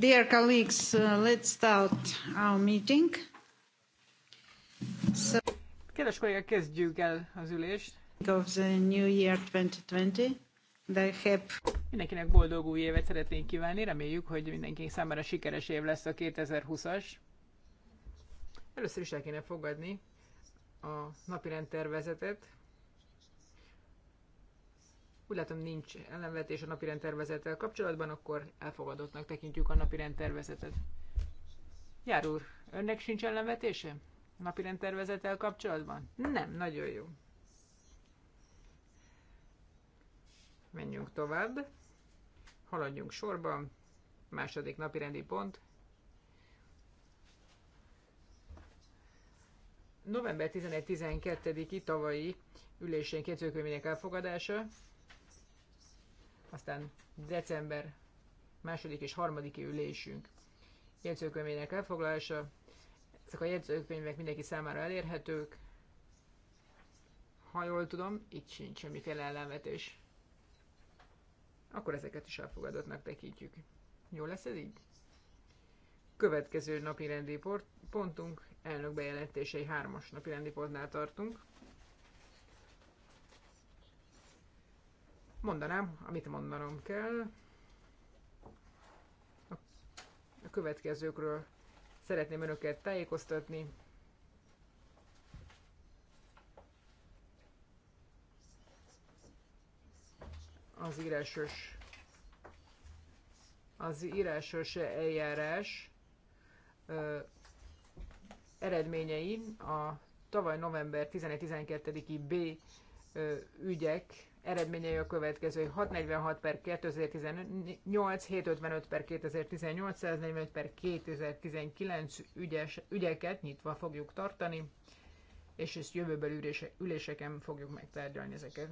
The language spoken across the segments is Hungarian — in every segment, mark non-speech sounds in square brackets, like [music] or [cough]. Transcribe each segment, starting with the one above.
Dear colleagues, uh, let's start our meeting. Kedves kollégák, kezdjük el az ülést. Of the new year 2020. They have... Mindenkinek boldog új évet szeretnénk kívánni, reméljük, hogy mindenki számára sikeres év lesz a 2020-as. Először is el kéne fogadni a napirend tervezetet, úgy látom, nincs ellenvetés a napi rendtervezettel kapcsolatban, akkor elfogadottnak tekintjük a napi rendtervezetet. Jár úr, önnek sincs ellenvetése? A napirend kapcsolatban? Nem, nagyon jó. Menjünk tovább. Haladjunk sorban. Második napirendi pont. November 11-12-i tavalyi ülésén kétőkönyvények elfogadása. Aztán december második és harmadik ülésünk jegyzőkönyvének elfoglalása. Ezek a jegyzőkönyvek mindenki számára elérhetők. Ha jól tudom, itt sincs semmiféle ellenvetés. Akkor ezeket is elfogadottnak tekintjük. Jó lesz ez így? Következő napi rendi pontunk, elnök bejelentései hármas napi rendi pontnál tartunk. mondanám, amit mondanom kell. A következőkről szeretném önöket tájékoztatni. Az írásos az írásos eljárás ö, eredményei a tavaly november 11-12-i B ö, ügyek eredményei a következő 646 per 2018, 755 per 2018, 145 per 2019 ügyes, ügyeket nyitva fogjuk tartani, és ezt jövőbeli ülése, üléseken fogjuk megtárgyalni ezeket.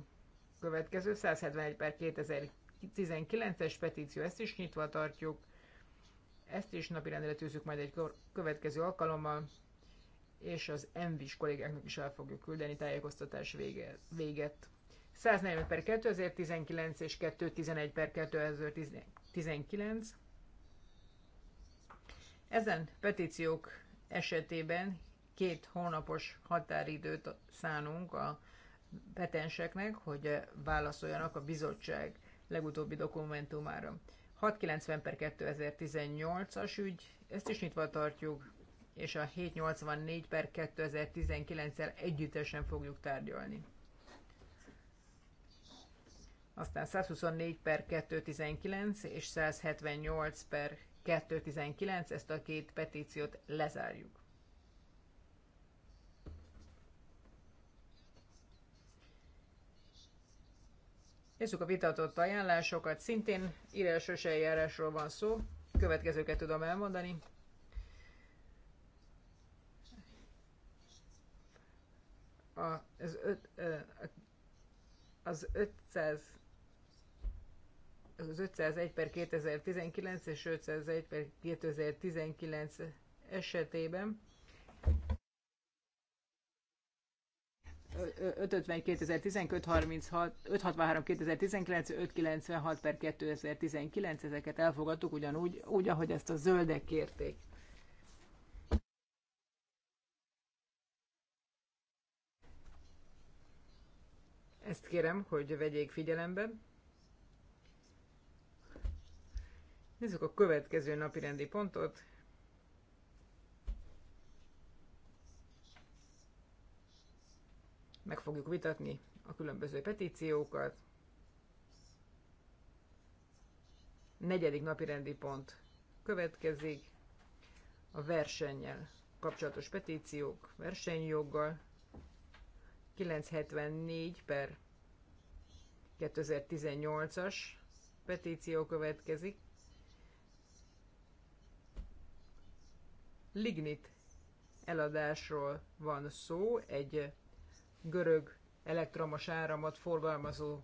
Következő 171 per 2019-es petíció, ezt is nyitva tartjuk, ezt is napi tűzzük majd egy következő alkalommal, és az MV-s kollégáknak is el fogjuk küldeni tájékoztatás véget. 145 per 2019 és 211 per 2019. Ezen petíciók esetében két hónapos határidőt szánunk a petenseknek, hogy válaszoljanak a bizottság legutóbbi dokumentumára. 690 per 2018-as ügy, ezt is nyitva tartjuk, és a 784 per 2019-el együttesen fogjuk tárgyalni aztán 124 per 219 és 178 per 219, ezt a két petíciót lezárjuk. Nézzük a vitatott ajánlásokat, szintén írásos eljárásról van szó, következőket tudom elmondani. A, az, öt, az 500 az 501 per 2019 és 501 per 2019 esetében 550 2015, 36, 563 2019, 596 per 2019, ezeket elfogadtuk ugyanúgy, úgy, ahogy ezt a zöldek kérték. Ezt kérem, hogy vegyék figyelembe. Nézzük a következő napi rendi pontot. Meg fogjuk vitatni a különböző petíciókat. Negyedik napi rendi pont következik. A versennyel kapcsolatos petíciók, versenyjoggal. 974 per 2018-as petíció következik. lignit eladásról van szó, egy görög elektromos áramot forgalmazó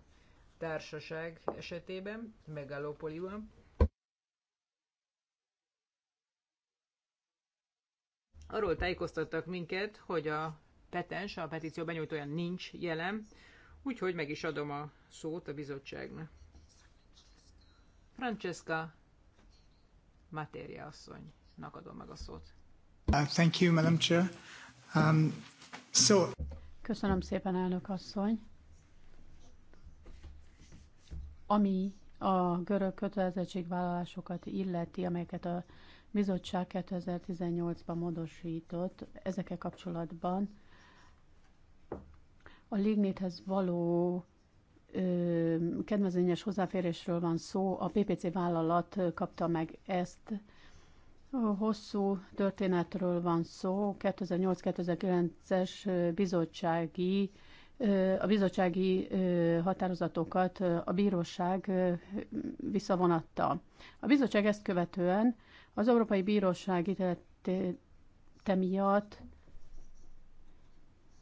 társaság esetében, Megalopoliban. Arról tájékoztattak minket, hogy a petens, a petíció benyújtója nincs jelen, úgyhogy meg is adom a szót a bizottságnak. Francesca Matéria asszony. Nak adom meg a szót. Uh, thank you, Madam Chair. Um, so... Köszönöm szépen, elnök asszony. Ami a görög kötelezettségvállalásokat illeti, amelyeket a bizottság 2018-ban módosított, ezekkel kapcsolatban a lignithez való ö, kedvezményes hozzáférésről van szó. A PPC vállalat kapta meg ezt Hosszú történetről van szó. 2008-2009-es bizottsági a bizottsági határozatokat a bíróság visszavonatta. A bizottság ezt követően az Európai Bíróság ítélete miatt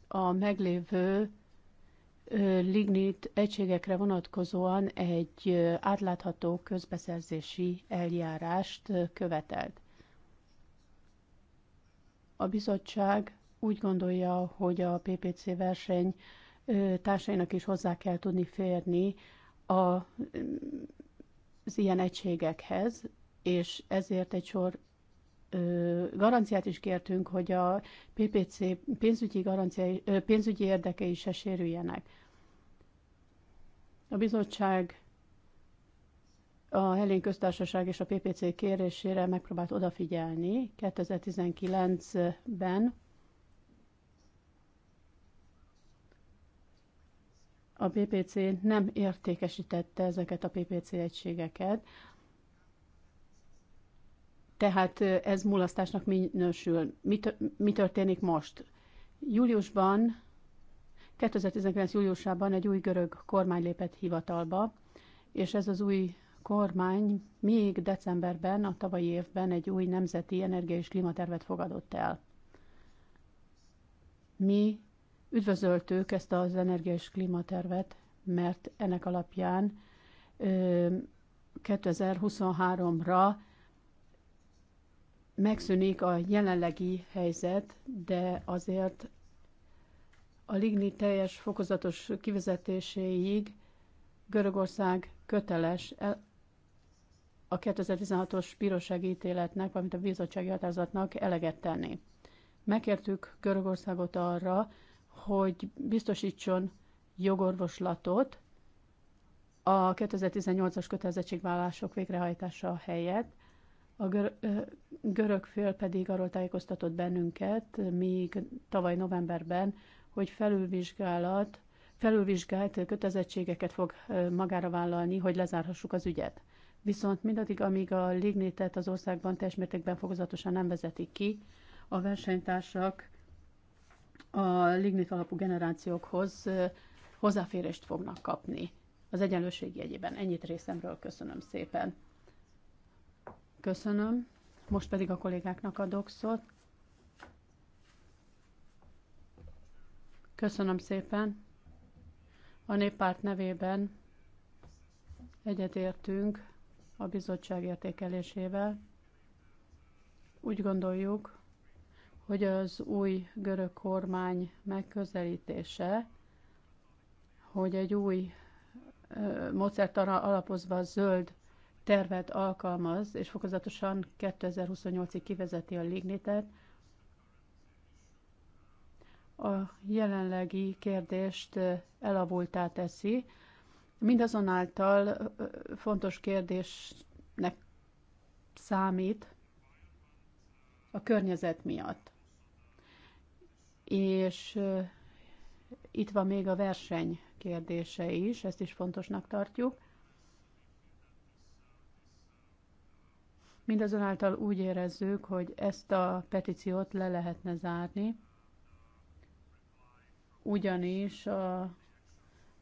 a meglévő lignit egységekre vonatkozóan egy átlátható közbeszerzési eljárást követelt. A bizottság úgy gondolja, hogy a PPC verseny társainak is hozzá kell tudni férni a, az ilyen egységekhez, és ezért egy sor garanciát is kértünk, hogy a PPC pénzügyi, pénzügyi érdekei se sérüljenek. A bizottság a Helén Köztársaság és a PPC kérésére megpróbált odafigyelni 2019-ben. A PPC nem értékesítette ezeket a PPC egységeket, tehát ez mulasztásnak minősül. Mi történik most? Júliusban, 2019. júliusában egy új görög kormány lépett hivatalba, és ez az új kormány még decemberben, a tavalyi évben egy új nemzeti energia és klímatervet fogadott el. Mi üdvözöltük ezt az energia és klímatervet, mert ennek alapján 2023-ra megszűnik a jelenlegi helyzet, de azért a ligni teljes fokozatos kivezetéséig Görögország köteles a 2016-os bírósági ítéletnek, valamint a bizottsági határozatnak eleget tenni. Megkértük Görögországot arra, hogy biztosítson jogorvoslatot a 2018-as kötelezettségvállások végrehajtása helyett, a gör- görög fél pedig arról tájékoztatott bennünket még tavaly novemberben, hogy felülvizsgálat, felülvizsgált kötelezettségeket fog magára vállalni, hogy lezárhassuk az ügyet. Viszont mindaddig, amíg a lignitet az országban teljes mértékben fokozatosan nem vezetik ki, a versenytársak a lignit alapú generációkhoz hozzáférést fognak kapni az egyenlőség jegyében. Ennyit részemről köszönöm szépen. Köszönöm. Most pedig a kollégáknak adok szót. Köszönöm szépen. A néppárt nevében egyetértünk a bizottság értékelésével. Úgy gondoljuk, hogy az új görög kormány megközelítése, hogy egy új módszertanra alapozva zöld tervet alkalmaz, és fokozatosan 2028-ig kivezeti a lignitet, a jelenlegi kérdést elavultá teszi, Mindazonáltal fontos kérdésnek számít a környezet miatt. És itt van még a verseny kérdése is, ezt is fontosnak tartjuk. Mindazonáltal úgy érezzük, hogy ezt a petíciót le lehetne zárni, ugyanis a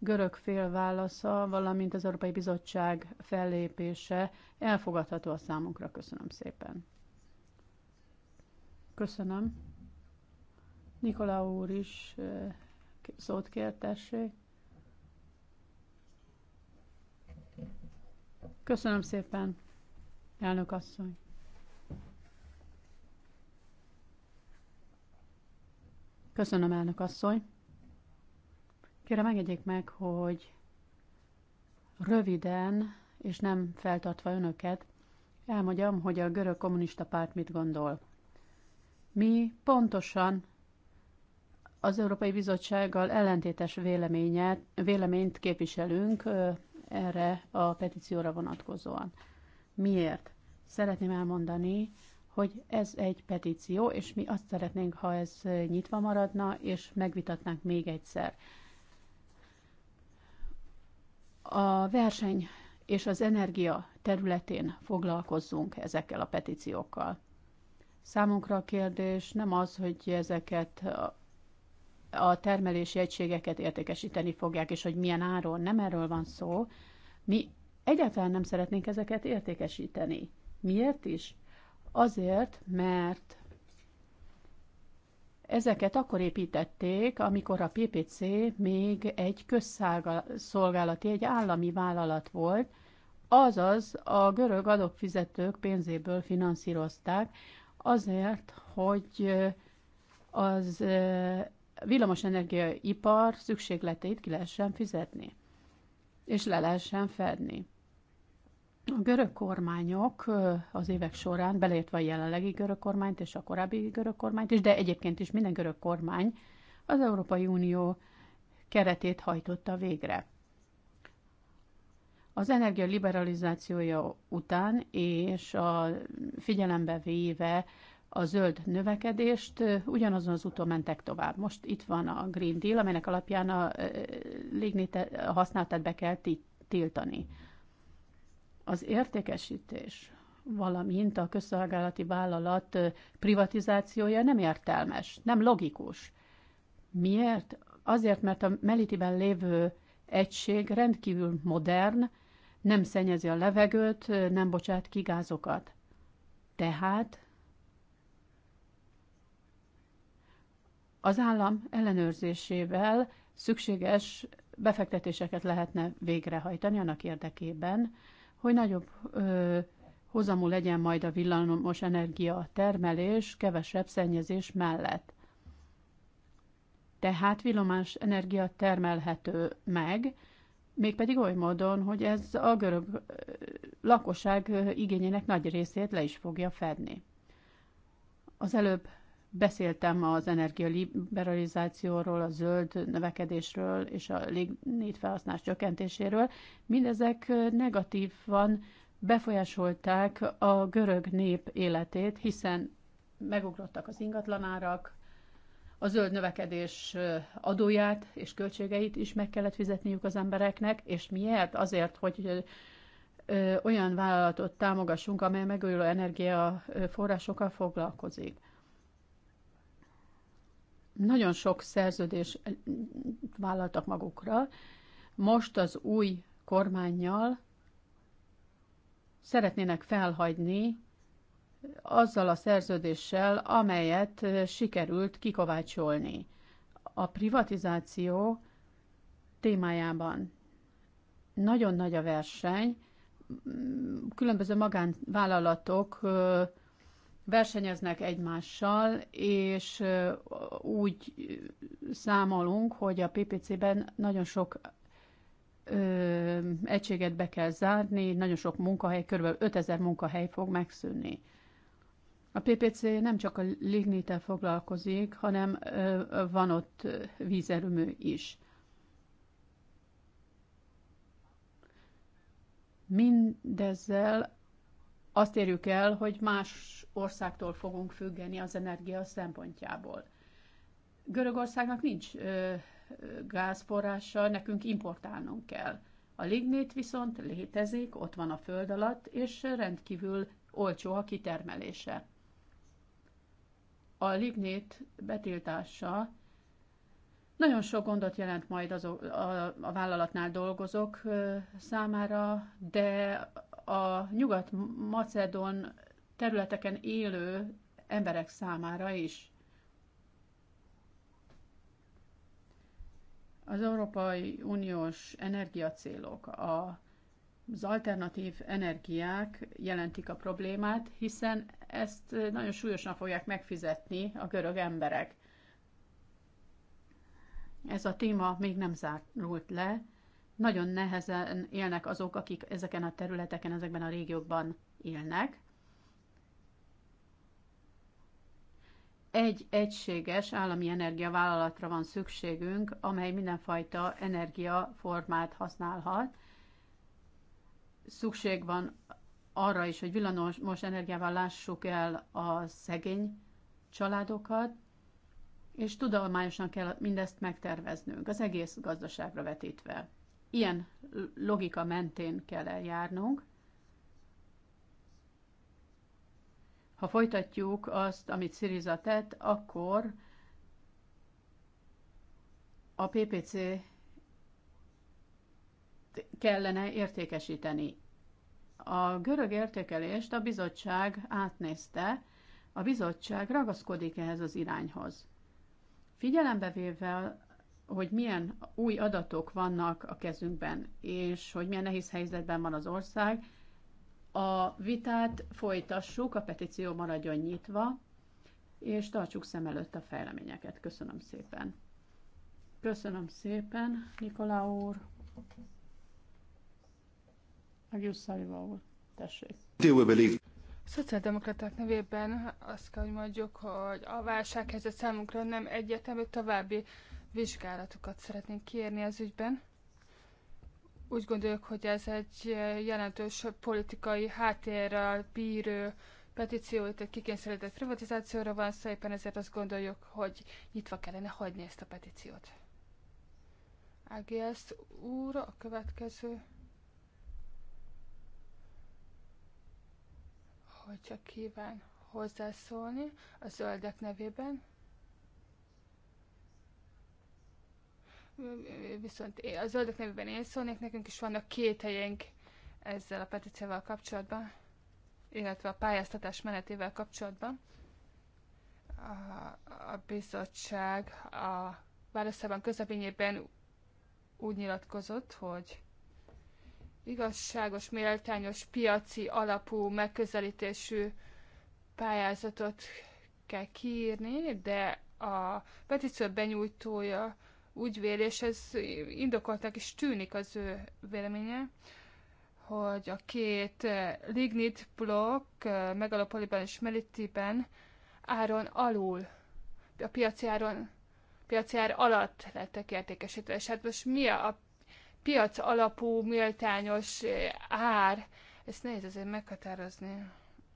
görög fél válasza, valamint az Európai Bizottság fellépése elfogadható a számunkra. Köszönöm szépen. Köszönöm. Nikola úr is szót kértessé. Köszönöm szépen, elnök asszony. Köszönöm, elnök asszony. Kérem, engedjék meg, hogy röviden és nem feltartva önöket elmondjam, hogy a görög kommunista párt mit gondol. Mi pontosan az Európai Bizottsággal ellentétes véleményet, véleményt képviselünk erre a petícióra vonatkozóan. Miért? Szeretném elmondani, hogy ez egy petíció, és mi azt szeretnénk, ha ez nyitva maradna, és megvitatnánk még egyszer a verseny és az energia területén foglalkozzunk ezekkel a petíciókkal. Számunkra a kérdés nem az, hogy ezeket a termelési egységeket értékesíteni fogják, és hogy milyen áron, nem erről van szó. Mi egyáltalán nem szeretnénk ezeket értékesíteni. Miért is? Azért, mert Ezeket akkor építették, amikor a PPC még egy közszolgálati, egy állami vállalat volt, azaz a görög adófizetők pénzéből finanszírozták, azért, hogy eh, az eh, villamosenergiaipar szükségleteit ki lehessen fizetni, és le lehessen fedni. A görög kormányok az évek során, beleértve a jelenlegi görög kormányt és a korábbi görög kormányt is, de egyébként is minden görög kormány az Európai Unió keretét hajtotta végre. Az energia liberalizációja után és a figyelembe véve a zöld növekedést ugyanazon az úton mentek tovább. Most itt van a Green Deal, amelynek alapján a, a használatát be kell tiltani az értékesítés, valamint a közszolgálati vállalat privatizációja nem értelmes, nem logikus. Miért? Azért, mert a Melitiben lévő egység rendkívül modern, nem szennyezi a levegőt, nem bocsát ki gázokat. Tehát az állam ellenőrzésével szükséges befektetéseket lehetne végrehajtani annak érdekében, hogy nagyobb ö, hozamú legyen majd a villamos energia termelés kevesebb szennyezés mellett. Tehát villamos energia termelhető meg, mégpedig oly módon, hogy ez a görög lakosság igényének nagy részét le is fogja fedni. Az előbb Beszéltem az energialiberalizációról, a zöld növekedésről és a lignit felhasználás csökkentéséről. Mindezek negatívan befolyásolták a görög nép életét, hiszen megugrottak az ingatlanárak, a zöld növekedés adóját és költségeit is meg kellett fizetniük az embereknek, és miért? Azért, hogy olyan vállalatot támogassunk, amely megújuló energiaforrásokkal foglalkozik nagyon sok szerződés eh, vállaltak magukra. Most az új kormányjal szeretnének felhagyni azzal a szerződéssel, amelyet eh, sikerült kikovácsolni. A privatizáció témájában nagyon nagy a verseny, különböző magánvállalatok eh, versenyeznek egymással, és úgy számolunk, hogy a PPC-ben nagyon sok ö, egységet be kell zárni, nagyon sok munkahely, kb. 5000 munkahely fog megszűnni. A PPC nem csak a lignittel foglalkozik, hanem ö, van ott vízerőmű is. Mindezzel azt érjük el, hogy más országtól fogunk függeni az energia szempontjából. Görögországnak nincs ö, gázforrása, nekünk importálnunk kell. A lignit viszont létezik, ott van a föld alatt, és rendkívül olcsó a kitermelése. A lignit betiltása nagyon sok gondot jelent majd az a, a vállalatnál dolgozók számára, de a nyugat-macedon területeken élő emberek számára is. Az Európai Uniós energiacélok, a az alternatív energiák jelentik a problémát, hiszen ezt nagyon súlyosan fogják megfizetni a görög emberek. Ez a téma még nem zárult le, nagyon nehezen élnek azok, akik ezeken a területeken, ezekben a régiókban élnek. Egy egységes állami energiavállalatra van szükségünk, amely mindenfajta energiaformát használhat. Szükség van arra is, hogy villamos energiával lássuk el a szegény családokat, és tudományosan kell mindezt megterveznünk, az egész gazdaságra vetítve. Ilyen logika mentén kell eljárnunk. Ha folytatjuk azt, amit Siriza tett, akkor a PPC kellene értékesíteni. A görög értékelést a bizottság átnézte, a bizottság ragaszkodik ehhez az irányhoz. Figyelembe véve hogy milyen új adatok vannak a kezünkben, és hogy milyen nehéz helyzetben van az ország. A vitát folytassuk, a petíció maradjon nyitva, és tartsuk szem előtt a fejleményeket. Köszönöm szépen. Köszönöm szépen, Nikolá úr. Agiusszaliva úr, tessék. Szociáldemokraták nevében azt kell, hogy mondjuk, hogy a válsághelyzet számunkra nem egyetemű további vizsgálatukat szeretnénk kérni az ügyben. Úgy gondoljuk, hogy ez egy jelentős politikai háttérrel bíró petíció, itt egy kikényszerített privatizációra van szó, éppen ezért azt gondoljuk, hogy nyitva kellene hagyni ezt a petíciót. AGS úr, a következő. Hogyha kíván hozzászólni a zöldek nevében. viszont a zöldök nevében én szólnék, nekünk is vannak két helyénk ezzel a petícióval kapcsolatban, illetve a pályáztatás menetével kapcsolatban. A, a bizottság a válaszában közepényében úgy nyilatkozott, hogy igazságos, méltányos, piaci alapú megközelítésű pályázatot kell kiírni, de a petíció benyújtója úgy véli, és ez indokoltak is tűnik az ő véleménye, hogy a két eh, lignit blokk eh, megalapoliban és melitiben áron alul, a piaci áron piaci ár alatt lettek értékesítve. És hát most mi a piac alapú, méltányos eh, ár? Ezt nehéz azért meghatározni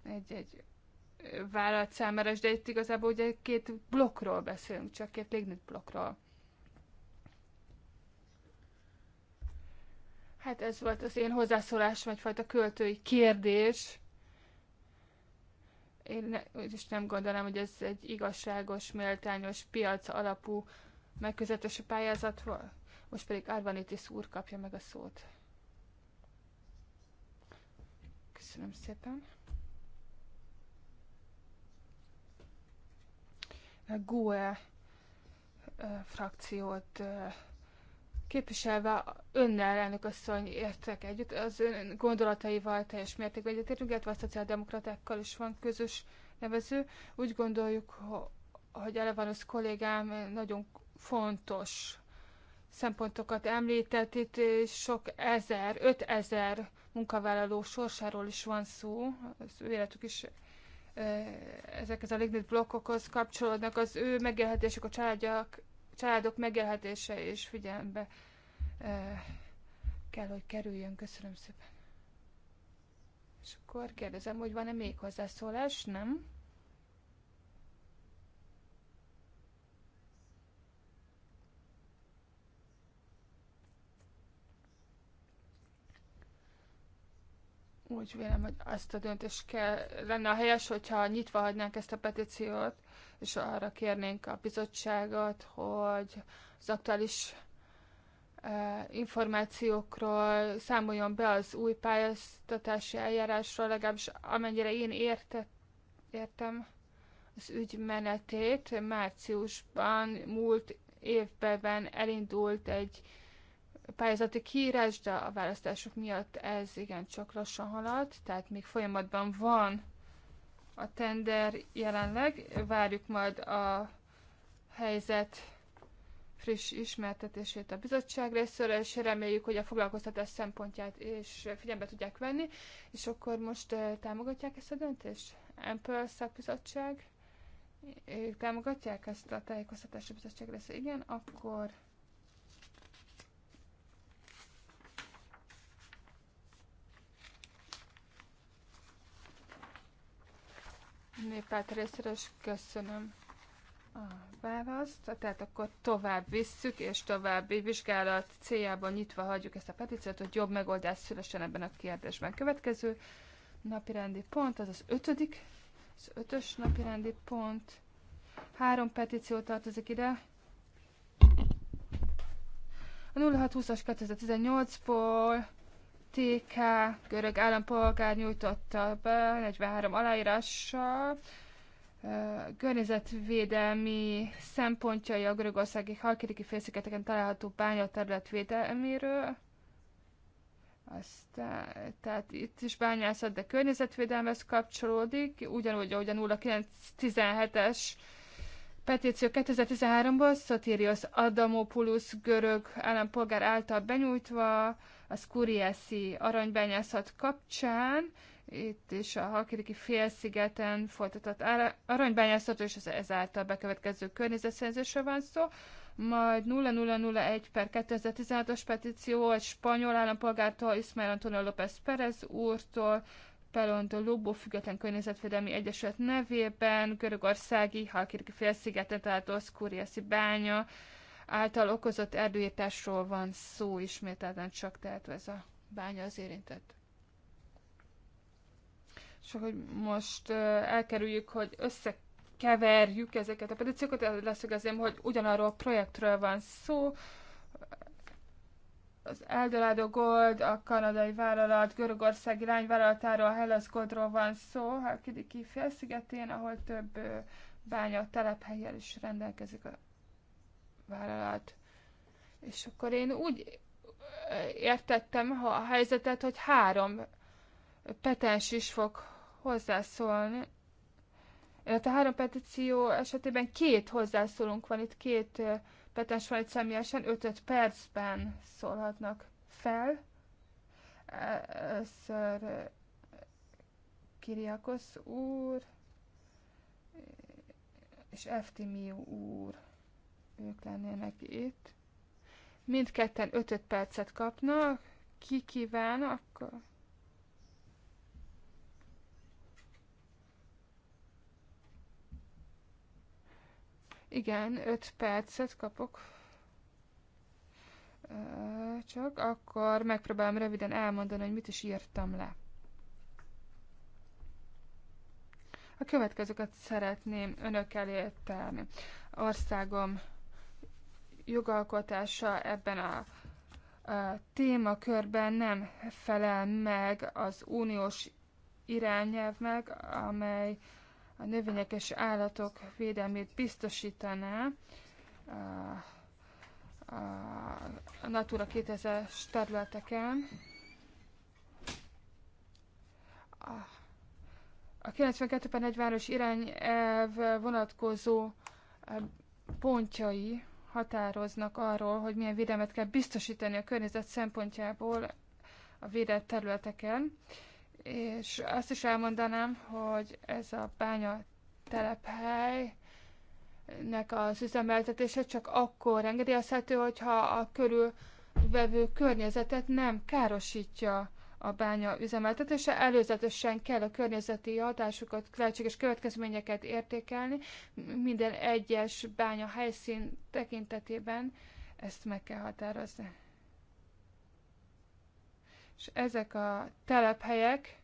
egy-egy vállalat számára, de itt igazából ugye két blokkról beszélünk, csak két lignit blokkról. Hát ez volt az én hozzászólásom, egyfajta költői kérdés. Én ne, úgyis nem gondolom, hogy ez egy igazságos, méltányos, piac alapú megközelítési pályázat volt. Most pedig Arvanitis úr kapja meg a szót. Köszönöm szépen. A GUE frakciót képviselve önnel, elnök asszony, értek együtt, az ön gondolataival teljes mértékben egyetértünk, illetve a szociáldemokratákkal is van közös nevező. Úgy gondoljuk, hogy Elevanusz kollégám nagyon fontos szempontokat említett, itt sok ezer, öt ezer munkavállaló sorsáról is van szó, az ő életük is eh, ezekhez a lignit blokkokhoz kapcsolódnak, az ő megélhetésük, a családjak családok megélhetése és figyelembe kell, hogy kerüljön. Köszönöm szépen. És akkor kérdezem, hogy van-e még hozzászólás? Nem? Úgy vélem, hogy azt a döntést kell, lenne a helyes, hogyha nyitva hagynánk ezt a petíciót, és arra kérnénk a bizottságot, hogy az aktuális eh, információkról számoljon be az új pályáztatási eljárásról, legalábbis amennyire én érte, értem az ügy menetét. Márciusban múlt évben elindult egy pályázati kiírás, de a választások miatt ez igen csak lassan halad, tehát még folyamatban van a tender jelenleg. Várjuk majd a helyzet friss ismertetését a bizottság részéről, és reméljük, hogy a foglalkoztatás szempontját és figyelembe tudják venni. És akkor most eh, támogatják ezt a döntést? Ampel szakbizottság? Ők eh, támogatják ezt a tájékoztatási bizottság részéről? Igen, akkor Népát részéről is köszönöm a választ. Tehát akkor tovább visszük, és további vizsgálat céljában nyitva hagyjuk ezt a petíciót, hogy jobb megoldás szülessen ebben a kérdésben. Következő napirendi pont, az az ötödik, az ötös napirendi pont. Három petíció tartozik ide. A 0620-as 2018-ból TK görög állampolgár nyújtotta be 43 aláírással környezetvédelmi szempontjai a görögországi halkidiki félszigeteken található bányaterület védelméről. Aztán, tehát itt is bányászat, de környezetvédelmez kapcsolódik, ugyanúgy, ahogy a 0917-es petíció 2013-ból Szotirios Adamopoulos görög állampolgár által benyújtva, a Skuriaszi aranybányászat kapcsán, itt is a Halkidiki félszigeten folytatott aranybányászat és az ezáltal bekövetkező környezetszerzésre van szó, majd 0001 per 2016-os petíció egy spanyol állampolgártól, Ismael Antonio López Pérez úrtól, a Lobó Független Környezetvédelmi Egyesület nevében, Görögországi Halkirki félszigeten, tehát Oszkúriaszi bánya, által okozott erdőírtásról van szó ismételten csak, tehető ez a bánya az érintett. És hogy most elkerüljük, hogy össze keverjük ezeket a petíciókat, leszögezném, hogy ugyanarról a projektről van szó. Az Eldorado Gold, a kanadai vállalat, Görögország irányvállalatáról, a Hellas Goldról van szó, Kidiki félszigetén, ahol több bánya telephelyjel is rendelkezik a vállalat. És akkor én úgy értettem a helyzetet, hogy három petens is fog hozzászólni. Illetve három petíció esetében két hozzászólunk van itt, két petens van itt személyesen, 5 percben szólhatnak fel. E, először Kiriakosz úr és Eftimiu úr ők lennének itt. Mindketten 5 percet kapnak. Ki kíván, akkor... Igen, 5 percet kapok. Csak akkor megpróbálom röviden elmondani, hogy mit is írtam le. A következőket szeretném önök elé tárni. Országom jogalkotása ebben a, a témakörben nem felel meg az uniós irányelvnek, amely a növények és állatok védelmét biztosítaná a, a Natura 2000-es területeken. A, 92 per 40 város irányelv vonatkozó eh, pontjai határoznak arról, hogy milyen védelmet kell biztosítani a környezet szempontjából a védett területeken. És azt is elmondanám, hogy ez a bánya telephely, nek az üzemeltetése csak akkor engedélyezhető, hogyha a körülvevő környezetet nem károsítja a bánya üzemeltetése. Előzetesen kell a környezeti hatásokat, lehetséges következményeket értékelni. Minden egyes bánya helyszín tekintetében ezt meg kell határozni. És ezek a telephelyek,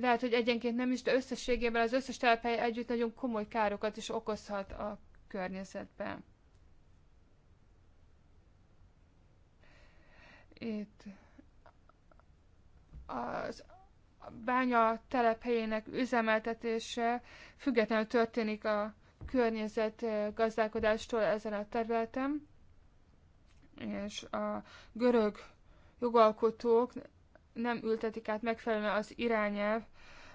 lehet, hogy egyenként nem is, de összességében az összes telephely együtt nagyon komoly károkat is okozhat a környezetben. Itt az bánya telephelyének üzemeltetése függetlenül történik a környezet eh, gazdálkodástól ezen a területen, és a görög jogalkotók nem ültetik át megfelelően az irányelv,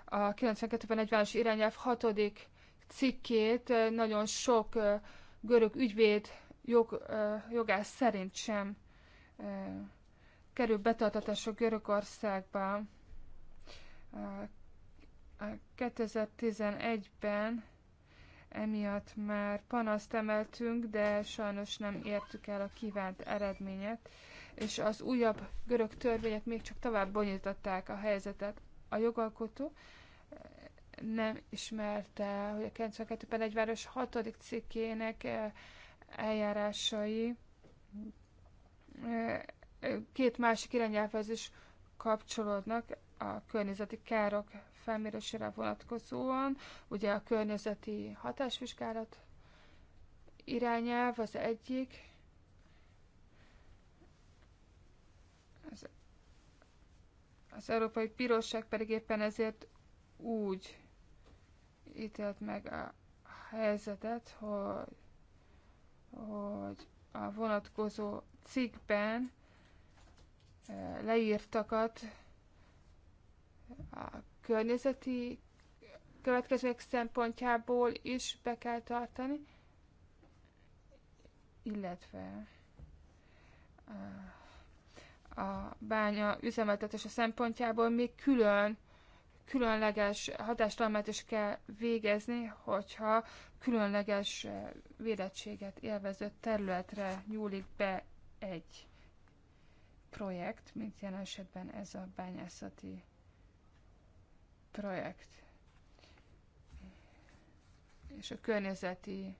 a 92-40-es irányelv hatodik cikkét eh, nagyon sok eh, görög ügyvéd jog, jogász szerint sem kerül betartatásra Görögországba. 2011-ben emiatt már panaszt emeltünk, de sajnos nem értük el a kívánt eredményet, és az újabb görög törvények még csak tovább bonyolították a helyzetet. A jogalkotó nem ismerte, hogy a 92 ben egy város hatodik cikkének eh, eljárásai eh, két másik irányelvhez is kapcsolódnak a környezeti károk felmérésére vonatkozóan. Ugye a környezeti hatásvizsgálat irányelv az egyik, az, az Európai Bíróság pedig éppen ezért úgy ítélt meg a helyzetet, hogy, hogy a vonatkozó cikkben leírtakat a környezeti következmények szempontjából is be kell tartani, illetve a bánya üzemeltetése szempontjából még külön különleges hatástalmát is kell végezni, hogyha különleges védettséget élvező területre nyúlik be egy projekt, mint jelen esetben ez a bányászati projekt. És a környezeti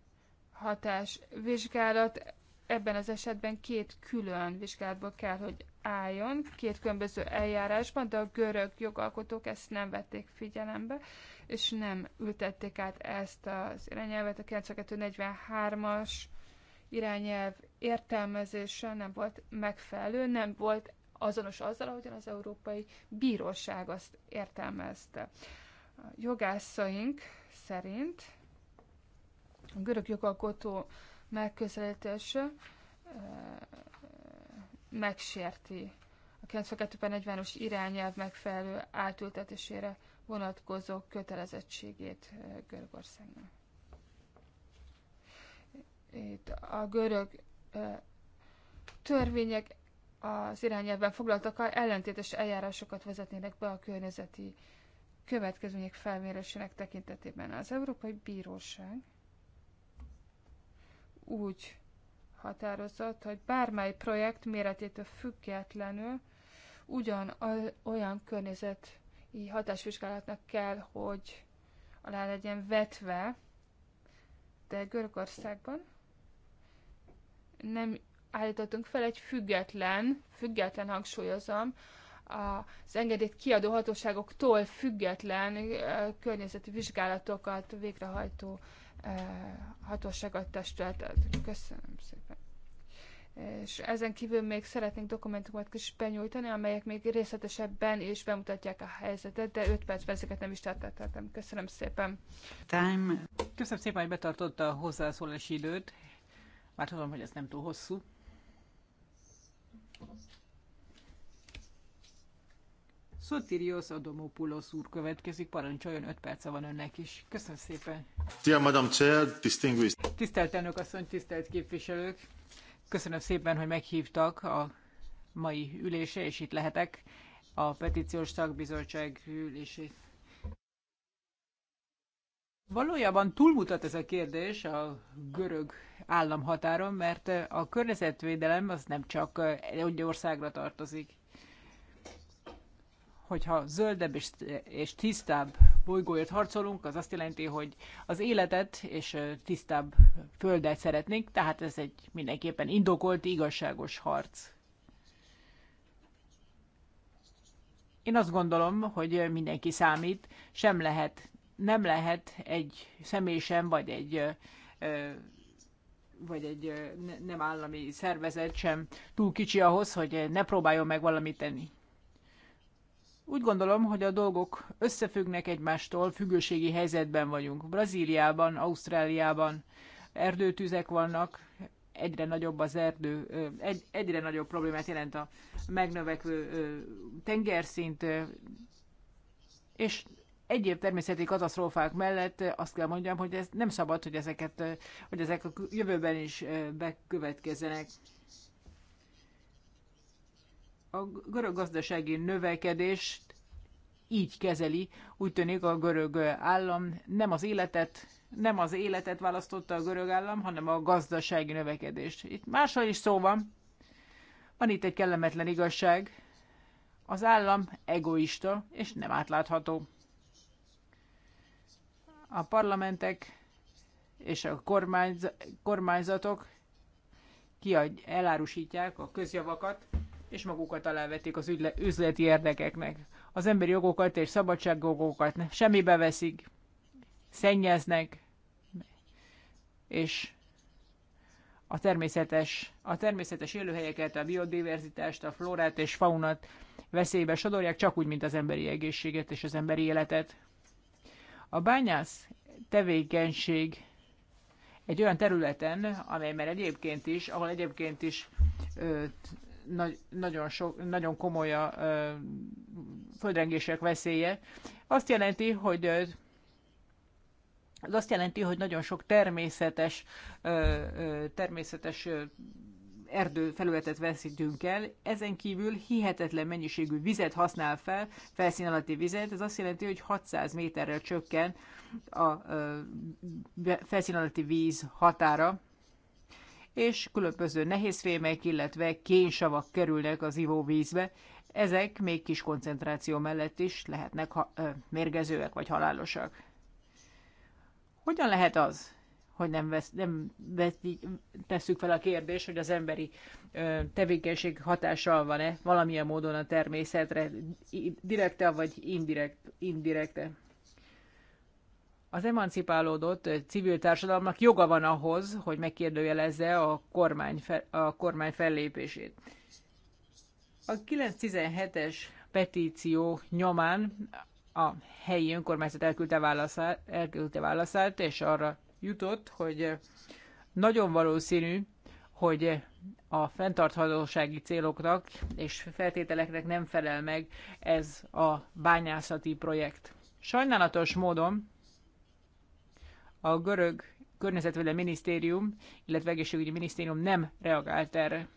hatás vizsgálat ebben az esetben két külön vizsgálatból kell, hogy álljon, két különböző eljárásban, de a görög jogalkotók ezt nem vették figyelembe, és nem ültették át ezt az irányelvet. A 9243-as irányelv értelmezése nem volt megfelelő, nem volt azonos azzal, ahogyan az Európai Bíróság azt értelmezte. A jogászaink szerint a görög jogalkotó megközelítése megsérti a 92.40-os irányelv megfelelő átültetésére vonatkozó kötelezettségét Görögországnak. Itt a görög törvények az irányelvben foglaltakkal ellentétes eljárásokat vezetnének be a környezeti következmények felmérésének tekintetében. Az Európai Bíróság úgy határozott, hogy bármely projekt méretétől függetlenül ugyan olyan környezeti hatásvizsgálatnak kell, hogy alá legyen vetve, de Görögországban nem állítottunk fel egy független, független hangsúlyozom, az engedélyt kiadó hatóságoktól független környezeti vizsgálatokat végrehajtó hatóságot testület. Köszönöm szépen. És ezen kívül még szeretnénk dokumentumokat is benyújtani, amelyek még részletesebben is bemutatják a helyzetet, de 5 perc ezeket nem is tartottam. Köszönöm szépen. Time. Köszönöm szépen, hogy betartotta a hozzászólási időt. Már tudom, hogy ez nem túl hosszú. Sotirios Adomopoulos úr következik, parancsoljon, 5 perce van önnek is. Köszönöm szépen. Tia Madam Chair, distinguished. Tisztelt elnök asszony, tisztelt képviselők. Köszönöm szépen, hogy meghívtak a mai ülése, és itt lehetek a petíciós tagbizottság ülését Valójában túlmutat ez a kérdés a görög államhatáron, mert a környezetvédelem az nem csak egy országra tartozik. Hogyha zöldebb és, és tisztább bolygóért harcolunk, az azt jelenti, hogy az életet és tisztább földet szeretnénk, tehát ez egy mindenképpen indokolt, igazságos harc. Én azt gondolom, hogy mindenki számít, sem lehet nem lehet egy személy sem, vagy egy vagy egy nem állami szervezet sem túl kicsi ahhoz, hogy ne próbáljon meg valamit tenni. Úgy gondolom, hogy a dolgok összefüggnek egymástól, függőségi helyzetben vagyunk. Brazíliában, Ausztráliában erdőtüzek vannak, egyre nagyobb az erdő, egy, egyre nagyobb problémát jelent a megnövekvő tengerszint, és egyéb természeti katasztrófák mellett eh, azt kell mondjam, hogy ez nem szabad, hogy ezeket, eh, hogy ezek a jövőben is eh, bekövetkezzenek. A görög gazdasági növekedést így kezeli, úgy tűnik a görög állam nem az életet, nem az életet választotta a görög állam, hanem a gazdasági növekedést. Itt máshol is szó van. Van itt egy kellemetlen igazság. Az állam egoista és nem átlátható a parlamentek és a kormányz, kormányzatok kiadj, elárusítják a közjavakat, és magukat alávetik az ügyle, üzleti érdekeknek. Az emberi jogokat és szabadságjogokat semmibe veszik, szennyeznek, és a természetes, a természetes élőhelyeket, a biodiverzitást, a flórát és faunat veszélybe sodorják, csak úgy, mint az emberi egészséget és az emberi életet. A bányász tevékenység egy olyan területen, amely már egyébként is, ahol egyébként is ö, nagy, nagyon, sok, nagyon komoly a ö, földrengések veszélye, azt jelenti, hogy ö, az azt jelenti, hogy nagyon sok természetes, ö, ö, természetes ö, erdő felületet veszítünk el, ezen kívül hihetetlen mennyiségű vizet használ fel, felszín alatti vizet, ez azt jelenti, hogy 600 méterrel csökken a felszín alatti víz határa, és különböző nehézfémek, illetve kénsavak kerülnek az ivóvízbe. Ezek még kis koncentráció mellett is lehetnek ha- mérgezőek vagy halálosak. Hogyan lehet az, hogy nem, vesz, nem vesz, tesszük fel a kérdést, hogy az emberi ö, tevékenység hatással van-e valamilyen módon a természetre, direkte vagy indirekt, indirekte. Az emancipálódott civil társadalomnak joga van ahhoz, hogy megkérdőjelezze a kormány, fe, a kormány fellépését. A 917-es petíció nyomán a helyi önkormányzat elküldte válaszát, elküldte válaszát és arra jutott, hogy eh, nagyon valószínű, hogy eh, a fenntarthatósági céloknak és feltételeknek nem felel meg ez a bányászati projekt. Sajnálatos módon a görög környezetvédelmi minisztérium, illetve egészségügyi minisztérium nem reagált erre.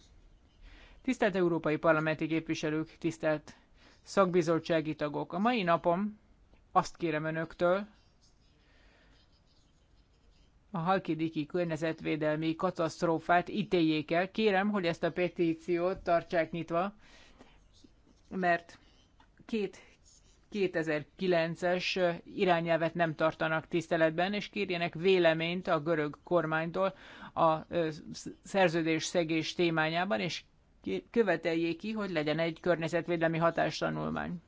Tisztelt európai parlamenti képviselők, tisztelt szakbizottsági tagok, a mai napom azt kérem önöktől, a halkidiki környezetvédelmi katasztrófát ítéljék el. Kérem, hogy ezt a petíciót tartsák nyitva, mert két 2009-es irányelvet nem tartanak tiszteletben, és kérjenek véleményt a görög kormánytól a szerződés szegés témájában, és követeljék ki, hogy legyen egy környezetvédelmi hatástanulmány.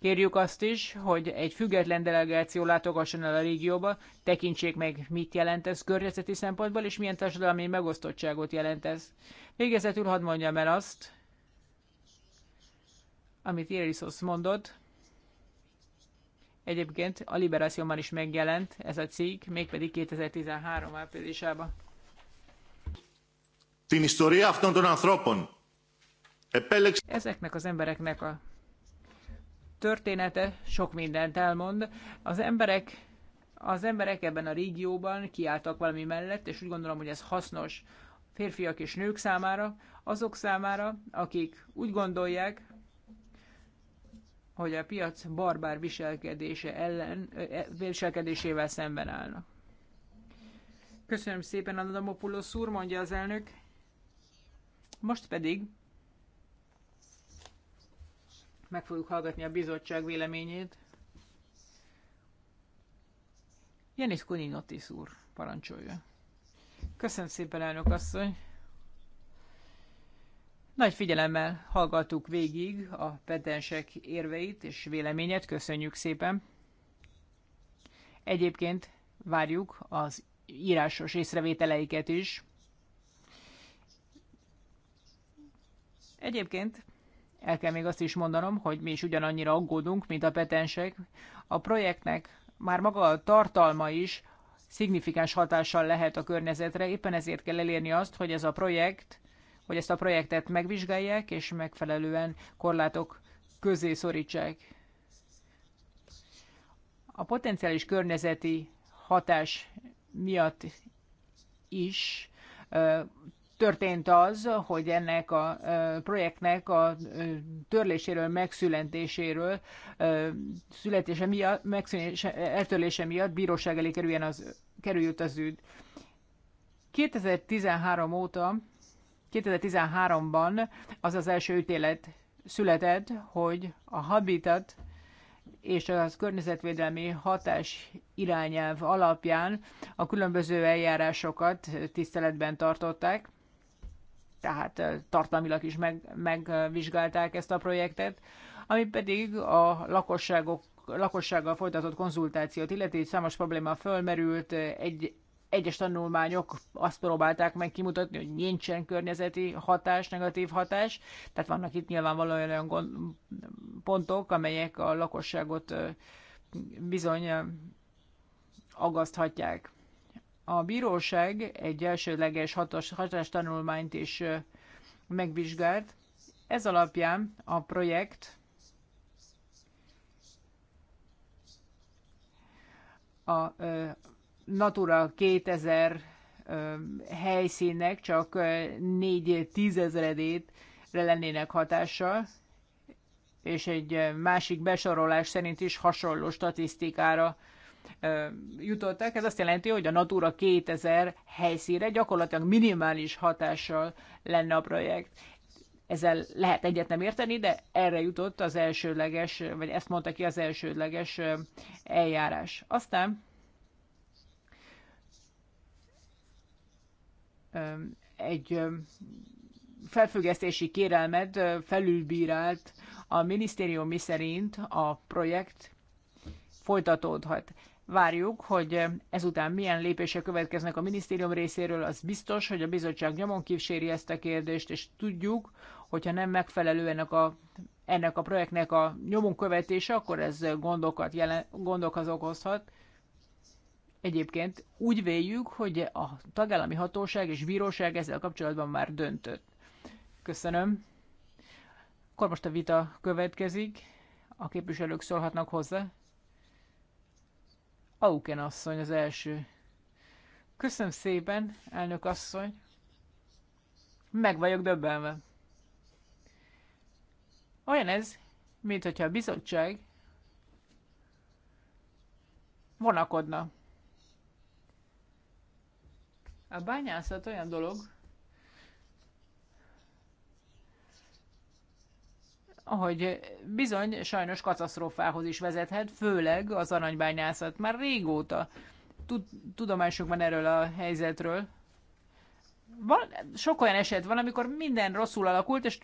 Kérjük azt is, hogy egy független delegáció látogasson el a régióba, tekintsék meg, mit jelent ez környezeti szempontból, és milyen társadalmi megosztottságot jelent ez. Végezetül hadd mondjam el azt, amit Irisos mondott, Egyébként a Liberációban is megjelent ez a cikk, mégpedig 2013 áprilisában. Την ιστορία αυτών των ανθρώπων. Επέλεξε... Ezeknek az embereknek a története sok mindent elmond. Az emberek, az emberek ebben a régióban kiálltak valami mellett, és úgy gondolom, hogy ez hasznos férfiak és nők számára, azok számára, akik úgy gondolják, hogy a piac barbár viselkedése ellen, eh, eh, viselkedésével szemben állnak. Köszönöm szépen, Adamopoulos úr, mondja az elnök. Most pedig meg fogjuk hallgatni a bizottság véleményét. Janis Kuninotis úr, parancsolja. Köszönöm szépen, elnök asszony. Nagy figyelemmel hallgattuk végig a petensek érveit és véleményet, köszönjük szépen. Egyébként várjuk az írásos észrevételeiket is. Egyébként el kell még azt is mondanom, hogy mi is ugyanannyira aggódunk, mint a petensek. A projektnek már maga a tartalma is szignifikáns hatással lehet a környezetre, éppen ezért kell elérni azt, hogy ez a projekt, hogy ezt a projektet megvizsgálják, és megfelelően korlátok közé szorítsák. A potenciális környezeti hatás miatt is történt az, hogy ennek a projektnek a törléséről, megszületéséről, születése miatt, megszületése, eltörlése miatt bíróság elé kerüljön az, került az ügy. 2013 óta, 2013-ban az az első ítélet született, hogy a Habitat és az környezetvédelmi hatás irányelv alapján a különböző eljárásokat tiszteletben tartották tehát tartalmilag is meg, megvizsgálták ezt a projektet, ami pedig a lakosságok, lakossággal folytatott konzultációt illeti, számos probléma fölmerült, egy, egyes tanulmányok azt próbálták meg kimutatni, hogy nincsen környezeti hatás, negatív hatás, tehát vannak itt nyilvánvalóan olyan gond, pontok, amelyek a lakosságot bizony aggaszthatják. A bíróság egy elsőleges hatástanulmányt is megvizsgált. Ez alapján a projekt a Natura 2000 helyszínnek csak négy tízezredét lennének hatással, és egy másik besorolás szerint is hasonló statisztikára jutottak. Ez azt jelenti, hogy a Natura 2000 helyszíre gyakorlatilag minimális hatással lenne a projekt. Ezzel lehet egyet nem érteni, de erre jutott az elsődleges, vagy ezt mondta ki az elsődleges eljárás. Aztán egy felfüggesztési kérelmet felülbírált a minisztérium miszerint a projekt folytatódhat. Várjuk, hogy ezután milyen lépések következnek a minisztérium részéről, az biztos, hogy a bizottság nyomon kíséri ezt a kérdést, és tudjuk, hogyha nem megfelelő ennek a, ennek a projektnek a nyomon követése, akkor ez gondokat, jelen, gondokat okozhat. Egyébként úgy véljük, hogy a tagállami hatóság és bíróság ezzel kapcsolatban már döntött. Köszönöm. Akkor most a vita következik. A képviselők szólhatnak hozzá. Auken asszony az első. Köszönöm szépen, elnök asszony. Meg vagyok döbbenve. Olyan ez, mint hogyha a bizottság vonakodna. A bányászat olyan dolog, hogy bizony sajnos katasztrófához is vezethet, főleg az aranybányászat. Már régóta tud, tudomásunk van erről a helyzetről. Van, sok olyan eset van, amikor minden rosszul alakult, és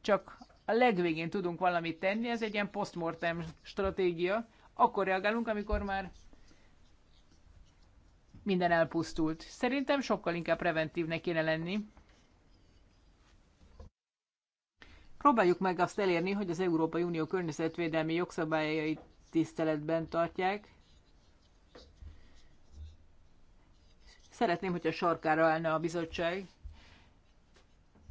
csak a legvégén tudunk valamit tenni, ez egy ilyen postmortem stratégia. Akkor reagálunk, amikor már minden elpusztult. Szerintem sokkal inkább preventívnek kéne lenni. Próbáljuk meg azt elérni, hogy az Európai Unió környezetvédelmi jogszabályait tiszteletben tartják. Szeretném, hogy a sarkára állna a bizottság.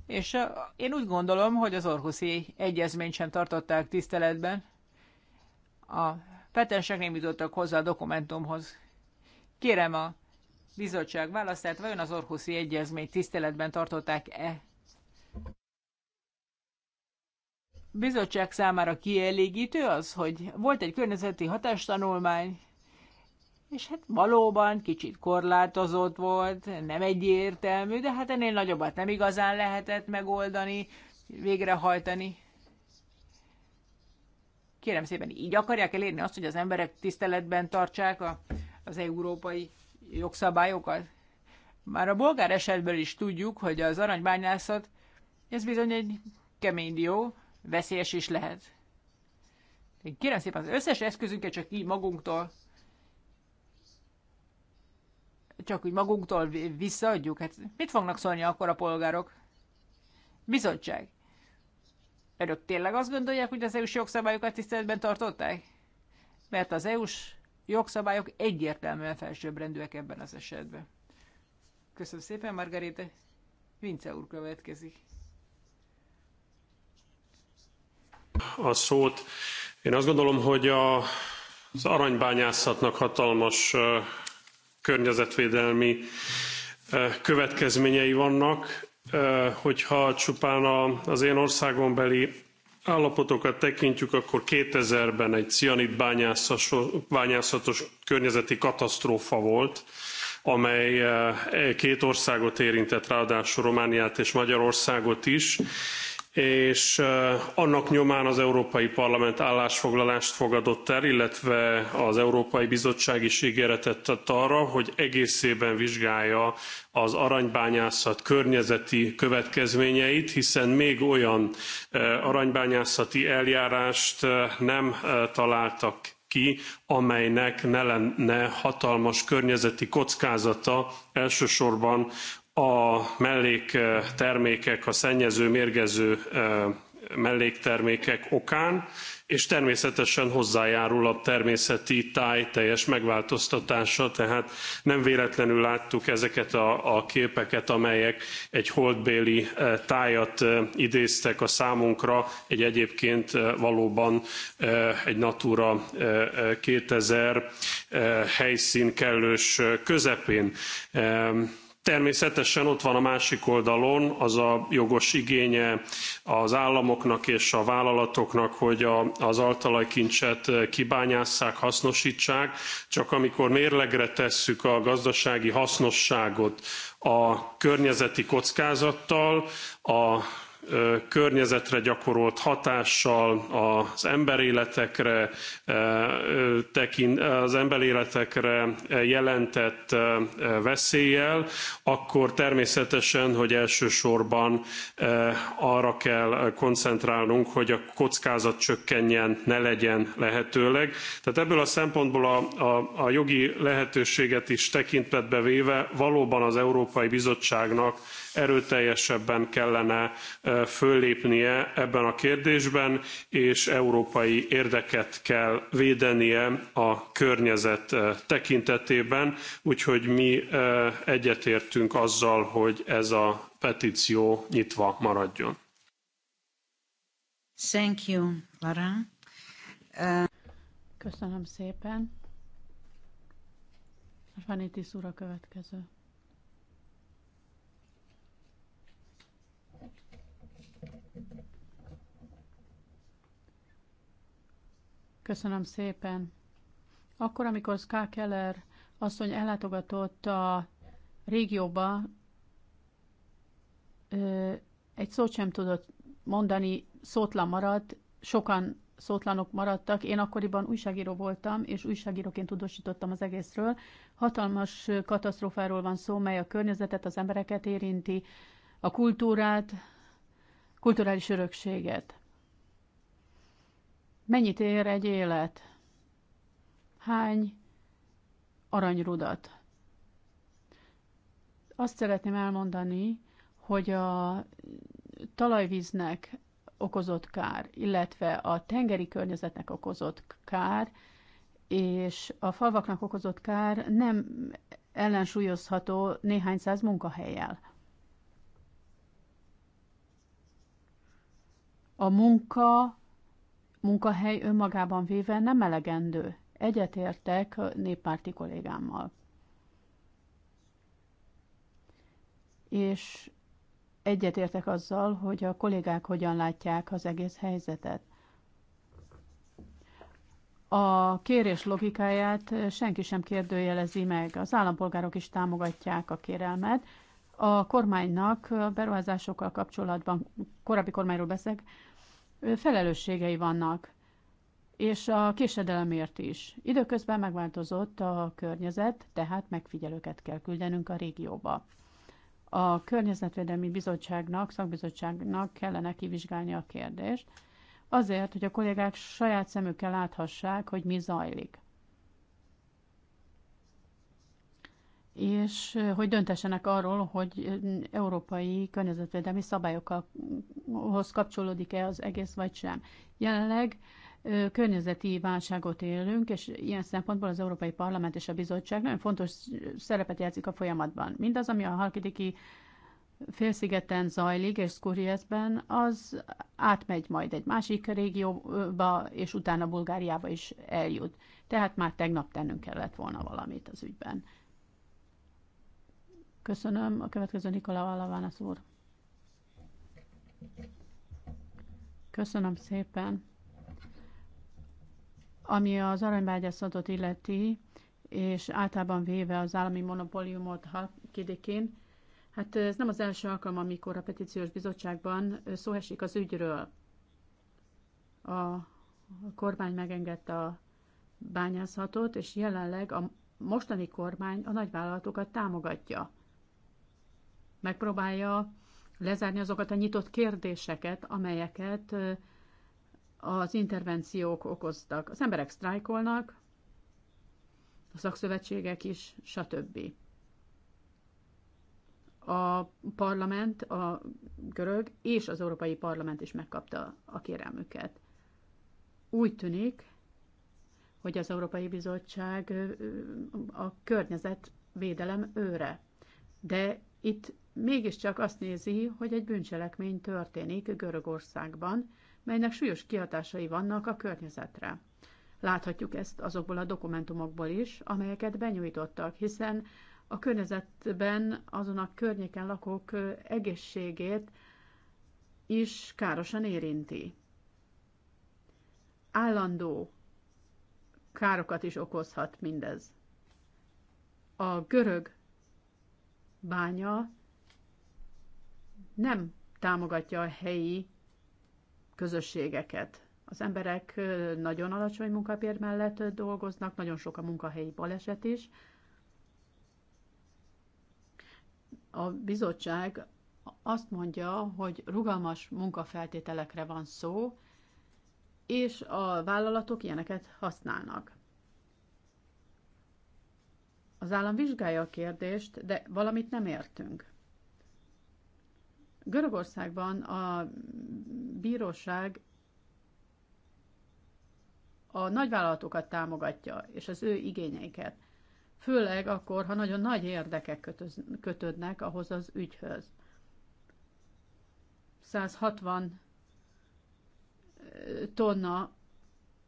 És én úgy gondolom, hogy az Orhuszi egyezményt sem tartották tiszteletben. A petensek nem jutottak hozzá a dokumentumhoz. Kérem a bizottság választát, vajon az Orhuszi egyezményt tiszteletben tartották-e? bizottság számára kielégítő az, hogy volt egy környezeti hatástanulmány, és hát valóban kicsit korlátozott volt, nem egyértelmű, de hát ennél nagyobbat nem igazán lehetett megoldani, végrehajtani. Kérem szépen, így akarják elérni azt, hogy az emberek tiszteletben tartsák a, az európai jogszabályokat? Már a bolgár esetből is tudjuk, hogy az aranybányászat, ez bizony egy kemény dió, veszélyes is lehet. Én kérem szépen az összes eszközünket csak így magunktól csak úgy magunktól visszaadjuk? Hát mit fognak szólni akkor a polgárok? Bizottság. Önök tényleg azt gondolják, hogy az EU-s jogszabályokat tiszteletben tartották? Mert az EU-s jogszabályok egyértelműen felsőbbrendűek ebben az esetben. Köszönöm szépen, Margarita. Vince úr következik. a szót. Én azt gondolom, hogy a, az aranybányászatnak hatalmas környezetvédelmi következményei vannak, hogyha csupán az én országon beli állapotokat tekintjük, akkor 2000-ben egy cianidbányászatos bányászatos környezeti katasztrófa volt, amely két országot érintett, ráadásul Romániát és Magyarországot is, és annak nyomán az Európai Parlament állásfoglalást fogadott el, illetve az Európai Bizottság is ígéretet tett arra, hogy egészében vizsgálja az aranybányászat környezeti következményeit, hiszen még olyan aranybányászati eljárást nem találtak ki, amelynek ne lenne hatalmas környezeti kockázata elsősorban a melléktermékek, a szennyező, mérgező melléktermékek okán, és természetesen hozzájárul a természeti táj teljes megváltoztatása, tehát nem véletlenül láttuk ezeket a, a képeket, amelyek egy holdbéli tájat idéztek a számunkra, egy egyébként valóban egy Natura 2000 helyszín kellős közepén. Természetesen ott van a másik oldalon az a jogos igénye az államoknak és a vállalatoknak, hogy a, az altalajkincset kibányásszák, hasznosítsák, csak amikor mérlegre tesszük a gazdasági hasznosságot a környezeti kockázattal, a környezetre gyakorolt hatással, az emberéletekre, az emberéletekre jelentett veszéllyel, akkor természetesen, hogy elsősorban arra kell koncentrálnunk, hogy a kockázat csökkenjen, ne legyen lehetőleg. Tehát ebből a szempontból a, a, a jogi lehetőséget is tekintetbe véve valóban az Európai Bizottságnak erőteljesebben kellene föllépnie ebben a kérdésben, és európai érdeket kell védenie a környezet tekintetében, úgyhogy mi egyetértünk azzal, hogy ez a petíció nyitva maradjon. Thank you, Lara. Köszönöm szépen. Vanitis úr a következő. Köszönöm szépen. Akkor, amikor Ská Keller asszony ellátogatott a régióba, egy szót sem tudott mondani, szótlan maradt, sokan szótlanok maradtak. Én akkoriban újságíró voltam, és újságíróként tudósítottam az egészről. Hatalmas katasztrófáról van szó, mely a környezetet, az embereket érinti, a kultúrát, kulturális örökséget. Mennyit ér egy élet? Hány aranyrudat? Azt szeretném elmondani, hogy a talajvíznek okozott kár, illetve a tengeri környezetnek okozott kár, és a falvaknak okozott kár nem ellensúlyozható néhány száz munkahelyel. A munka munkahely önmagában véve nem elegendő. Egyetértek néppárti kollégámmal. És egyetértek azzal, hogy a kollégák hogyan látják az egész helyzetet. A kérés logikáját senki sem kérdőjelezi meg. Az állampolgárok is támogatják a kérelmet. A kormánynak a beruházásokkal kapcsolatban, korábbi kormányról beszélek, felelősségei vannak, és a késedelemért is. Időközben megváltozott a környezet, tehát megfigyelőket kell küldenünk a régióba. A Környezetvédelmi Bizottságnak, szakbizottságnak kellene kivizsgálni a kérdést, azért, hogy a kollégák saját szemükkel láthassák, hogy mi zajlik. és hogy döntessenek arról, hogy európai környezetvédelmi szabályokhoz kapcsolódik-e az egész vagy sem. Jelenleg környezeti válságot élünk, és ilyen szempontból az Európai Parlament és a Bizottság nagyon fontos szerepet játszik a folyamatban. Mindaz, ami a Halkidiki félszigeten zajlik, és Skuriesben, az átmegy majd egy másik régióba, és utána Bulgáriába is eljut. Tehát már tegnap tennünk kellett volna valamit az ügyben. Köszönöm. A következő Nikola Alavánasz úr. Köszönöm szépen. Ami az aranybágyászatot illeti, és általában véve az állami monopóliumot Halkidikén, hát ez nem az első alkalom, amikor a petíciós bizottságban szó esik az ügyről. A kormány megengedte a bányászatot, és jelenleg a mostani kormány a nagyvállalatokat támogatja megpróbálja lezárni azokat a nyitott kérdéseket, amelyeket az intervenciók okoztak. Az emberek sztrájkolnak, a szakszövetségek is, stb. A parlament, a görög és az Európai Parlament is megkapta a kérelmüket. Úgy tűnik, hogy az Európai Bizottság a környezetvédelem őre. De itt mégiscsak azt nézi, hogy egy bűncselekmény történik Görögországban, melynek súlyos kihatásai vannak a környezetre. Láthatjuk ezt azokból a dokumentumokból is, amelyeket benyújtottak, hiszen a környezetben azon a környéken lakók egészségét is károsan érinti. Állandó károkat is okozhat mindez. A görög bánya nem támogatja a helyi közösségeket. Az emberek nagyon alacsony munkapér mellett dolgoznak, nagyon sok a munkahelyi baleset is. A bizottság azt mondja, hogy rugalmas munkafeltételekre van szó, és a vállalatok ilyeneket használnak. Az állam vizsgálja a kérdést, de valamit nem értünk. Görögországban a bíróság a nagyvállalatokat támogatja, és az ő igényeiket. Főleg akkor, ha nagyon nagy érdekek kötődnek ahhoz az ügyhöz. 160 tonna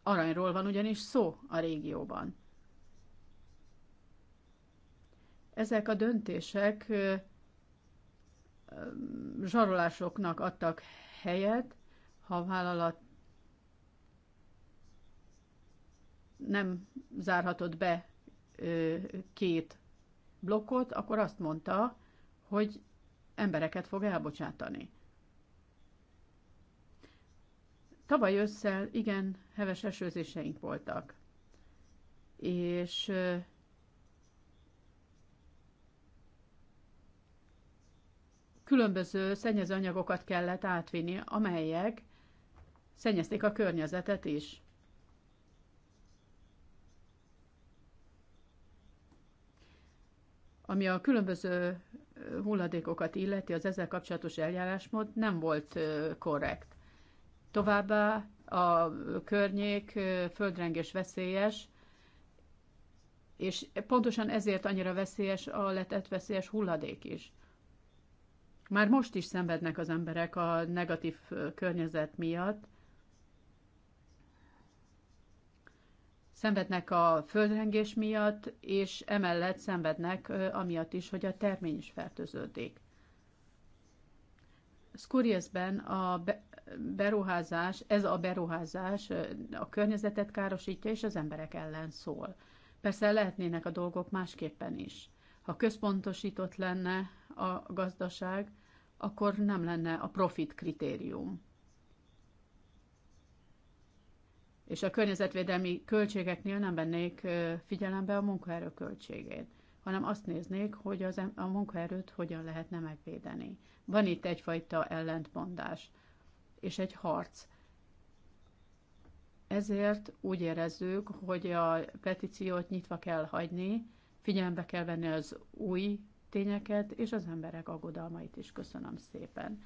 aranyról van ugyanis szó a régióban. Ezek a döntések zsarolásoknak adtak helyet, ha a vállalat nem zárhatott be két blokkot, akkor azt mondta, hogy embereket fog elbocsátani. Tavaly ősszel igen heves esőzéseink voltak, és különböző szennyező anyagokat kellett átvinni, amelyek szennyezték a környezetet is. Ami a különböző hulladékokat illeti, az ezzel kapcsolatos eljárásmód nem volt korrekt. Továbbá a környék földrengés veszélyes, és pontosan ezért annyira veszélyes a letett veszélyes hulladék is. Már most is szenvednek az emberek a negatív környezet miatt. Szenvednek a földrengés miatt, és emellett szenvednek amiatt is, hogy a termény is fertőződik. Skuriesben a beruházás, ez a beruházás a környezetet károsítja, és az emberek ellen szól. Persze lehetnének a dolgok másképpen is. Ha központosított lenne a gazdaság, akkor nem lenne a profit kritérium. És a környezetvédelmi költségeknél nem vennék figyelembe a munkaerő költségét, hanem azt néznék, hogy az, a munkaerőt hogyan lehetne megvédeni. Van itt egyfajta ellentmondás és egy harc. Ezért úgy érezzük, hogy a petíciót nyitva kell hagyni, figyelembe kell venni az új tényeket és az emberek aggodalmait is. Köszönöm szépen.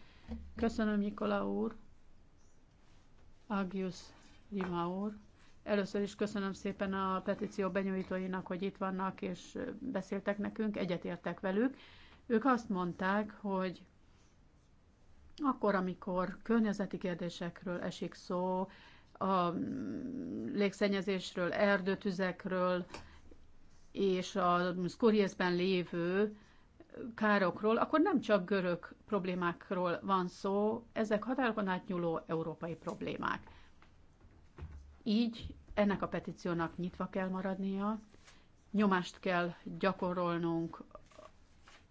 Köszönöm, Nikola úr, Agius Lima úr. Először is köszönöm szépen a petíció benyújtóinak, hogy itt vannak és beszéltek nekünk, egyetértek velük. Ők azt mondták, hogy akkor, amikor környezeti kérdésekről esik szó, a légszennyezésről, erdőtüzekről és a Skoriesben lévő károkról, akkor nem csak görög problémákról van szó, ezek határokon átnyúló európai problémák. Így ennek a petíciónak nyitva kell maradnia, nyomást kell gyakorolnunk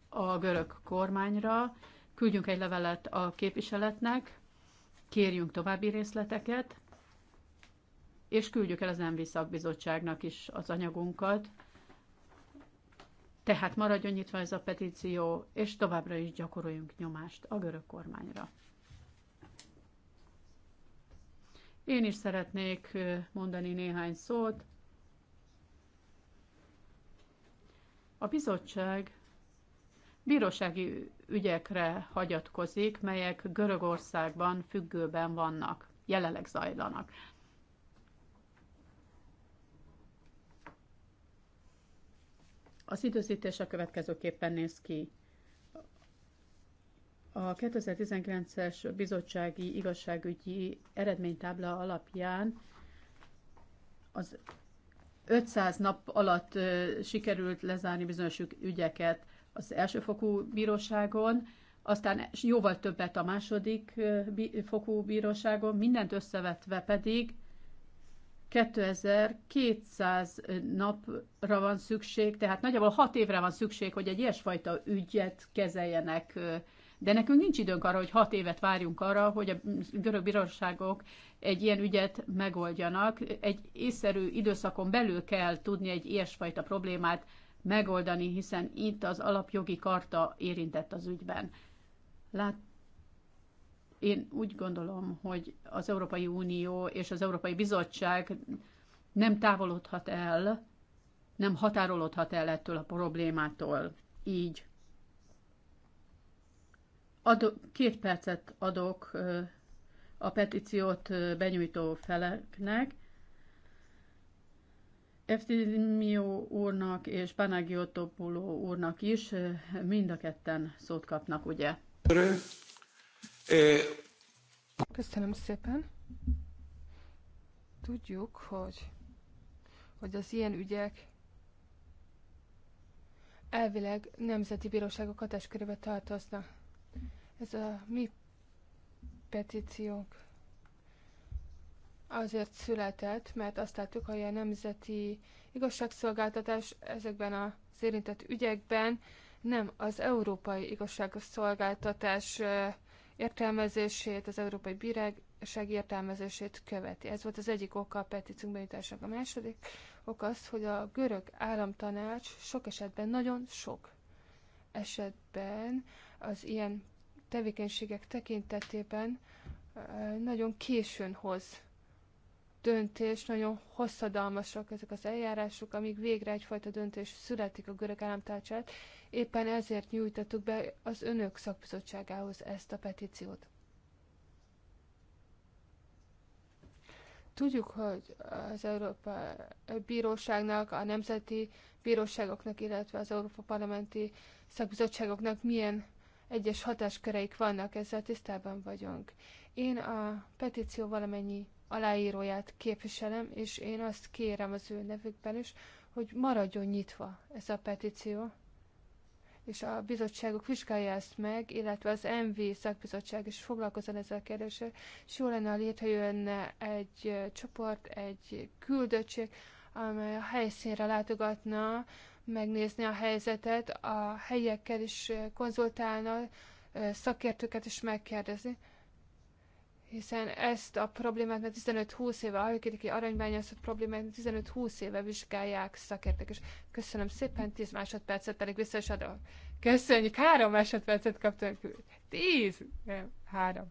a görög kormányra, küldjünk egy levelet a képviseletnek, kérjünk további részleteket, és küldjük el az Envi szakbizottságnak is az anyagunkat, tehát maradjon nyitva ez a petíció, és továbbra is gyakoroljunk nyomást a görög kormányra. Én is szeretnék mondani néhány szót. A bizottság bírósági ügyekre hagyatkozik, melyek Görögországban függőben vannak, jelenleg zajlanak. Az időzítés a következőképpen néz ki. A 2019-es bizottsági igazságügyi eredménytábla alapján az 500 nap alatt sikerült lezárni bizonyos ügyeket az elsőfokú bíróságon, aztán jóval többet a második fokú bíróságon, mindent összevetve pedig 2200 napra van szükség, tehát nagyjából 6 évre van szükség, hogy egy ilyesfajta ügyet kezeljenek. De nekünk nincs időnk arra, hogy 6 évet várjunk arra, hogy a görög bíróságok egy ilyen ügyet megoldjanak. Egy észszerű időszakon belül kell tudni egy ilyesfajta problémát megoldani, hiszen itt az alapjogi karta érintett az ügyben. Lát, én úgy gondolom, hogy az Európai Unió és az Európai Bizottság nem távolodhat el, nem határolódhat el ettől a problémától. Így. Adok, két percet adok a petíciót benyújtó feleknek. Eftimio úrnak és Panagiotopuló úrnak is mind a ketten szót kapnak, ugye? Köszönöm szépen. Tudjuk, hogy, hogy az ilyen ügyek elvileg nemzeti bíróságok hatáskörébe tartoznak. Ez a mi petíciók azért született, mert azt láttuk, hogy a nemzeti igazságszolgáltatás ezekben az érintett ügyekben nem az európai igazságszolgáltatás szolgáltatás értelmezését, az Európai Bíróság értelmezését követi. Ez volt az egyik oka a petíciónk bejutásának. A második ok az, hogy a görög államtanács sok esetben, nagyon sok esetben az ilyen tevékenységek tekintetében nagyon későn hoz döntés, nagyon hosszadalmasak ezek az eljárások, amíg végre egyfajta döntés születik a görög államtárcsát, Éppen ezért nyújtottuk be az önök szakbizottságához ezt a petíciót. Tudjuk, hogy az Európa Bíróságnak, a nemzeti bíróságoknak, illetve az Európa Parlamenti szakbizottságoknak milyen egyes hatásköreik vannak, ezzel tisztában vagyunk. Én a petíció valamennyi aláíróját képviselem, és én azt kérem az ő nevükben is, hogy maradjon nyitva ez a petíció és a bizottságok vizsgálja ezt meg, illetve az MV szakbizottság is foglalkozon ezzel a kérdéssel, és jó lenne, ha létrejönne egy csoport, egy küldöttség, amely a helyszínre látogatna, megnézni a helyzetet, a helyiekkel is konzultálna, szakértőket is megkérdezni hiszen ezt a problémát már 15-20 éve, a hajókéteki aranybányászat problémát 15-20 éve vizsgálják szakértők, és köszönöm szépen, 10 másodpercet pedig vissza is adom. Köszönjük, 3 másodpercet kaptunk. 10, nem, 3.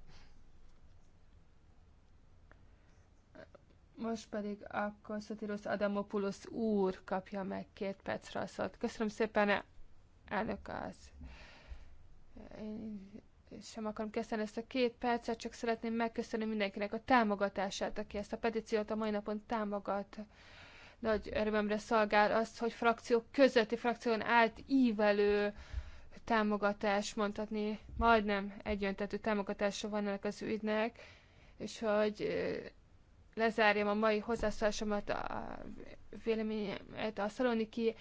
Most pedig a Konstantinus Adamopoulos úr kapja meg két percre a szót. Köszönöm szépen, elnök az sem akarom kezdeni ezt a két percet, csak szeretném megköszönni mindenkinek a támogatását, aki ezt a petíciót a mai napon támogat. Nagy örömömre szolgál azt, hogy frakciók közötti frakción állt ívelő támogatás, mondhatni, majdnem egyöntetű támogatása van ennek az ügynek, és hogy lezárjam a mai hozzászólásomat, a véleményemet a szaloniki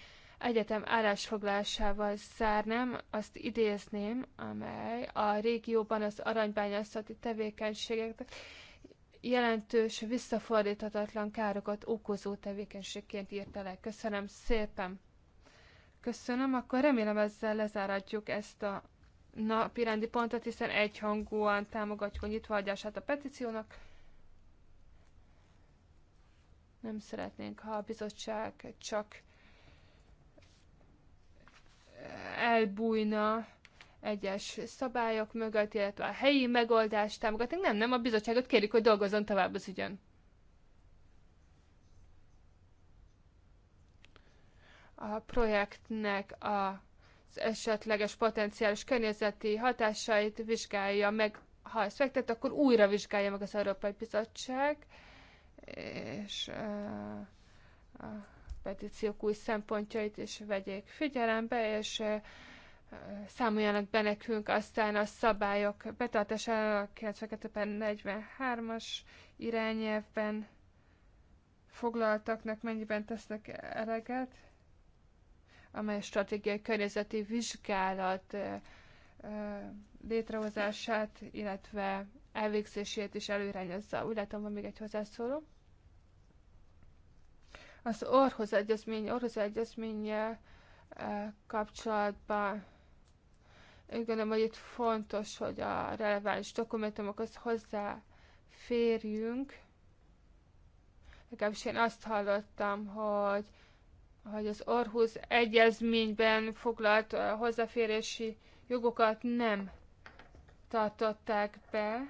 egyetem állásfoglásával zárnám, azt idézném, amely a régióban az aranybányászati tevékenységeknek jelentős, visszafordíthatatlan károkat okozó tevékenységként írta le. Köszönöm szépen! Köszönöm, akkor remélem ezzel lezáratjuk ezt a napirendi pontot, hiszen egyhangúan támogatjuk a nyitvahagyását a petíciónak. Nem szeretnénk, ha a bizottság csak elbújna egyes szabályok mögött, illetve a helyi megoldást támogatni. Nem, nem, a bizottságot kérik hogy dolgozzon tovább az ügyön. A projektnek a az esetleges potenciális környezeti hatásait vizsgálja meg, ha ezt fektet, akkor újra vizsgálja meg az Európai Bizottság, és uh, uh, petíciók új szempontjait is vegyék figyelembe, és számoljanak be nekünk aztán a szabályok betartására a 92.43-as irányelvben foglaltaknak mennyiben tesznek eleget, amely stratégiai környezeti vizsgálat létrehozását, illetve elvégzését is előirányozza. Úgy látom, van még egy hozzászóló. Az orhoz egyezmény, orhoz egyezménye eh, kapcsolatban úgy gondolom, hogy itt fontos, hogy a releváns dokumentumokhoz hozzáférjünk. Legalábbis én azt hallottam, hogy, hogy az Orhus egyezményben foglalt eh, hozzáférési jogokat nem tartották be.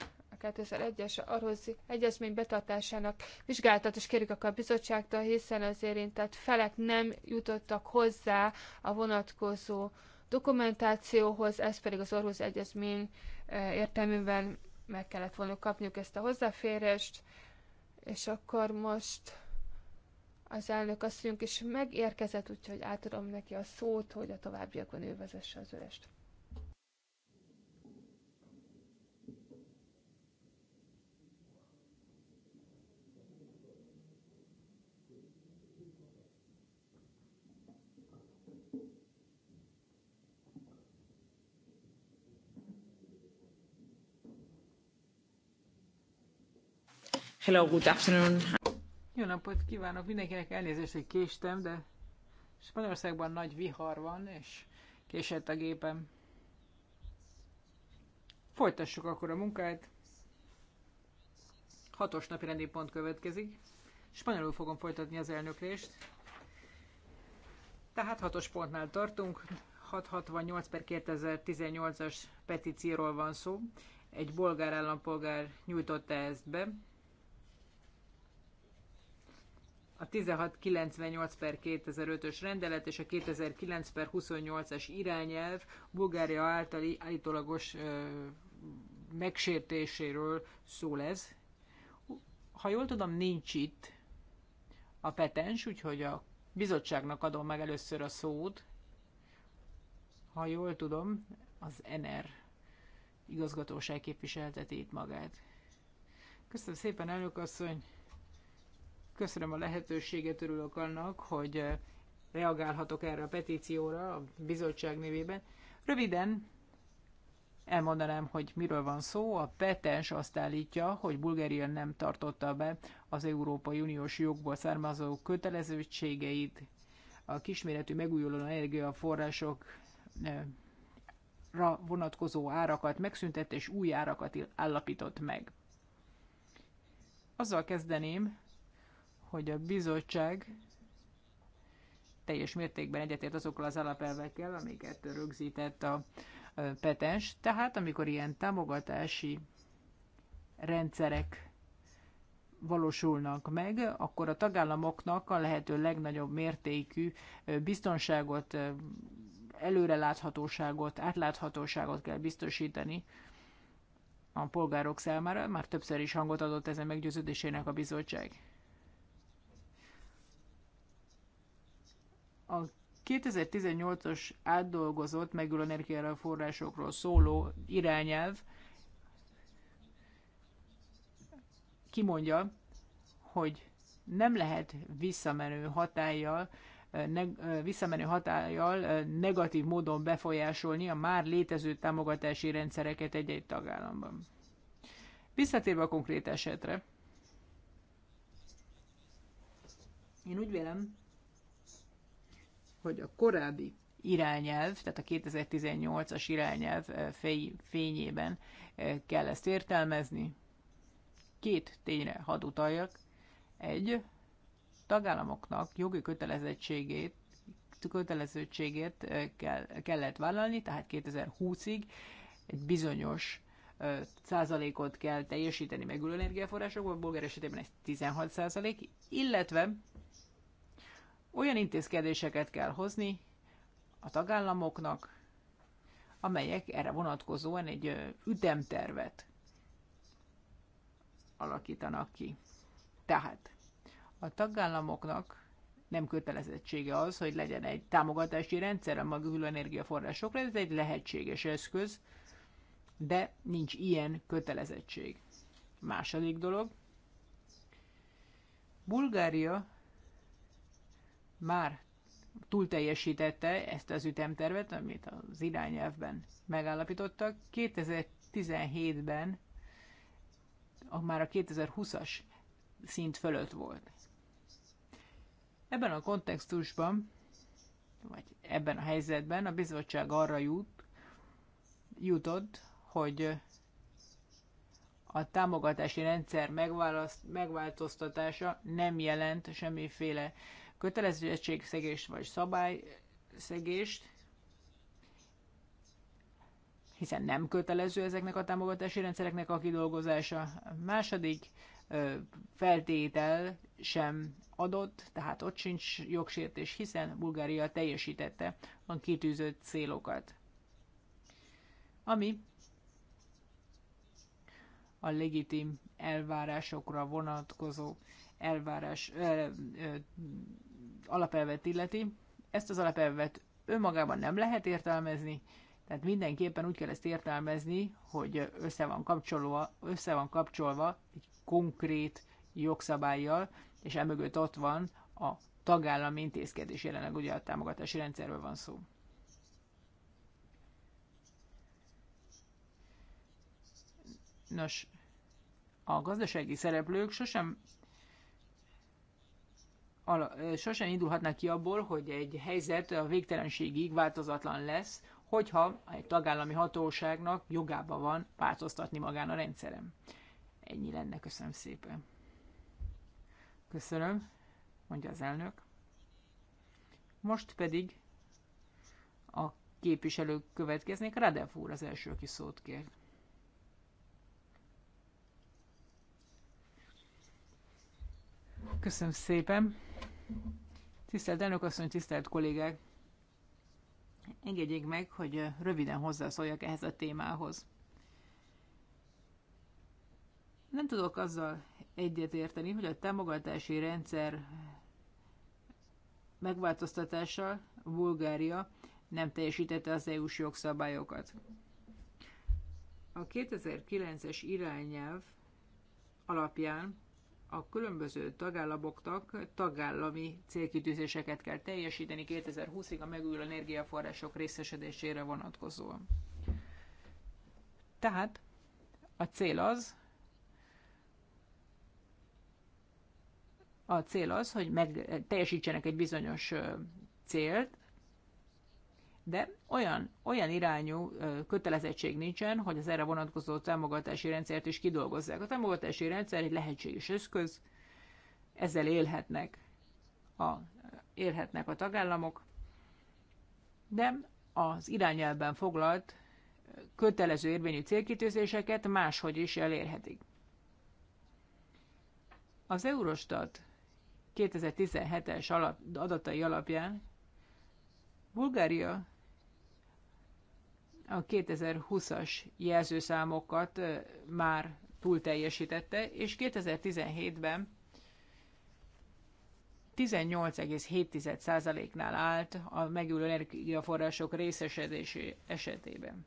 2001-es arhozi egyezmény betartásának vizsgálatot is kérjük a bizottságtól, hiszen az érintett felek nem jutottak hozzá a vonatkozó dokumentációhoz, ez pedig az orvos egyezmény e, értelműben meg kellett volna kapniuk ezt a hozzáférést, és akkor most az elnök asszonyunk is megérkezett, úgyhogy átadom neki a szót, hogy a továbbiakban ő vezesse az ülést. Hello, good afternoon. Jó napot kívánok mindenkinek, elnézést, hogy késtem, de Spanyolországban nagy vihar van, és késett a gépem. Folytassuk akkor a munkát. Hatos napi rendi pont következik. Spanyolul fogom folytatni az elnöklést. Tehát hatos pontnál tartunk. 668 per 2018-as petícióról van szó. Egy bolgár állampolgár nyújtotta ezt be, a 1698 per 2005-ös rendelet és a 2009 per 28-as irányelv Bulgária általi állítólagos ö, megsértéséről szól ez. Ha jól tudom, nincs itt a petens, úgyhogy a bizottságnak adom meg először a szót. Ha jól tudom, az NR igazgatóság képviselteti itt magát. Köszönöm szépen, elnök asszony! Köszönöm a lehetőséget, örülök annak, hogy eh, reagálhatok erre a petícióra a bizottság nevében. Röviden elmondanám, hogy miről van szó. A petens azt állítja, hogy Bulgária nem tartotta be az Európai Uniós jogból származó kötelezettségeit, a kisméretű megújuló energiaforrásokra eh, vonatkozó árakat megszüntett és új árakat állapított meg. Azzal kezdeném, hogy a bizottság teljes mértékben egyetért azokkal az alapelvekkel, amiket rögzített a petens. Tehát amikor ilyen támogatási rendszerek valósulnak meg, akkor a tagállamoknak a lehető legnagyobb mértékű biztonságot, előreláthatóságot, átláthatóságot kell biztosítani a polgárok számára. Már többször is hangot adott ezen meggyőződésének a bizottság. A 2018-os átdolgozott megülő energiaforrásokról szóló irányelv kimondja, hogy nem lehet visszamenő hatállyal, visszamenő hatállyal negatív módon befolyásolni a már létező támogatási rendszereket egy-egy tagállamban. Visszatérve a konkrét esetre, én úgy vélem, hogy a korábbi irányelv, tehát a 2018-as irányelv eh, fényében eh, kell ezt értelmezni. Két tényre hadd utaljak. Egy, tagállamoknak jogi kötelezettségét kötelezettségét eh, kell, kellett vállalni, tehát 2020-ig egy bizonyos százalékot kell teljesíteni megülő energiaforrásokból, a bolgár esetében ez 16 százalék, illetve olyan intézkedéseket kell hozni a tagállamoknak, amelyek erre vonatkozóan egy ütemtervet alakítanak ki. Tehát a tagállamoknak nem kötelezettsége az, hogy legyen egy támogatási rendszer a magyarul energiaforrásokra, ez egy lehetséges eszköz, de nincs ilyen kötelezettség. Második dolog, Bulgária már túl teljesítette ezt az ütemtervet, amit az irányelvben megállapítottak. 2017-ben a, már a 2020-as szint fölött volt. Ebben a kontextusban, vagy ebben a helyzetben a bizottság arra jut, jutott, hogy a támogatási rendszer megváltoztatása nem jelent semmiféle kötelezettségszegést vagy szabályszegést, hiszen nem kötelező ezeknek a támogatási rendszereknek a kidolgozása. A második feltétel sem adott, tehát ott sincs jogsértés, hiszen Bulgária teljesítette a kitűzött célokat. Ami a legitim elvárásokra vonatkozó elvárás, ö, ö, alapelvet illeti, ezt az alapelvet önmagában nem lehet értelmezni, tehát mindenképpen úgy kell ezt értelmezni, hogy össze van kapcsolva, össze van kapcsolva egy konkrét jogszabályjal, és emögött ott van a tagállami intézkedés, jelenleg ugye a támogatási rendszerről van szó. Nos, a gazdasági szereplők sosem sosem indulhatnak ki abból, hogy egy helyzet a végtelenségig változatlan lesz, hogyha egy tagállami hatóságnak jogába van változtatni magán a rendszerem. Ennyi lenne, köszönöm szépen. Köszönöm, mondja az elnök. Most pedig a képviselők következnék. Radev úr az első, aki szót kért. Köszönöm szépen. Tisztelt elnök asszony, tisztelt kollégák! Engedjék meg, hogy röviden hozzászóljak ehhez a témához. Nem tudok azzal egyetérteni, hogy a támogatási rendszer megváltoztatással Bulgária nem teljesítette az EU-s jogszabályokat. A 2009-es irányelv alapján a különböző tagállamoknak tagállami célkitűzéseket kell teljesíteni 2020-ig a megújuló energiaforrások részesedésére vonatkozóan. Tehát a cél az, a cél az, hogy meg, teljesítsenek egy bizonyos célt, de olyan, olyan irányú kötelezettség nincsen, hogy az erre vonatkozó támogatási rendszert is kidolgozzák. A támogatási rendszer egy lehetséges eszköz, ezzel élhetnek a, élhetnek a tagállamok, de az irányelben foglalt kötelező érvényű célkitűzéseket máshogy is elérhetik. Az Eurostat 2017-es adatai alapján Bulgária a 2020-as jelzőszámokat már túl teljesítette, és 2017-ben 18,7%-nál állt a megülő energiaforrások részesedési esetében.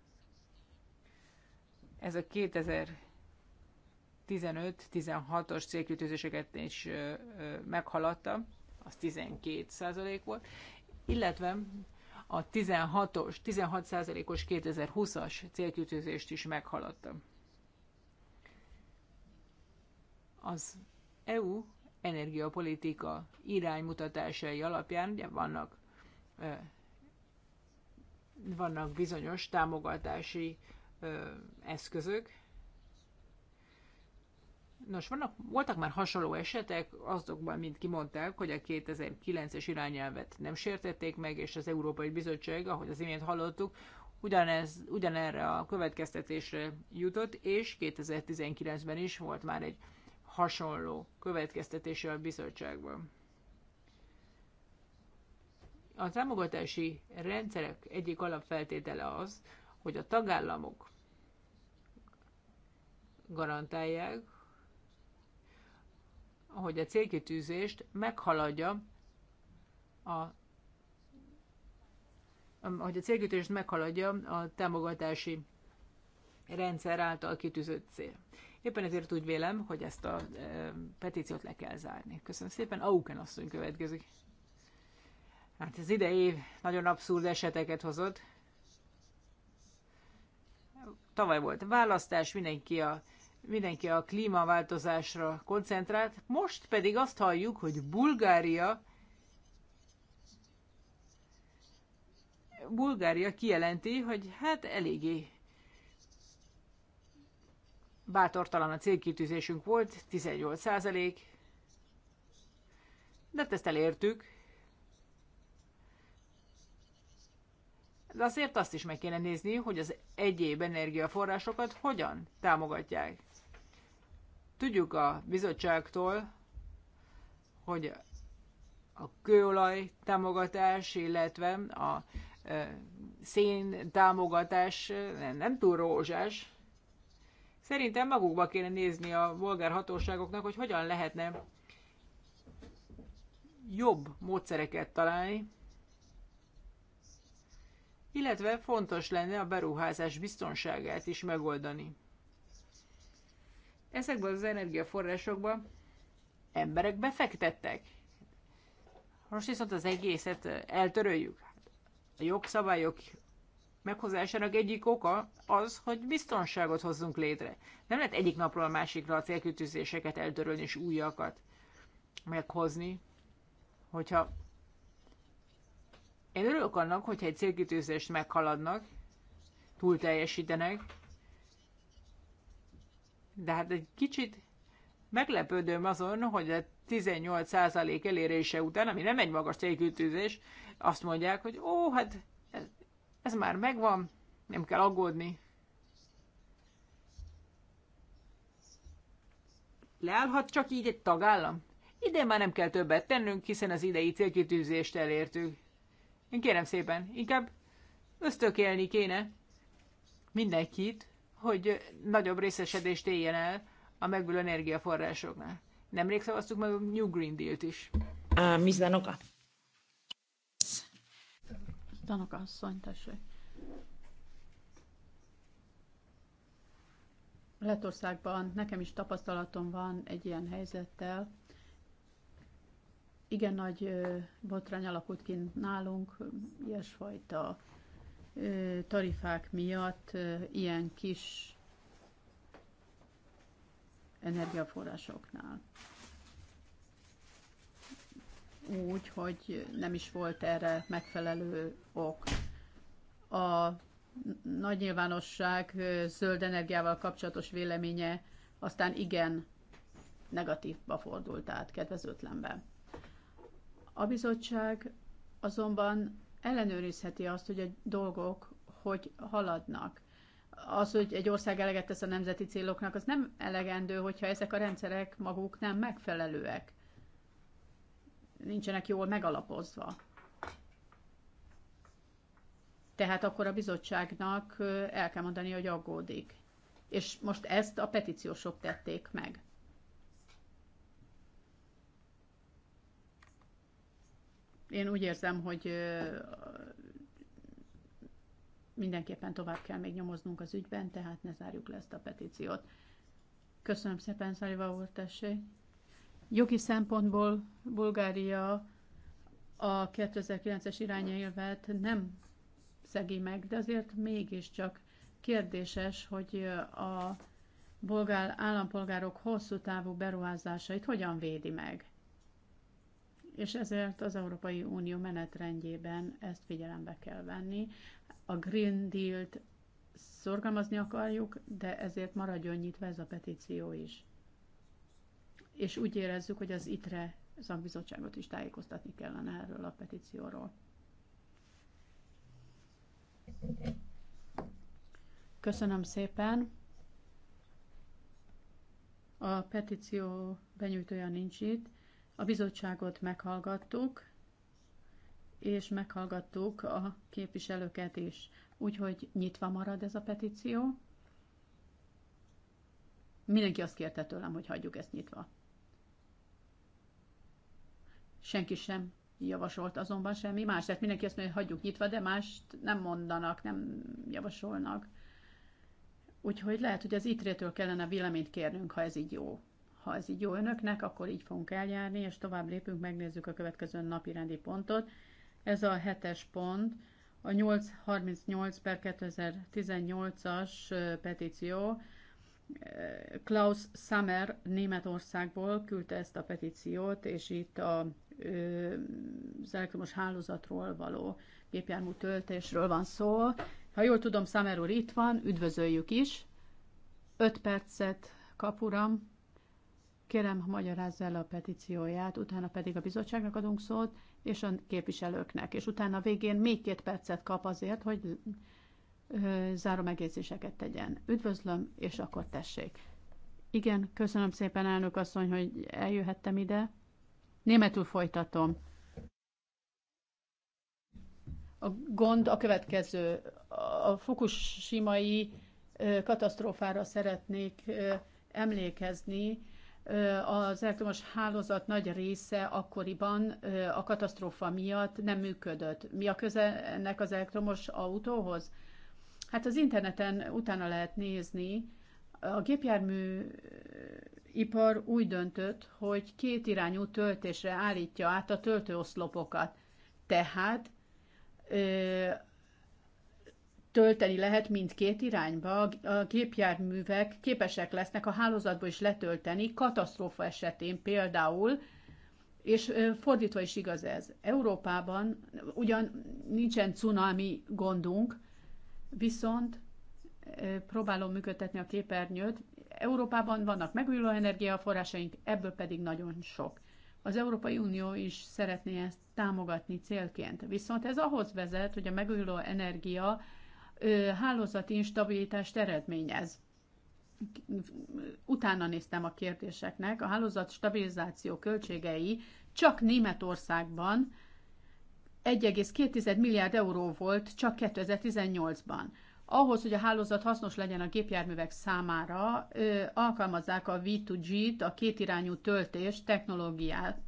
Ez a 2015-16-os célkütőzéseket is meghaladta, az 12% volt, illetve a 16-os, 16%-os 2020-as célkütőzést is meghaladta. Az EU energiapolitika iránymutatásai alapján ugye vannak, vannak bizonyos támogatási eszközök, Nos, vannak, voltak már hasonló esetek, azokban mint kimondták, hogy a 2009-es irányelvet nem sértették meg, és az Európai Bizottság, ahogy az imént hallottuk, ugyanez, ugyanerre a következtetésre jutott, és 2019-ben is volt már egy hasonló következtetése a bizottságban. A támogatási rendszerek egyik alapfeltétele az, hogy a tagállamok garantálják, hogy a célkitűzést meghaladja a hogy a célkitűzést meghaladja a támogatási rendszer által kitűzött cél. Éppen ezért úgy vélem, hogy ezt a e, petíciót le kell zárni. Köszönöm szépen. Auken asszony következik. Hát ez idei év nagyon abszurd eseteket hozott. Tavaly volt választás, mindenki a mindenki a klímaváltozásra koncentrált, most pedig azt halljuk, hogy Bulgária Bulgária kijelenti, hogy hát eléggé bátortalan a célkitűzésünk volt, 18 százalék, de hát ezt elértük. De azért azt is meg kéne nézni, hogy az egyéb energiaforrásokat hogyan támogatják. Tudjuk a bizottságtól, hogy a kőolaj támogatás, illetve a e, szén támogatás e, nem túl rózsás. Szerintem magukba kéne nézni a bolgár hatóságoknak, hogy hogyan lehetne jobb módszereket találni, illetve fontos lenne a beruházás biztonságát is megoldani. Ezekből az energiaforrásokban emberek befektettek. Most viszont az egészet eltöröljük. A jogszabályok meghozásának egyik oka az, hogy biztonságot hozzunk létre. Nem lehet egyik napról a másikra a célkütőzéseket eltörölni és újakat meghozni, hogyha én örülök annak, hogyha egy célkütőzést meghaladnak, túl teljesítenek, de hát egy kicsit meglepődöm azon, hogy a 18% elérése után, ami nem egy magas célkültőzés, azt mondják, hogy ó, hát ez, ez már megvan, nem kell aggódni. Leállhat csak így egy tagállam? Idén már nem kell többet tennünk, hiszen az idei célkitűzést elértük. Én kérem szépen, inkább ösztökélni kéne mindenkit, hogy nagyobb részesedést éljen el a megújuló energiaforrásoknál. Nemrég szavaztuk meg a New Green Deal-t is. Uh, Miss Danoka. Danoka asszony, tessék. Letországban nekem is tapasztalatom van egy ilyen helyzettel. Igen nagy botrány alakult ki nálunk, ilyesfajta tarifák miatt ilyen kis energiaforrásoknál. Úgy, hogy nem is volt erre megfelelő ok. A nagy nyilvánosság zöld energiával kapcsolatos véleménye aztán igen negatívba fordult át, kedvezőtlenbe. A bizottság azonban ellenőrizheti azt, hogy a dolgok hogy haladnak. Az, hogy egy ország eleget tesz a nemzeti céloknak, az nem elegendő, hogyha ezek a rendszerek maguk nem megfelelőek. Nincsenek jól megalapozva. Tehát akkor a bizottságnak el kell mondani, hogy aggódik. És most ezt a petíciósok tették meg. én úgy érzem, hogy mindenképpen tovább kell még nyomoznunk az ügyben, tehát ne zárjuk le ezt a petíciót. Köszönöm szépen, Szaliva úr, tessék. Jogi szempontból Bulgária a 2009-es irányelvet nem szegi meg, de azért mégiscsak kérdéses, hogy a bolgár állampolgárok hosszú távú beruházásait hogyan védi meg és ezért az Európai Unió menetrendjében ezt figyelembe kell venni. A Green Deal-t szorgalmazni akarjuk, de ezért maradjon nyitva ez a petíció is. És úgy érezzük, hogy az ITRE szakbizottságot is tájékoztatni kellene erről a petícióról. Köszönöm szépen. A petíció benyújtója nincs itt. A bizottságot meghallgattuk, és meghallgattuk a képviselőket is. Úgyhogy nyitva marad ez a petíció. Mindenki azt kérte tőlem, hogy hagyjuk ezt nyitva. Senki sem javasolt azonban semmi más. Tehát mindenki azt mondja, hogy hagyjuk nyitva, de mást nem mondanak, nem javasolnak. Úgyhogy lehet, hogy az itre kellene véleményt kérnünk, ha ez így jó. Ha ez így jó önöknek, akkor így fogunk eljárni, és tovább lépünk, megnézzük a következő napi rendi pontot. Ez a hetes pont, a 838 per 2018-as petíció, Klaus Sammer Németországból küldte ezt a petíciót, és itt a, az elektromos hálózatról való gépjármű töltésről van szó. Ha jól tudom, Sammer úr itt van, üdvözöljük is. 5 percet kap, uram. Kérem, magyarázza el a petícióját, utána pedig a bizottságnak adunk szót, és a képviselőknek. És utána a végén még két percet kap azért, hogy záró megjegyzéseket tegyen. Üdvözlöm, és akkor tessék. Igen, köszönöm szépen, elnök asszony, hogy eljöhettem ide. Németül folytatom. A gond a következő. A fukushimai katasztrófára szeretnék emlékezni, az elektromos hálózat nagy része akkoriban a katasztrófa miatt nem működött. Mi a köze ennek az elektromos autóhoz? Hát az interneten utána lehet nézni. A gépjármű ipar úgy döntött, hogy két irányú töltésre állítja át a töltőoszlopokat. Tehát tölteni lehet mindkét irányba. A gépjárművek képesek lesznek a hálózatból is letölteni, katasztrófa esetén például, és fordítva is igaz ez. Európában ugyan nincsen cunami gondunk, viszont próbálom működtetni a képernyőt. Európában vannak megújuló energiaforrásaink, ebből pedig nagyon sok. Az Európai Unió is szeretné ezt támogatni célként. Viszont ez ahhoz vezet, hogy a megújuló energia hálózati instabilitást eredményez. Utána néztem a kérdéseknek. A hálózat stabilizáció költségei csak Németországban 1,2 milliárd euró volt csak 2018-ban. Ahhoz, hogy a hálózat hasznos legyen a gépjárművek számára, alkalmazzák a V2G-t, a kétirányú töltés technológiát.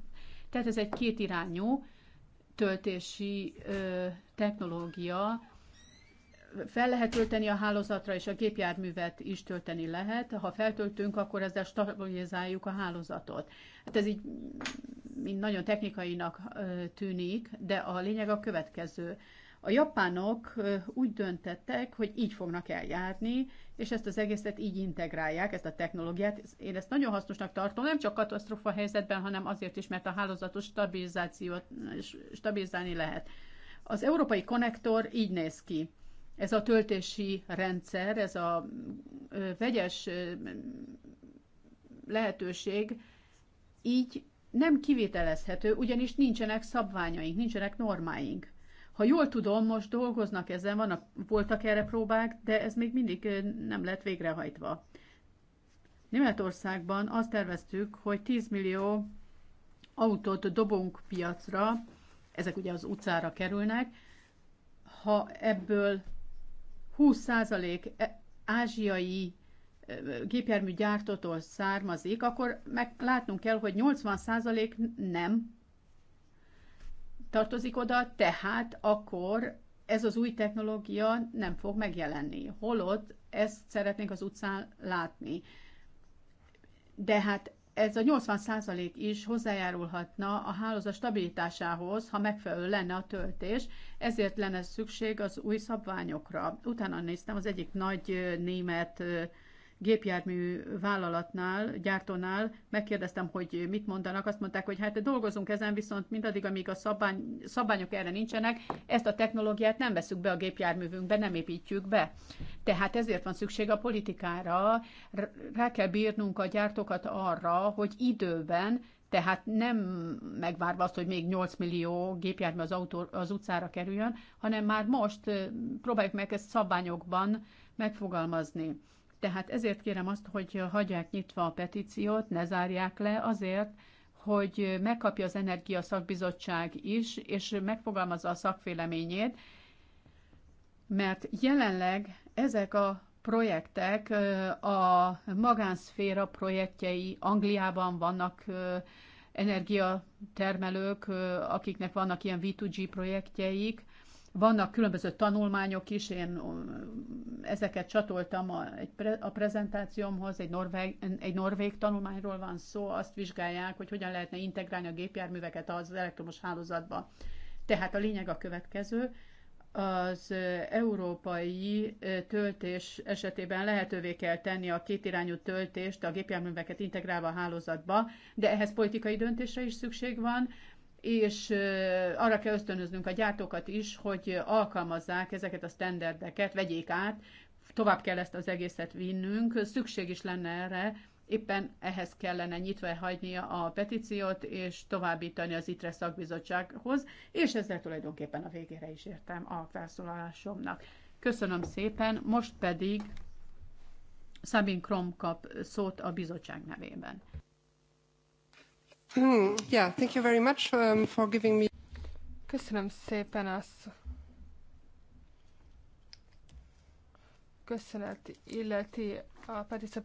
Tehát ez egy kétirányú töltési technológia, fel lehet tölteni a hálózatra, és a gépjárművet is tölteni lehet. Ha feltöltünk, akkor ezzel stabilizáljuk a hálózatot. Hát ez így mind nagyon technikainak tűnik, de a lényeg a következő. A japánok úgy döntettek, hogy így fognak eljárni, és ezt az egészet így integrálják, ezt a technológiát. Én ezt nagyon hasznosnak tartom, nem csak katasztrofa helyzetben, hanem azért is, mert a hálózatos stabilizációt stabilizálni lehet. Az európai konnektor így néz ki ez a töltési rendszer, ez a vegyes lehetőség így nem kivitelezhető, ugyanis nincsenek szabványaink, nincsenek normáink. Ha jól tudom, most dolgoznak ezen, vannak, voltak erre próbák, de ez még mindig nem lett végrehajtva. Németországban azt terveztük, hogy 10 millió autót dobunk piacra, ezek ugye az utcára kerülnek, ha ebből 20% e- ázsiai e, gépjármű gyártótól származik, akkor meg látnunk kell, hogy 80% nem tartozik oda, tehát akkor ez az új technológia nem fog megjelenni. Holott ezt szeretnénk az utcán látni. De hát ez a 80% is hozzájárulhatna a hálózat stabilitásához, ha megfelelő lenne a töltés, ezért lenne szükség az új szabványokra. Utána néztem az egyik nagy német gépjármű vállalatnál, gyártónál megkérdeztem, hogy mit mondanak, azt mondták, hogy hát dolgozunk ezen, viszont mindaddig, amíg a szabány, szabályok erre nincsenek, ezt a technológiát nem veszük be a gépjárművünkbe, nem építjük be. Tehát ezért van szükség a politikára, rá kell bírnunk a gyártókat arra, hogy időben tehát nem megvárva azt, hogy még 8 millió gépjármű az, autó, az utcára kerüljön, hanem már most próbáljuk meg ezt szabványokban megfogalmazni. Tehát ezért kérem azt, hogy hagyják nyitva a petíciót, ne zárják le azért, hogy megkapja az Energia Szakbizottság is, és megfogalmazza a szakvéleményét, mert jelenleg ezek a projektek a magánszféra projektjei Angliában vannak energiatermelők, akiknek vannak ilyen V2G projektjeik, vannak különböző tanulmányok is, én ezeket csatoltam a, egy pre, a prezentációmhoz, egy norvég, egy norvég tanulmányról van szó, azt vizsgálják, hogy hogyan lehetne integrálni a gépjárműveket az elektromos hálózatba. Tehát a lényeg a következő, az európai töltés esetében lehetővé kell tenni a kétirányú töltést, a gépjárműveket integrálva a hálózatba, de ehhez politikai döntésre is szükség van, és arra kell ösztönöznünk a gyártókat is, hogy alkalmazzák ezeket a standardeket, vegyék át, tovább kell ezt az egészet vinnünk, szükség is lenne erre, éppen ehhez kellene nyitva hagynia a petíciót, és továbbítani az ITRE szakbizottsághoz, és ezzel tulajdonképpen a végére is értem a felszólalásomnak. Köszönöm szépen, most pedig Szabin Krom kap szót a bizottság nevében. Hmm, yeah, thank you very much um, for giving me... Köszönöm szépen azt. Köszönet illeti a Petica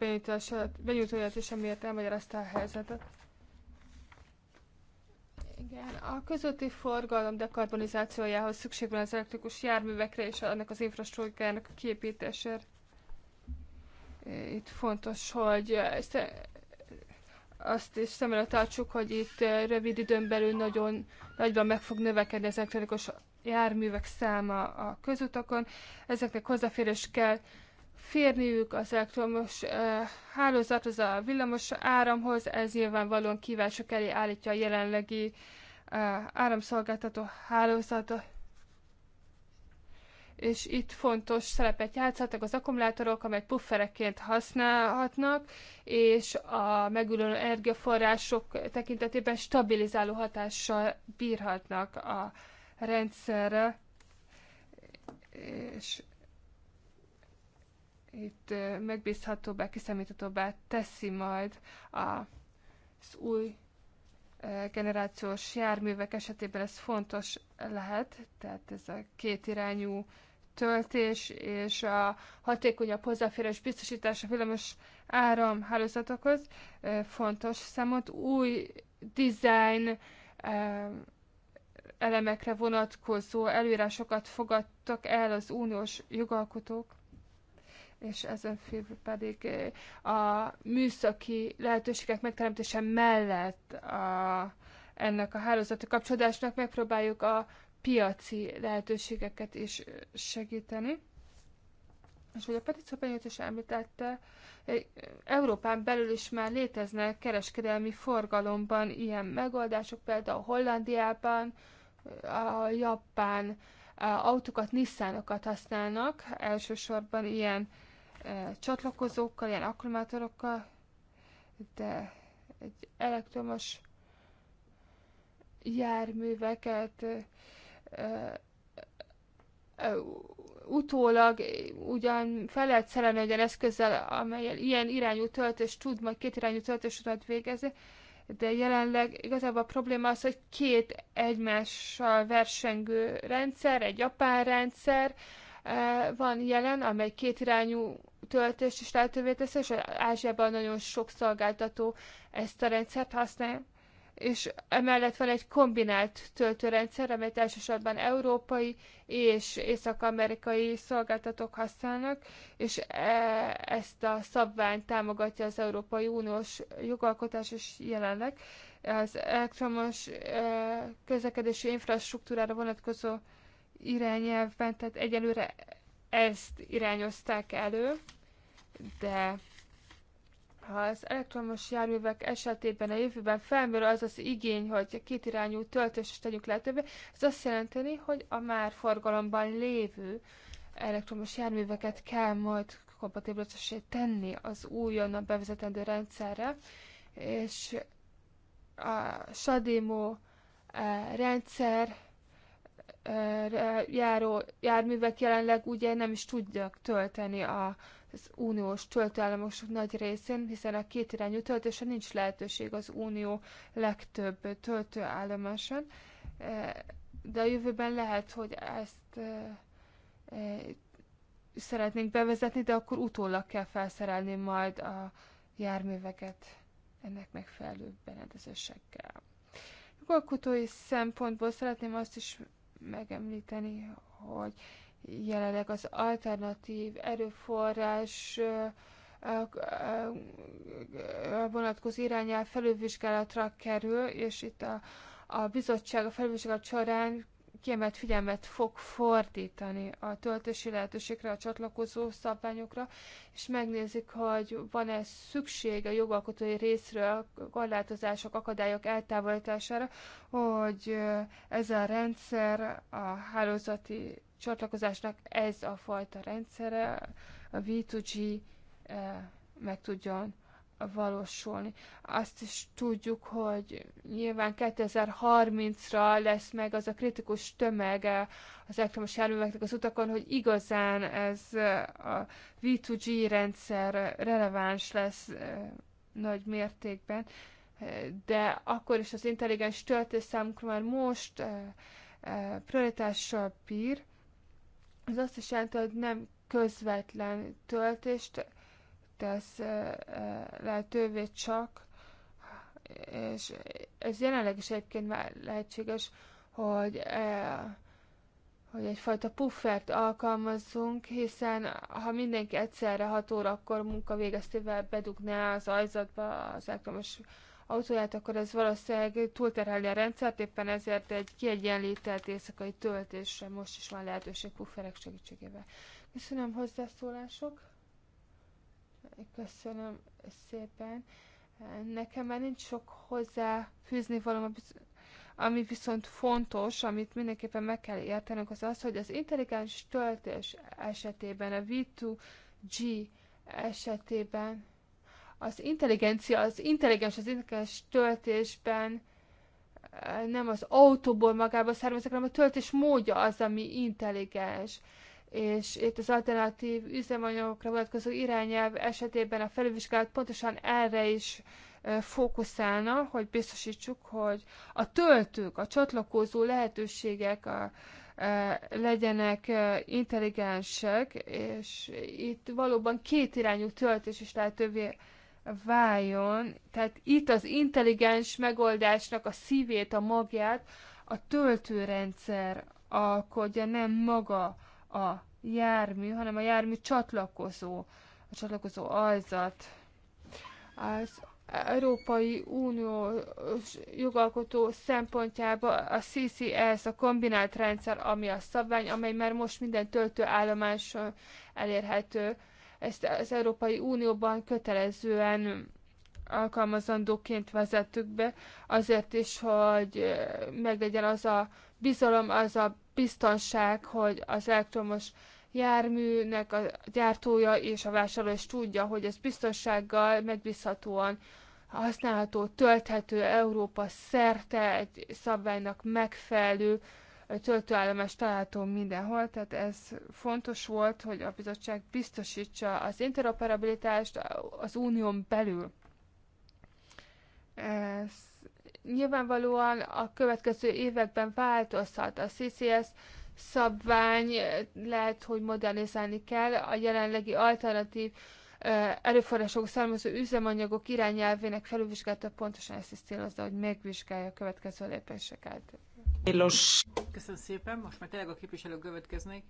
benyújtóját és amiért elmagyarázta a helyzetet. Igen, a közötti forgalom dekarbonizációjához szükség van az elektrikus járművekre és annak az infrastruktúrának a képítésére. Itt fontos, hogy azt is szemre tartsuk, hogy itt rövid időn belül nagyon nagyban meg fog növekedni az elektronikus járművek száma a közutakon. Ezeknek hozzáférés kell férniük az elektromos hálózat hálózathoz, a villamos áramhoz, ez nyilvánvalóan kívások elé állítja a jelenlegi áramszolgáltató hálózatot és itt fontos szerepet játszhatnak az akkumulátorok, amelyek puffereként használhatnak, és a megülő energiaforrások tekintetében stabilizáló hatással bírhatnak a rendszerre. És itt megbízhatóbbá, kiszámíthatóbbá teszi majd az új generációs járművek esetében ez fontos lehet, tehát ez a kétirányú töltés és a hatékonyabb hozzáférés biztosítása villamos áramhálózatokhoz fontos számot. Új design elemekre vonatkozó előírásokat fogadtak el az uniós jogalkotók és ezen felül pedig a műszaki lehetőségek megteremtése mellett a, ennek a hálózati kapcsolódásnak megpróbáljuk a piaci lehetőségeket is segíteni. És hogy a petíció is említette, Európán belül is már léteznek kereskedelmi forgalomban ilyen megoldások, például Hollandiában, a Japán autókat, Nissanokat használnak, elsősorban ilyen e, csatlakozókkal, ilyen akkumulátorokkal, de egy elektromos járműveket utólag ugyan fel lehet szerelni egy eszközzel, amelyel ilyen irányú töltést tud, majd két irányú töltést tudod végezni, de jelenleg igazából a probléma az, hogy két egymással versengő rendszer, egy japán rendszer van jelen, amely két irányú töltést is lehetővé teszi, és Ázsiában nagyon sok szolgáltató ezt a rendszert használ és emellett van egy kombinált töltőrendszer, amelyet elsősorban európai és észak-amerikai szolgáltatók használnak, és e- ezt a szabványt támogatja az Európai Uniós jogalkotás is jelenleg. Az elektromos e- közlekedési infrastruktúrára vonatkozó irányelvben, tehát egyelőre ezt irányozták elő, de ha az elektromos járművek esetében a jövőben felmerül az az igény, hogy kétirányú töltést tegyünk lehetővé, ez azt jelenteni, hogy a már forgalomban lévő elektromos járműveket kell majd kompatibilisé tenni az újonnan bevezetendő rendszerre, és a Sademo eh, rendszer eh, járó járművek jelenleg ugye nem is tudják tölteni a az uniós töltőállomások nagy részén, hiszen a kétirányú töltésre nincs lehetőség az unió legtöbb töltőállomáson, e, de a jövőben lehet, hogy ezt e, e, szeretnénk bevezetni, de akkor utólag kell felszerelni majd a járműveket ennek megfelelő berendezésekkel. Jogalkotói szempontból szeretném azt is megemlíteni, hogy jelenleg az alternatív erőforrás vonatkozó irányá felülvizsgálatra kerül, és itt a, a bizottság a felülvizsgálat során kiemelt figyelmet fog fordítani a töltési lehetőségre, a csatlakozó szabványokra, és megnézik, hogy van-e szükség a jogalkotói részről a korlátozások, akadályok eltávolítására, hogy ez a rendszer a hálózati csatlakozásnak ez a fajta rendszere, a V2G meg tudjon valósulni. Azt is tudjuk, hogy nyilván 2030-ra lesz meg az a kritikus tömege az elektromos járműveknek az utakon, hogy igazán ez eh, a V2G rendszer releváns lesz eh, nagy mértékben, eh, de akkor is az intelligens töltés számunkra már most prioritással bír. Ez azt is jelenti, hogy nem közvetlen töltést tesz lehetővé csak, és ez jelenleg is egyébként már lehetséges, hogy, hogy egyfajta puffert alkalmazzunk, hiszen ha mindenki egyszerre 6 órakor munkavégeztével bedugná az ajzatba az elektromos autóját, akkor ez valószínűleg túlterheli a rendszert, éppen ezért egy kiegyenlített éjszakai töltésre most is van lehetőség pufferek segítségével. Köszönöm hozzászólások! Köszönöm szépen. Nekem már nincs sok hozzá fűzni valami, ami viszont fontos, amit mindenképpen meg kell értenünk, az az, hogy az intelligens töltés esetében, a V2G esetében az intelligencia, az intelligens, az intelligens töltésben eh, nem az autóból magába származik, hanem a töltés módja az, ami intelligens és itt az alternatív üzemanyagokra vonatkozó irányelv esetében a felülvizsgálat pontosan erre is fókuszálna, hogy biztosítsuk, hogy a töltők, a csatlakozó lehetőségek a, legyenek intelligensek, és itt valóban kétirányú töltés is lehetővé váljon. Tehát itt az intelligens megoldásnak a szívét, a magját a töltőrendszer alkodja, nem maga a jármű, hanem a jármű csatlakozó, a csatlakozó ajzat. Az Európai Unió jogalkotó szempontjából a CCS, a kombinált rendszer, ami a szabvány, amely már most minden töltőállomáson elérhető. Ezt az Európai Unióban kötelezően alkalmazandóként vezettük be, azért is, hogy meglegyen az a bizalom, az a biztonság, hogy az elektromos járműnek a gyártója és a vásárló is tudja, hogy ez biztonsággal, megbízhatóan használható, tölthető Európa szerte egy szabványnak megfelelő töltőállomás található mindenhol, tehát ez fontos volt, hogy a bizottság biztosítsa az interoperabilitást az unión belül. Ez nyilvánvalóan a következő években változhat a CCS szabvány lehet, hogy modernizálni kell. A jelenlegi alternatív erőforrások származó üzemanyagok irányelvének felülvizsgálta pontosan ezt is célozza, hogy megvizsgálja a következő lépéseket. Köszönöm szépen, most már tényleg a képviselők következnek.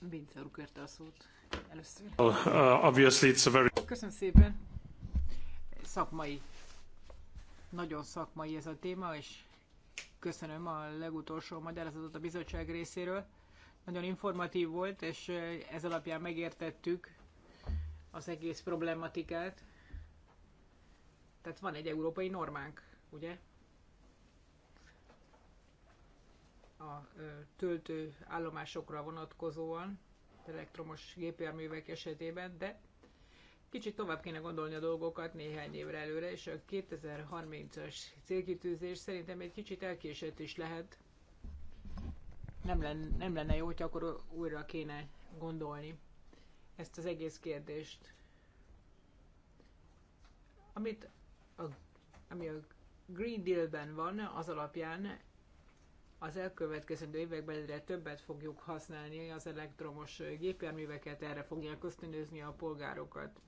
Bince úr kérte a szót először. Well, uh, obviously it's a very... Köszönöm szépen. Szakmai. Nagyon szakmai ez a téma, és Köszönöm a legutolsó magyarázatot a bizottság részéről. Nagyon informatív volt, és ez alapján megértettük az egész problematikát. Tehát van egy európai normánk, ugye? a töltő állomásokra vonatkozóan, elektromos gépjárművek esetében, de Kicsit tovább kéne gondolni a dolgokat néhány évre előre, és a 2030-as célkitűzés szerintem egy kicsit elkésett is lehet. Nem lenne, nem lenne jó, hogy akkor újra kéne gondolni ezt az egész kérdést. Amit a, ami a Green Deal-ben van, az alapján az elkövetkezendő években egyre többet fogjuk használni az elektromos gépjárműveket, erre fogják ösztönözni a polgárokat.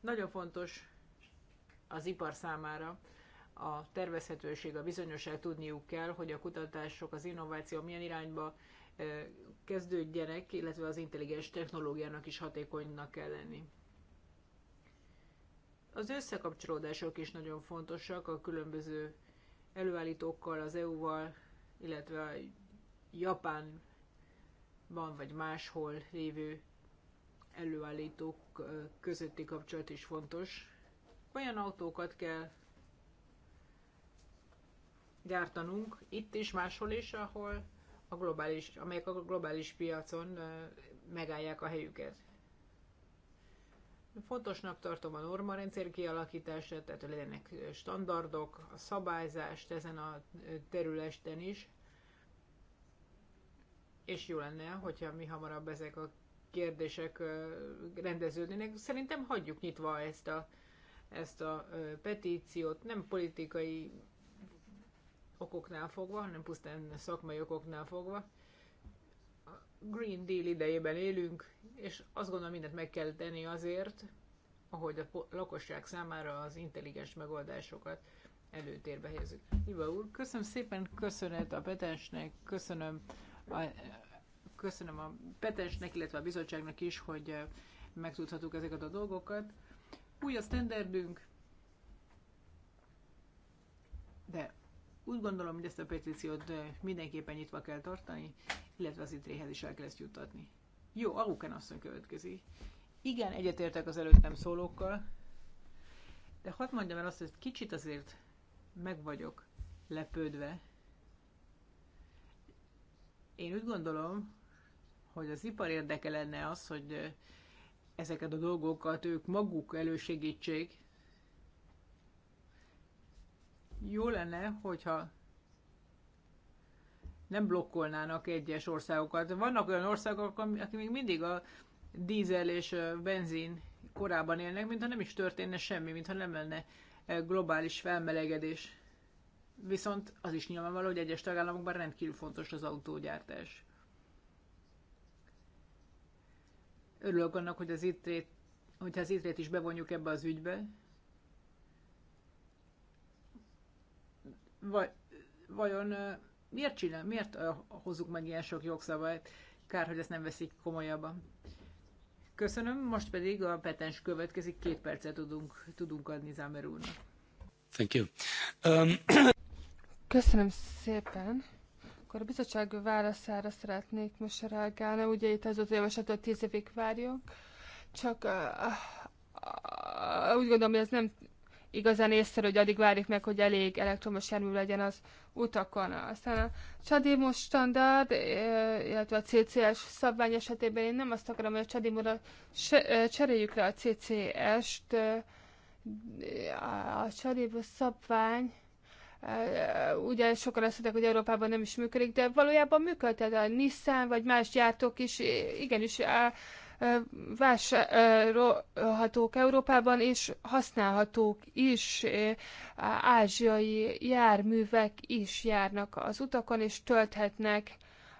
Nagyon fontos az ipar számára a tervezhetőség, a bizonyosság tudniuk kell, hogy a kutatások, az innováció milyen irányba kezdődjenek, illetve az intelligens technológiának is hatékonynak kell lenni. Az összekapcsolódások is nagyon fontosak a különböző előállítókkal, az EU-val, illetve a Japánban vagy máshol lévő előállítók közötti kapcsolat is fontos. Olyan autókat kell gyártanunk, itt is, máshol is, ahol a globális, amelyek a globális piacon megállják a helyüket. Fontosnak tartom a normarendszer kialakítását, tehát legyenek standardok, a szabályzást ezen a területen is, és jó lenne, hogyha mi hamarabb ezek a kérdések rendeződnének. Szerintem hagyjuk nyitva ezt a, ezt a petíciót, nem politikai okoknál fogva, hanem pusztán szakmai okoknál fogva. A Green Deal idejében élünk, és azt gondolom mindent meg kell tenni azért, ahogy a lakosság számára az intelligens megoldásokat előtérbe helyezünk. Iva úr, köszönöm szépen, köszönet a petensnek, köszönöm a köszönöm a Petesnek, illetve a bizottságnak is, hogy eh, megtudhattuk ezeket a dolgokat. Új a standardünk, de úgy gondolom, hogy ezt a petíciót eh, mindenképpen nyitva kell tartani, illetve az idréhez is el kell ezt juttatni. Jó, Auken asszony következik. Igen, egyetértek az előttem szólókkal, de hadd mondjam el azt, hogy kicsit azért meg vagyok lepődve. Én úgy gondolom, hogy az ipar érdeke lenne az, hogy ezeket a dolgokat ők maguk elősegítsék. Jó lenne, hogyha nem blokkolnának egyes országokat. Vannak olyan országok, akik még mindig a dízel és benzin korában élnek, mintha nem is történne semmi, mintha nem lenne globális felmelegedés. Viszont az is nyilvánvaló, hogy egyes tagállamokban rendkívül fontos az autógyártás. Örülök annak, hogy az itrét, hogyha az itrét is bevonjuk ebbe az ügybe. Vagy, vajon miért csinál, miért hozzuk meg ilyen sok jogszabályt? Kár, hogy ezt nem veszik komolyabban. Köszönöm, most pedig a petens következik, két percet tudunk, tudunk adni Zámer úrnak. Thank you. Um... Köszönöm szépen. Akkor a bizottság válaszára szeretnék most reagálni. Ugye itt az ott javaslatot tíz évig várjunk, csak úgy gondolom, hogy ez nem igazán észre, hogy addig várjuk meg, hogy elég elektromos jármű legyen az utakon. Aztán a Csadimú standard, illetve a CCS szabvány esetében én nem azt akarom, hogy a Csadimúra cseréljük le a CCS-t, a Csadimú szabvány ugye sokan azt mondták, hogy Európában nem is működik, de valójában működhet a Nissan vagy más gyártók is igenis vásárolhatók Európában, és használhatók is, ázsiai járművek is járnak az utakon, és tölthetnek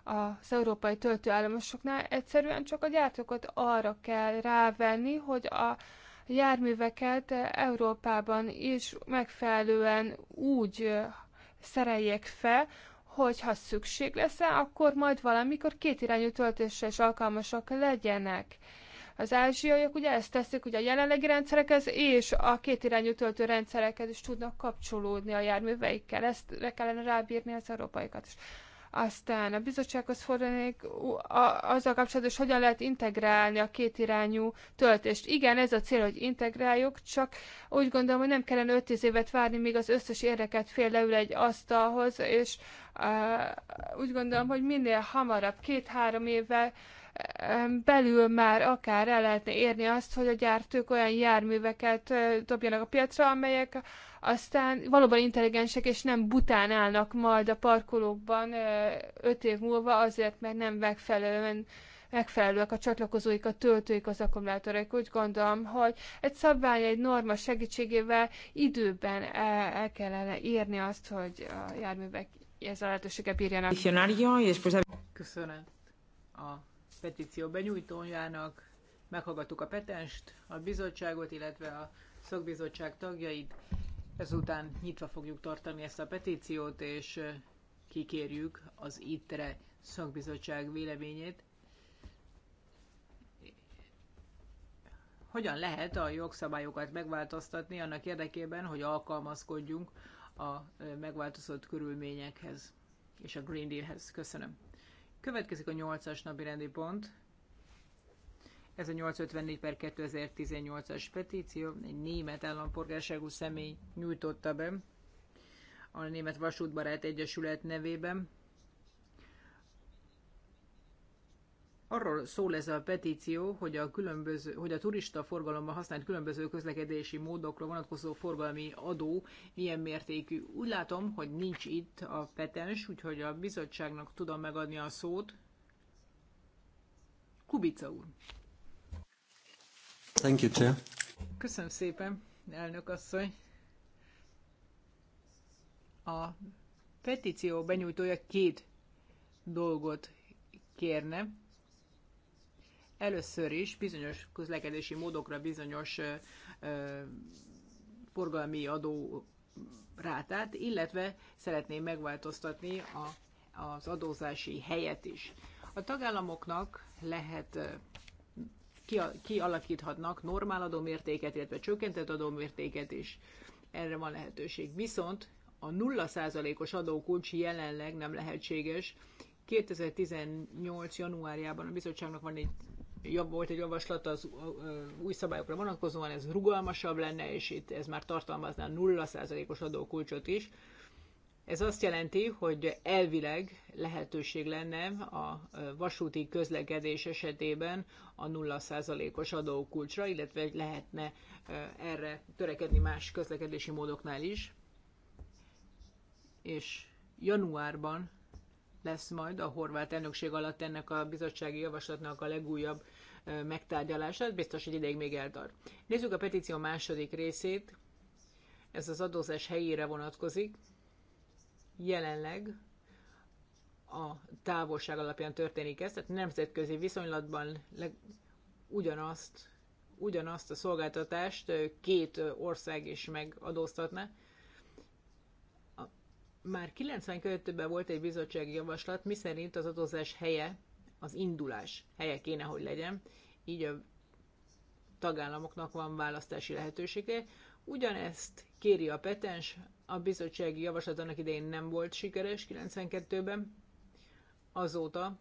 az európai töltőállomásoknál. Egyszerűen csak a gyártókat arra kell rávenni, hogy a járműveket Európában is megfelelően úgy szereljék fel, hogy ha szükség lesz akkor majd valamikor kétirányú töltésre is alkalmasak legyenek. Az ázsiaiak ugye ezt teszik, hogy a jelenlegi rendszerekhez és a kétirányú töltő rendszerekhez is tudnak kapcsolódni a járműveikkel. Ezt le kellene rábírni az európaikat is. Aztán a bizottsághoz fordulnék azzal kapcsolatban, hogy hogyan lehet integrálni a két irányú töltést. Igen, ez a cél, hogy integráljuk, csak úgy gondolom, hogy nem kellene 5 évet várni, míg az összes érdeket fél leül egy asztalhoz, és úgy gondolom, hogy minél hamarabb, két-három évvel belül már akár el lehetne érni azt, hogy a gyártók olyan járműveket dobjanak a piacra, amelyek aztán valóban intelligensek és nem bután állnak majd a parkolókban öt év múlva azért, mert nem megfelelően megfelelőek a csatlakozóik, a töltőik, az akkumulátoraik. Úgy gondolom, hogy egy szabvány, egy norma segítségével időben e, el, kellene írni azt, hogy a járművek ez a lehetősége bírjanak. Köszönöm a petíció benyújtójának. Meghallgattuk a petenst, a bizottságot, illetve a szakbizottság tagjait. Ezután nyitva fogjuk tartani ezt a petíciót, és kikérjük az ITRE szakbizottság véleményét. Hogyan lehet a jogszabályokat megváltoztatni annak érdekében, hogy alkalmazkodjunk a megváltozott körülményekhez és a Green Dealhez? Köszönöm. Következik a nyolcas napi rendi pont. Ez a 854 per 2018-as petíció egy német állampolgárságú személy nyújtotta be a Német Vasútbarát Egyesület nevében. Arról szól ez a petíció, hogy a, különböző, hogy a turista forgalomban használt különböző közlekedési módokra vonatkozó forgalmi adó milyen mértékű. Úgy látom, hogy nincs itt a petens, úgyhogy a bizottságnak tudom megadni a szót. Kubica úr. Thank you, Chair. Köszönöm szépen, elnök asszony. A petíció benyújtója két dolgot kérne. Először is bizonyos közlekedési módokra bizonyos ö, forgalmi adó rátát, illetve szeretné megváltoztatni a, az adózási helyet is. A tagállamoknak lehet kialakíthatnak normál adómértéket, illetve csökkentett adómértéket is. Erre van lehetőség. Viszont a 0%-os adókulcs jelenleg nem lehetséges. 2018. januárjában a bizottságnak van egy jobb volt egy javaslat az új szabályokra vonatkozóan, ez rugalmasabb lenne, és itt ez már tartalmazná 0%-os adókulcsot is. Ez azt jelenti, hogy elvileg lehetőség lenne a vasúti közlekedés esetében a 0%-os adókulcsra, illetve lehetne erre törekedni más közlekedési módoknál is. És januárban lesz majd a horvát elnökség alatt ennek a bizottsági javaslatnak a legújabb megtárgyalását, biztos, hogy ideig még eltart. Nézzük a petíció második részét, ez az adózás helyére vonatkozik jelenleg a távolság alapján történik ez, tehát nemzetközi viszonylatban leg, ugyanazt, ugyanazt a szolgáltatást két ország is megadóztatná. már 92-ben volt egy bizottsági javaslat, miszerint az adózás helye, az indulás helye kéne, hogy legyen, így a tagállamoknak van választási lehetősége. Ugyanezt kéri a petens, a bizottsági javaslat annak idején nem volt sikeres 92-ben, azóta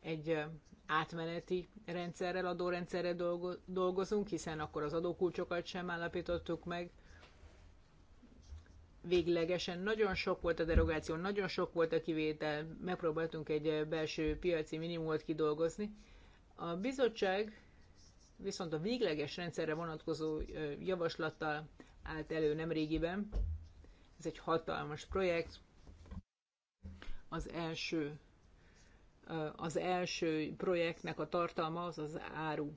egy átmeneti rendszerrel, adórendszerrel dolgozunk, hiszen akkor az adókulcsokat sem állapítottuk meg. Véglegesen nagyon sok volt a derogáció, nagyon sok volt a kivétel, megpróbáltunk egy belső piaci minimumot kidolgozni. A bizottság viszont a végleges rendszerre vonatkozó javaslattal állt elő nemrégiben. Ez egy hatalmas projekt. Az első, az első projektnek a tartalma az az áru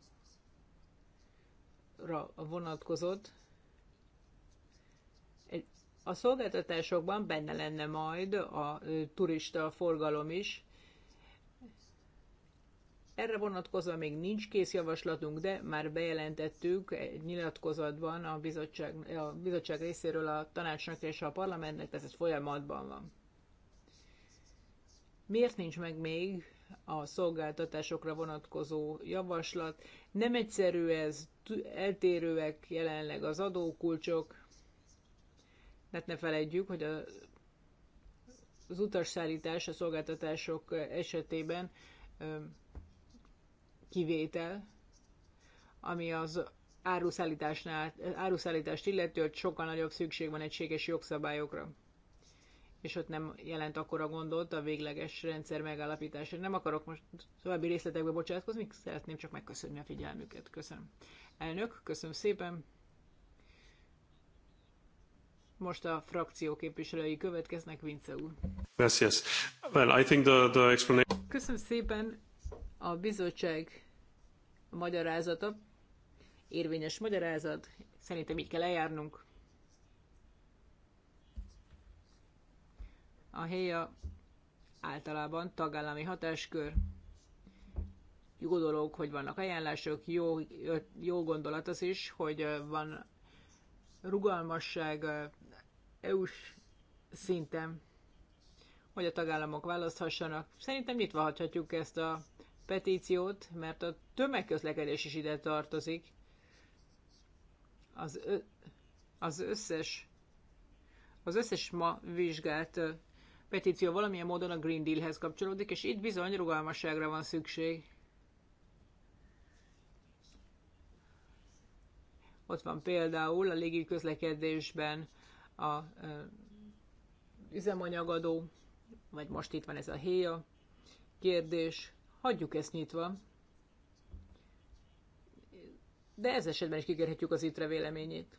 vonatkozott. A szolgáltatásokban benne lenne majd a turista forgalom is, erre vonatkozva még nincs kész javaslatunk, de már bejelentettük egy nyilatkozatban a bizottság, a bizottság részéről a tanácsnak és a parlamentnek, tehát ez folyamatban van. Miért nincs meg még a szolgáltatásokra vonatkozó javaslat? Nem egyszerű ez, eltérőek jelenleg az adókulcsok, mert hát ne felejtjük, hogy a, az utasszállítás a szolgáltatások esetében kivétel, ami az áruszállítást illeti, hogy sokkal nagyobb szükség van egységes jogszabályokra. És ott nem jelent akkora gondot a végleges rendszer megállapítása. Nem akarok most további részletekbe bocsátkozni, szeretném csak megköszönni a figyelmüket. Köszönöm. Elnök, köszönöm szépen. Most a frakció képviselői következnek, Vince úr. Yes, yes. Well, I think the, the explanation... Köszönöm szépen. A bizottság magyarázata, érvényes magyarázat, szerintem így kell eljárnunk. A helye általában tagállami hatáskör. Jó dolog, hogy vannak ajánlások, jó, jó gondolat az is, hogy van rugalmasság EU-s e szinten, hogy a tagállamok választhassanak. Szerintem nyitva hagyhatjuk ezt a petíciót, mert a tömegközlekedés is ide tartozik. Az, ö, az összes az összes ma vizsgált petíció valamilyen módon a Green Dealhez kapcsolódik, és itt bizony rugalmasságra van szükség. Ott van például a légi közlekedésben a üzemanyagadó, vagy most itt van ez a héja kérdés hagyjuk ezt nyitva. De ez esetben is kikérhetjük az ITRE véleményét.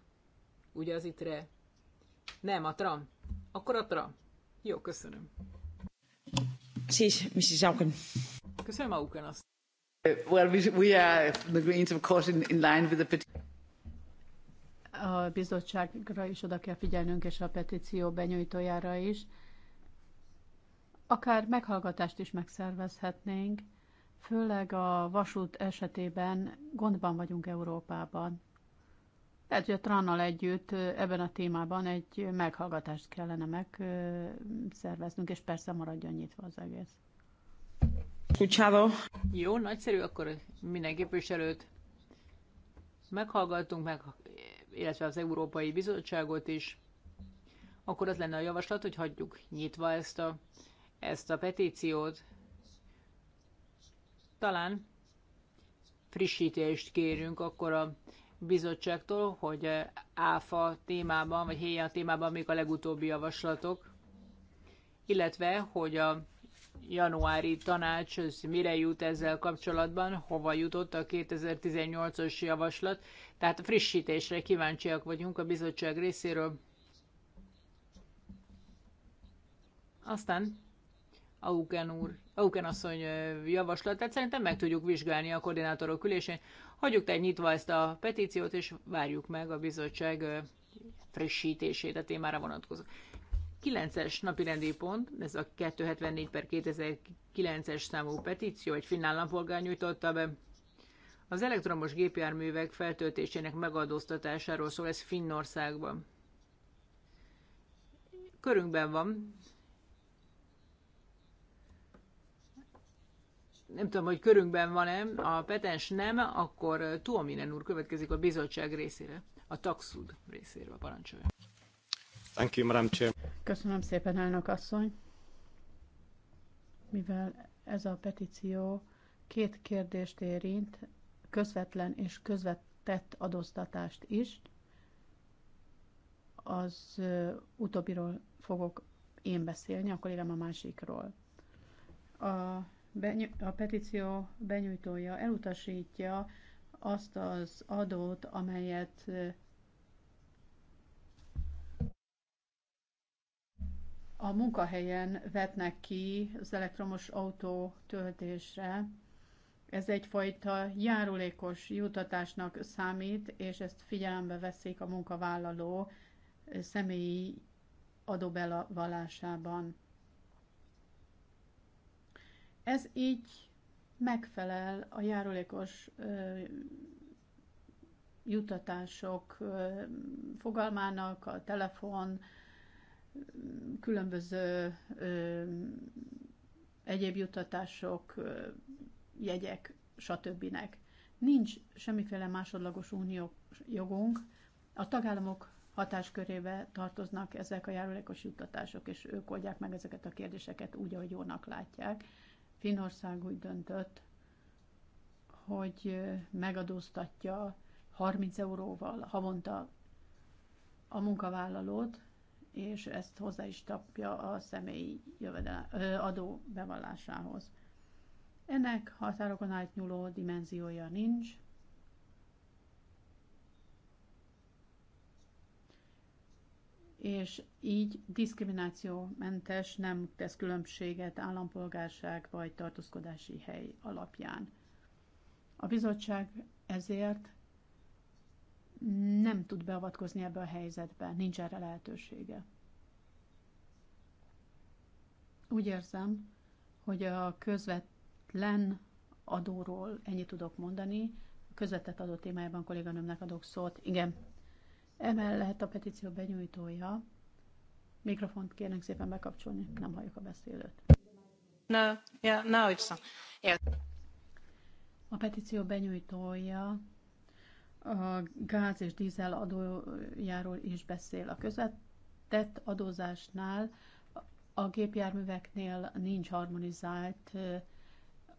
Ugye az ITRE? Nem, a TRAM. Akkor a TRAM. Jó, köszönöm. Sis, Mrs. Auken. Köszönöm, Auken azt. Uh, well, we, we are the Greens, of course, in, in line with the petition a bizottságra is oda kell figyelnünk, és a petíció benyújtójára is. Akár meghallgatást is megszervezhetnénk, főleg a vasút esetében gondban vagyunk Európában. Lehet, hogy a Trannal együtt ebben a témában egy meghallgatást kellene megszerveznünk, és persze maradjon nyitva az egész. Kucsávó. Jó, nagyszerű, akkor minden képviselőt meghallgattunk, meg, illetve az Európai Bizottságot is. Akkor az lenne a javaslat, hogy hagyjuk nyitva ezt a, ezt a petíciót, talán frissítést kérünk akkor a bizottságtól, hogy áfa témában, vagy héja témában még a legutóbbi javaslatok, illetve, hogy a januári tanács ez mire jut ezzel kapcsolatban, hova jutott a 2018 os javaslat. Tehát frissítésre kíváncsiak vagyunk a bizottság részéről. Aztán Auken úr, Auken asszony javaslatát szerintem meg tudjuk vizsgálni a koordinátorok ülésén. Hagyjuk tehát nyitva ezt a petíciót, és várjuk meg a bizottság frissítését a témára vonatkozó. 9-es napirendi pont, ez a 274 per 2009-es számú petíció, egy finn állampolgár nyújtotta be. Az elektromos gépjárművek feltöltésének megadóztatásáról szól ez Finnországban. Körünkben van nem tudom, hogy körünkben van-e, a petens nem, akkor eh, Tuominen úr következik a bizottság részére, a taxud részére a parancsolja. Thank you, Madam Chair. Köszönöm szépen, elnök asszony. Mivel ez a petíció két kérdést érint, közvetlen és közvetett adóztatást is, az eh, utóbbiról fogok én beszélni, akkor kollégám a másikról. A a petíció benyújtója elutasítja azt az adót, amelyet a munkahelyen vetnek ki az elektromos autó töltésre. Ez egyfajta járulékos jutatásnak számít, és ezt figyelembe veszik a munkavállaló személyi adóbevallásában. Ez így megfelel a járulékos jutatások fogalmának, a telefon, különböző egyéb jutatások, jegyek, stb. Nincs semmiféle másodlagos unió jogunk, a tagállamok hatáskörébe tartoznak ezek a járulékos juttatások, és ők oldják meg ezeket a kérdéseket úgy, ahogy jónak látják. Finország úgy döntött, hogy megadóztatja 30 euróval havonta a munkavállalót, és ezt hozzá is tapja a személyi jövedel, adó bevallásához. Ennek határokon átnyúló dimenziója nincs, és így diszkriminációmentes nem tesz különbséget állampolgárság vagy tartózkodási hely alapján. A bizottság ezért nem tud beavatkozni ebbe a helyzetbe, nincs erre lehetősége. Úgy érzem, hogy a közvetlen adóról ennyit tudok mondani. A közvetett adó témájában kolléganőmnek adok szót. Igen. Emellett a petíció benyújtója. Mikrofont kérnek szépen bekapcsolni, nem halljuk a beszélőt. No, yeah, now it's on. Yeah. A petíció benyújtója a gáz és dízel adójáról is beszél. A közvetett adózásnál a gépjárműveknél nincs harmonizált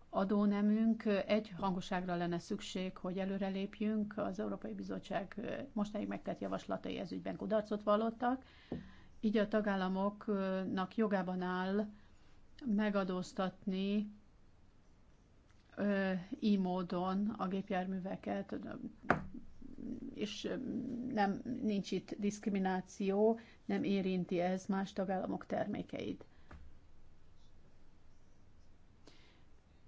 adónemünk egy hangoságra lenne szükség, hogy előrelépjünk. Az Európai Bizottság mostanáig megtett javaslatai ezügyben kudarcot vallottak. Így a tagállamoknak jogában áll megadóztatni így módon a gépjárműveket, és nem, nincs itt diszkrimináció, nem érinti ez más tagállamok termékeit.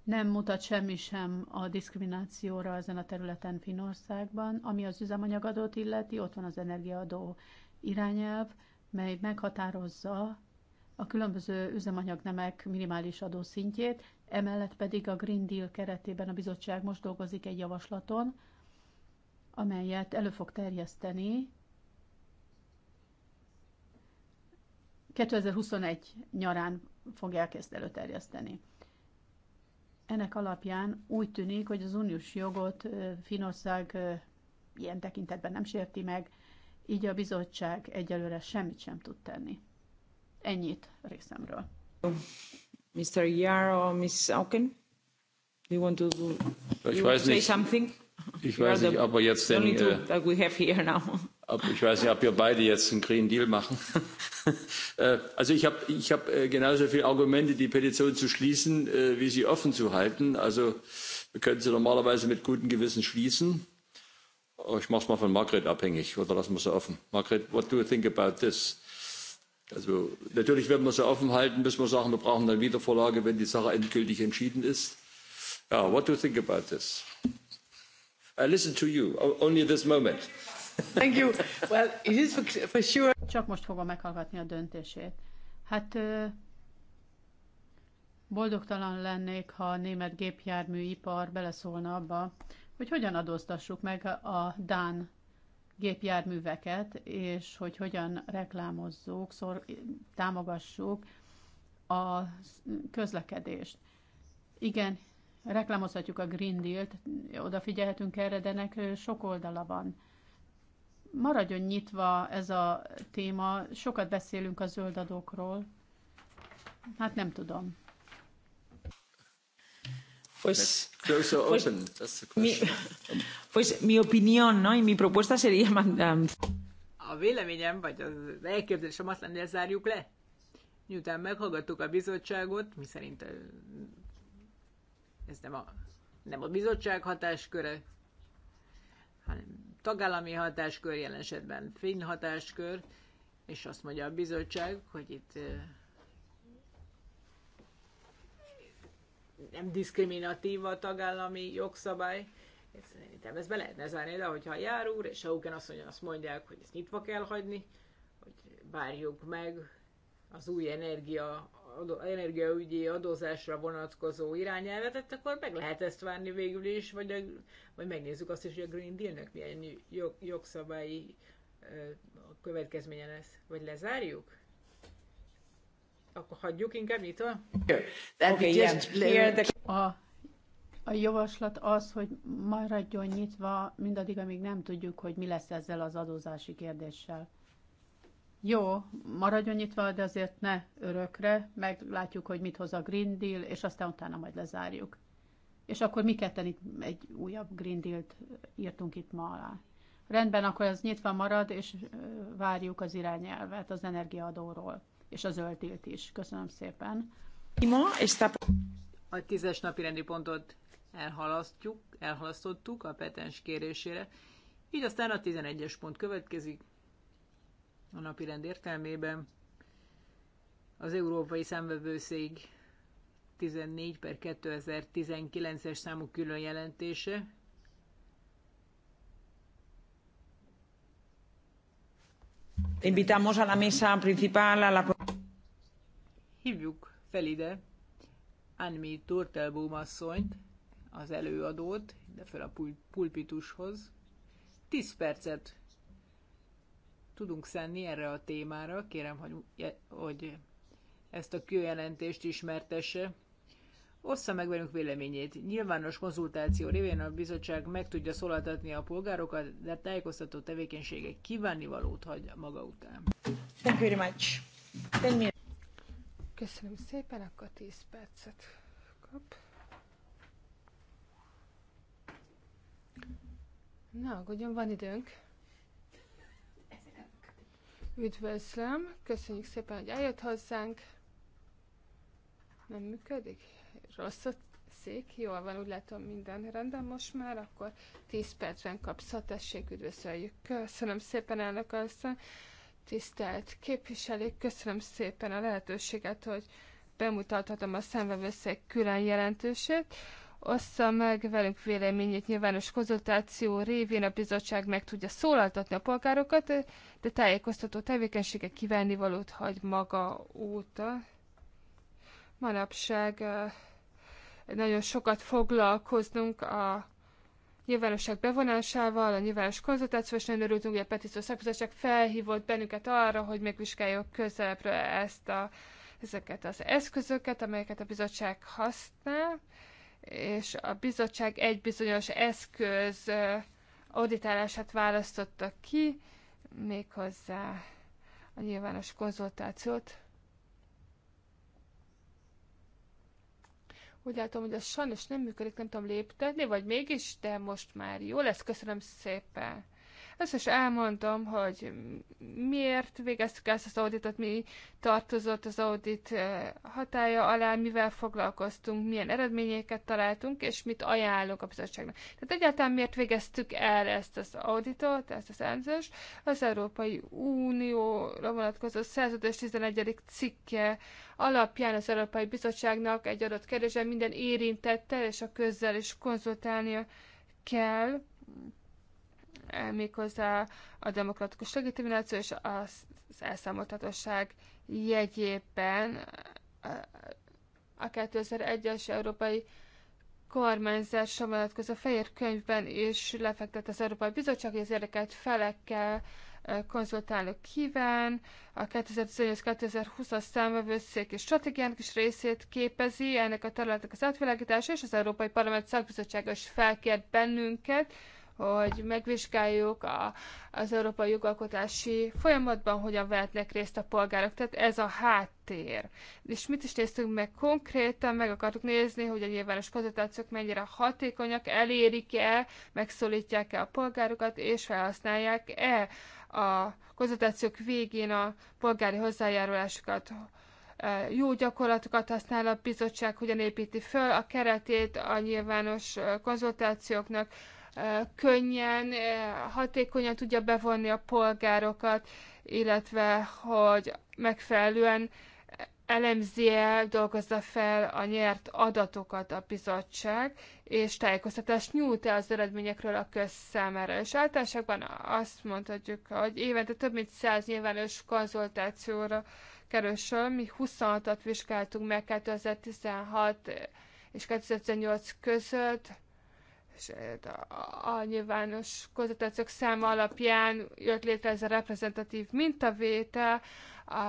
nem mutat semmi sem a diszkriminációra ezen a területen Finországban. Ami az üzemanyagadót illeti, ott van az energiaadó irányelv, mely meghatározza a különböző üzemanyagnemek minimális adó szintjét, emellett pedig a Green Deal keretében a bizottság most dolgozik egy javaslaton, amelyet elő fog terjeszteni 2021 nyarán fogják ezt előterjeszteni. Ennek alapján úgy tűnik, hogy az uniós jogot Finország ilyen tekintetben nem sérti meg, így a bizottság egyelőre semmit sem tud tenni. Ennyit részemről. Mr. Yarrow, Miss Auken, do you want to do, you say something? Ich weiß nicht, aber jetzt denn, Only two äh, that we have here now ich weiß nicht, ob wir beide jetzt einen Green Deal machen. [laughs] Äh, also ich habe ich hab äh, genauso viele Argumente, die Petition zu schließen, äh, wie sie offen zu halten. Also wir können sie normalerweise mit gutem Gewissen schließen. Oh, ich mache es mal von Margret abhängig oder lassen wir sie offen. Margret, what do you think about this? Also natürlich, werden wir sie offen halten, bis wir sagen, wir brauchen eine Wiedervorlage, wenn die Sache endgültig entschieden ist. Ja, what do you think about this? I listen to you only this moment. Thank you. Well, it is for, for sure. Csak most fogom meghallgatni a döntését. Hát boldogtalan lennék, ha a német gépjárműipar beleszólna abba, hogy hogyan adóztassuk meg a Dán gépjárműveket, és hogy hogyan reklámozzuk, szor, támogassuk a közlekedést. Igen, reklámozhatjuk a Green Deal-t, odafigyelhetünk erre, de ennek sok oldala van maradjon nyitva ez a téma, sokat beszélünk a zöldadókról. Hát nem tudom. Pues, pues, open. That's the mi, pues mi opinión ¿no? y mi propuesta sería... Um... [laughs] A véleményem, vagy az elképzelésem azt lenne, hogy zárjuk le. Miután meghallgattuk a bizottságot, mi szerint ez nem a, nem a bizottság hatásköre, tagállami hatáskör, jelen esetben finn hatáskör, és azt mondja a bizottság, hogy itt nem diszkriminatív a tagállami jogszabály. Szerintem ezt be lehetne zárni, de hogyha jár úr és a Auken azt mondja, azt mondják, hogy ezt nyitva kell hagyni, hogy várjuk meg az új energia energiaügyi adózásra vonatkozó irányelvet, hát akkor meg lehet ezt várni végül is, vagy, a, vagy megnézzük azt is, hogy a Green Dealnek milyen jog, jogszabályi a következménye lesz. Vagy lezárjuk? Akkor hagyjuk inkább nyitva? Okay, yeah. a, a javaslat az, hogy maradjon nyitva mindaddig, amíg nem tudjuk, hogy mi lesz ezzel az adózási kérdéssel. Jó, maradjon nyitva, de azért ne örökre, meglátjuk, hogy mit hoz a Green Deal, és aztán utána majd lezárjuk. És akkor mi ketten itt egy újabb Green Deal-t írtunk itt ma alá. Rendben, akkor ez nyitva marad, és várjuk az irányelvet az energiaadóról, és a zöld tilt is. Köszönöm szépen. A tízes napi rendi pontot elhalasztjuk, elhalasztottuk a petens kérésére, így aztán a 11-es pont következik, a napi rend értelmében. Az Európai Számvevőszék 14 per 2019-es számú külön jelentése, Invitamos a la mesa principal a la... Hívjuk fel ide Anmi Turtelbaum asszonyt, az előadót, de fel a pulpitushoz. 10 percet tudunk szenni erre a témára. Kérem, hogy, hogy ezt a kőjelentést ismertesse. Ossza meg velünk véleményét. Nyilvános konzultáció révén a bizottság meg tudja szólaltatni a polgárokat, de tájékoztató tevékenysége kívánivalót hagy maga után. Thank you very much. Köszönöm szépen, akkor 10 percet kap. Na, aggódjon, van időnk. Üdvözlöm, köszönjük szépen, hogy eljött hozzánk. Nem működik? a szék, jól van, úgy látom minden rendben most már, akkor 10 percben kapsz, ha tessék, üdvözöljük. Köszönöm szépen, elnök asszony. Tisztelt képviselők, köszönöm szépen a lehetőséget, hogy bemutathatom a szemvevőszék külön jelentőséget ossza meg velünk véleményét nyilvános konzultáció révén a bizottság meg tudja szólaltatni a polgárokat, de tájékoztató tevékenysége kivennivalót hagy maga óta. Manapság nagyon sokat foglalkoznunk a nyilvánosság bevonásával, a nyilvános konzultáció, és nagyon örültünk, hogy a petíció szakbizottság felhívott bennünket arra, hogy megvizsgáljuk közelebbről ezt a, ezeket az eszközöket, amelyeket a bizottság használ, és a bizottság egy bizonyos eszköz auditálását választotta ki, méghozzá a nyilvános konzultációt. Úgy látom, hogy ez sajnos nem működik, nem tudom léptetni, vagy mégis, de most már jó lesz. Köszönöm szépen. Ezt is elmondom, hogy miért végeztük ezt az auditot, mi tartozott az audit eh, hatája alá, mivel foglalkoztunk, milyen eredményeket találtunk, és mit ajánlunk a bizottságnak. Tehát egyáltalán miért végeztük el ezt az auditot, ezt az enzős, az Európai Unióra vonatkozó 111. cikke alapján az Európai Bizottságnak egy adott kérdésen minden érintettel és a közzel is konzultálnia kell méghozzá a demokratikus legitimáció és az elszámoltatosság jegyében a 2001-es európai kormányzás vonatkozó fehér könyvben is lefektet az Európai Bizottság, hogy az érdekelt felekkel konzultálni kíván. A 2018-2020-as számvevőszék és stratégiának is részét képezi ennek a területnek az átvilágítása, és az Európai Parlament szakbizottsága is felkért bennünket, hogy megvizsgáljuk a, az európai jogalkotási folyamatban, hogyan vehetnek részt a polgárok. Tehát ez a háttér. És mit is néztünk meg konkrétan, meg akartuk nézni, hogy a nyilvános konzultációk mennyire hatékonyak, elérik-e, megszólítják-e a polgárokat, és felhasználják-e a konzultációk végén a polgári hozzájárulásokat, e, jó gyakorlatokat használ a bizottság, hogyan építi föl a keretét a nyilvános e, konzultációknak, könnyen, hatékonyan tudja bevonni a polgárokat, illetve hogy megfelelően elemzi el, dolgozza fel a nyert adatokat a bizottság, és tájékoztatást nyújt el az eredményekről a közszámára. És általánosakban azt mondhatjuk, hogy évente több mint 100 nyilvános konzultációra kerül sor. Mi 26-at vizsgáltunk meg 2016 és 2018 között, és hát a nyilvános kutatások száma alapján jött létre ez a reprezentatív mintavétel, a,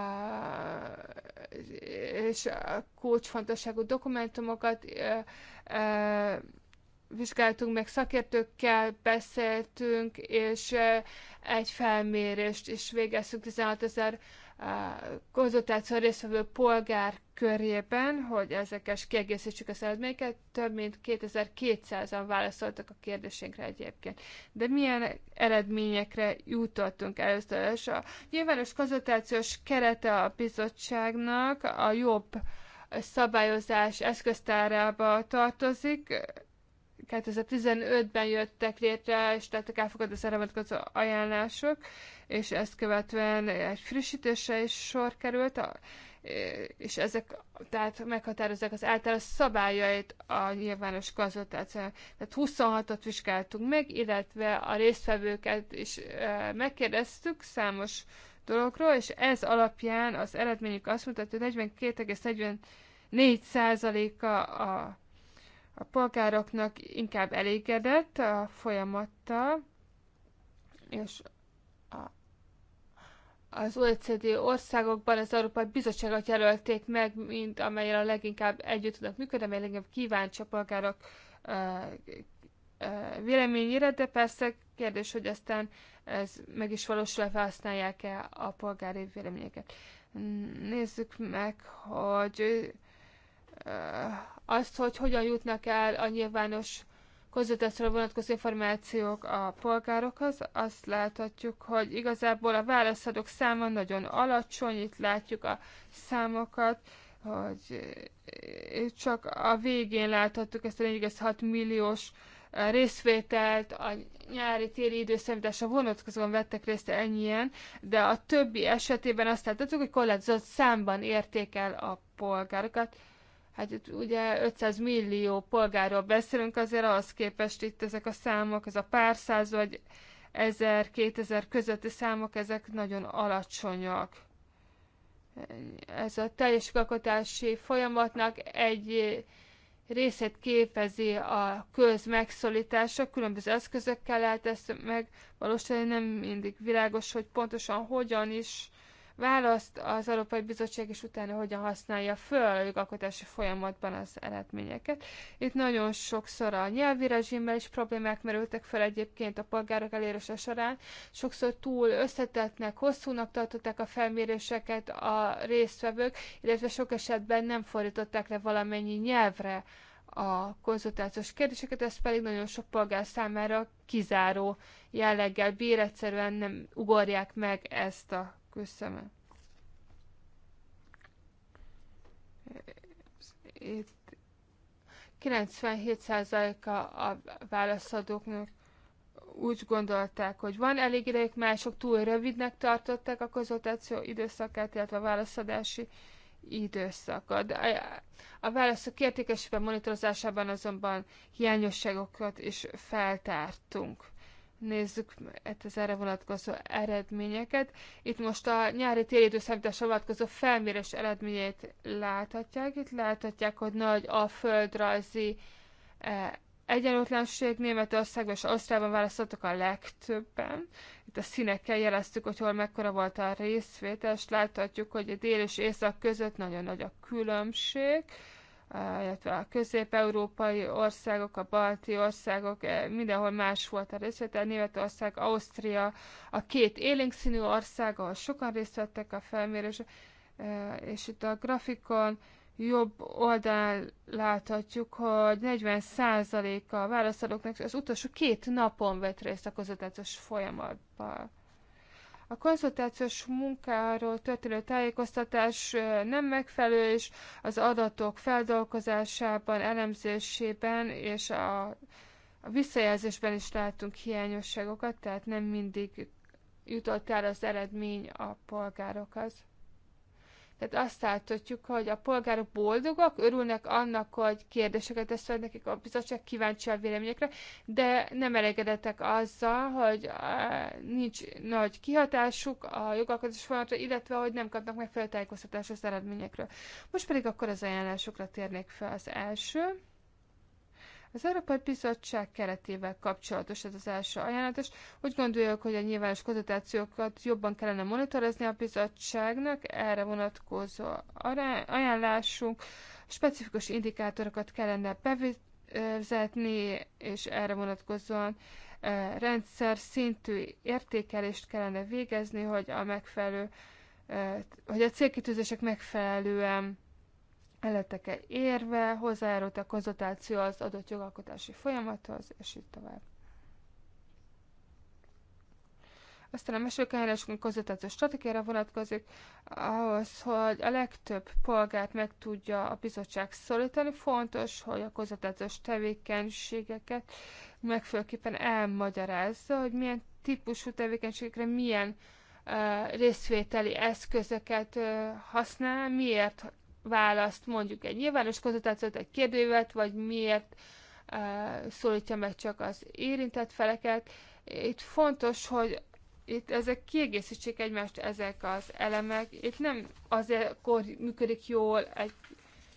és a kulcsfontosságú dokumentumokat e, e, vizsgáltunk meg, szakértőkkel beszéltünk, és egy felmérést is végeztünk 16 ezer konzultáció résztvevő polgár körében, hogy ezekkel is kiegészítsük az eredményeket. Több mint 2200-an válaszoltak a kérdésünkre egyébként. De milyen eredményekre jutottunk először? És a nyilvános konzultációs kerete a bizottságnak a jobb szabályozás eszköztárába tartozik, 2015-ben jöttek létre, és tettek elfogadó az ajánlások, és ezt követően egy frissítésre is sor került, és ezek tehát meghatározzák az által szabályait a nyilvános konzultációnak. Tehát 26-ot vizsgáltunk meg, illetve a résztvevőket is megkérdeztük számos dologról, és ez alapján az eredményük azt mutatja, hogy 42,40 4%-a a a polgároknak inkább elégedett a folyamattal, és a, az OECD országokban az Európai Bizottságot jelölték meg, mint amelyen a leginkább együtt tudnak működni, amely leginkább kíváncsi a polgárok ö, ö, véleményére, de persze kérdés, hogy aztán ez meg is valósul, használják e a polgári véleményeket. Nézzük meg, hogy azt, hogy hogyan jutnak el a nyilvános konzultációra vonatkozó információk a polgárokhoz, azt láthatjuk, hogy igazából a válaszadók száma nagyon alacsony, itt látjuk a számokat, hogy csak a végén láthattuk ezt a 4,6 milliós részvételt, a nyári téli időszámításra vonatkozóan vettek részt ennyien, de a többi esetében azt láthatjuk, hogy korlátozott számban érték el a polgárokat hát itt ugye 500 millió polgárról beszélünk, azért az képest itt ezek a számok, ez a pár száz vagy 1000-2000 közötti számok, ezek nagyon alacsonyak. Ez a teljes alkotási folyamatnak egy részét képezi a köz megszólítása, különböző eszközökkel lehet ezt valószínűleg nem mindig világos, hogy pontosan hogyan is választ az Európai Bizottság, és utána hogyan használja föl a jogalkotási folyamatban az eredményeket. Itt nagyon sokszor a nyelvi rezsimmel is problémák merültek fel egyébként a polgárok elérése során. Sokszor túl összetettnek, hosszúnak tartották a felméréseket a résztvevők, illetve sok esetben nem fordították le valamennyi nyelvre a konzultációs kérdéseket, ez pedig nagyon sok polgár számára kizáró jelleggel bír, egyszerűen nem ugorják meg ezt a Köszönöm. Itt 97%-a a válaszadóknak úgy gondolták, hogy van elég idejük, mások túl rövidnek tartották a konzultáció időszakát, illetve a válaszadási időszakot. De a válaszok értékesében monitorozásában azonban hiányosságokat is feltártunk nézzük hát az erre vonatkozó eredményeket. Itt most a nyári téli időszámításra vonatkozó felmérés eredményeit láthatják. Itt láthatják, hogy nagy a földrajzi e, egyenlőtlenség. Németországban és Ausztriában választottak a legtöbben. Itt a színekkel jeleztük, hogy hol mekkora volt a részvétel, és láthatjuk, hogy a dél és észak között nagyon nagy a különbség illetve a közép-európai országok, a balti országok, eh, mindenhol más volt a részvétel, Németország, Ausztria, a két élénkszínű ország, ahol sokan részt vettek a felmérés, eh, és itt a grafikon jobb oldalán láthatjuk, hogy 40%-a válaszadóknak az utolsó két napon vett részt a közvetetős folyamatban a konzultációs munkáról történő tájékoztatás nem megfelelő, és az adatok feldolgozásában, elemzésében és a, a visszajelzésben is látunk hiányosságokat, tehát nem mindig jutott el az eredmény a polgárokhoz. Tehát azt állítjuk, hogy a polgárok boldogok, örülnek annak, hogy kérdéseket teszel nekik a bizottság, kíváncsi a véleményekre, de nem elégedettek azzal, hogy nincs nagy kihatásuk a jogalkotás folyamatra, illetve hogy nem kapnak megfelelő tájékoztatást az eredményekről. Most pedig akkor az ajánlásokra térnék fel az első. Az Európai Bizottság keretével kapcsolatos ez az első ajánlatos. Úgy gondoljuk, hogy a nyilvános kutatációkat jobban kellene monitorozni a bizottságnak, erre vonatkozó ajánlásunk, specifikus indikátorokat kellene bevezetni, és erre vonatkozóan e, rendszer szintű értékelést kellene végezni, hogy a megfelelő, e, hogy a célkitűzések megfelelően elletek-e érve, hozzájárult a konzultáció az adott jogalkotási folyamathoz, és így tovább. Aztán a mesőkenyerésünk konzultáció stratégiára vonatkozik, ahhoz, hogy a legtöbb polgárt meg tudja a bizottság szólítani, fontos, hogy a konzultációs tevékenységeket megfőképpen elmagyarázza, hogy milyen típusú tevékenységekre milyen részvételi eszközöket használ, miért választ mondjuk egy nyilvános konzultációt, egy kérdővet, vagy miért eh, szólítja meg csak az érintett feleket. Itt fontos, hogy itt ezek kiegészítsék egymást, ezek az elemek. Itt nem azért akkor működik jól egy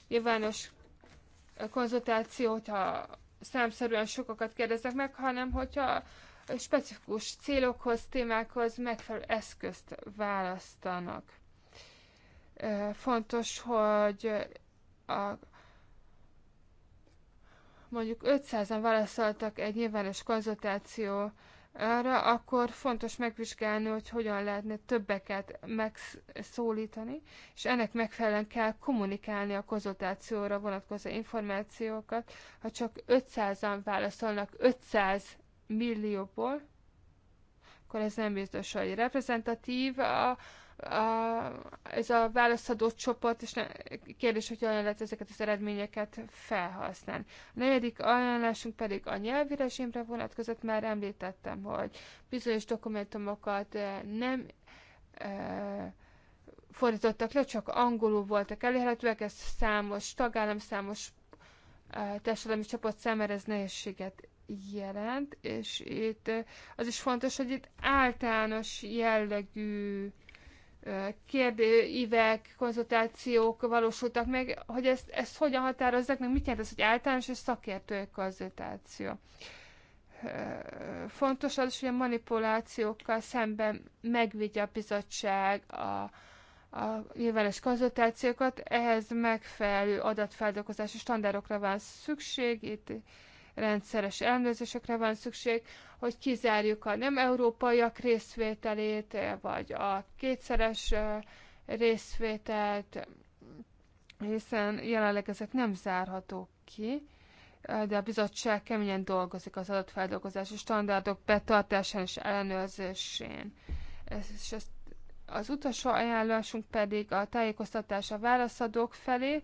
nyilvános konzultáció, hogyha számszerűen sokakat kérdezek meg, hanem hogyha specifikus célokhoz, témákhoz megfelelő eszközt választanak fontos, hogy a, mondjuk 500-an válaszoltak egy nyilvános konzultáció arra, akkor fontos megvizsgálni, hogy hogyan lehetne többeket megszólítani, és ennek megfelelően kell kommunikálni a konzultációra vonatkozó információkat. Ha csak 500-an válaszolnak 500 millióból, akkor ez nem biztos, hogy reprezentatív a, ez a válaszadó csoport, és ne, kérdés, hogy olyan lehet ezeket az eredményeket felhasználni. A negyedik ajánlásunk pedig a nyelvi rezsimre vonatkozott, már említettem, hogy bizonyos dokumentumokat eh, nem e, fordítottak le, csak angolul voltak elérhetőek, ez számos tagállam, számos e, társadalmi csoport számára ez nehézséget jelent, és itt az is fontos, hogy itt általános jellegű kérdőívek, konzultációk valósultak meg, hogy ezt, ezt hogyan határozzák, meg mit jelent ez, hogy általános és szakértői konzultáció. Fontos az, hogy a manipulációkkal szemben megvigye a bizottság a, a nyilvános konzultációkat, ehhez megfelelő adatfeldolgozási standardokra van szükség, itt rendszeres ellenőrzésekre van szükség, hogy kizárjuk a nem európaiak részvételét, vagy a kétszeres részvételt, hiszen jelenleg ezek nem zárhatók ki, de a bizottság keményen dolgozik az adatfeldolgozási standardok betartásán és ellenőrzésén. Ez, és ezt az utolsó ajánlásunk pedig a tájékoztatás a válaszadók felé,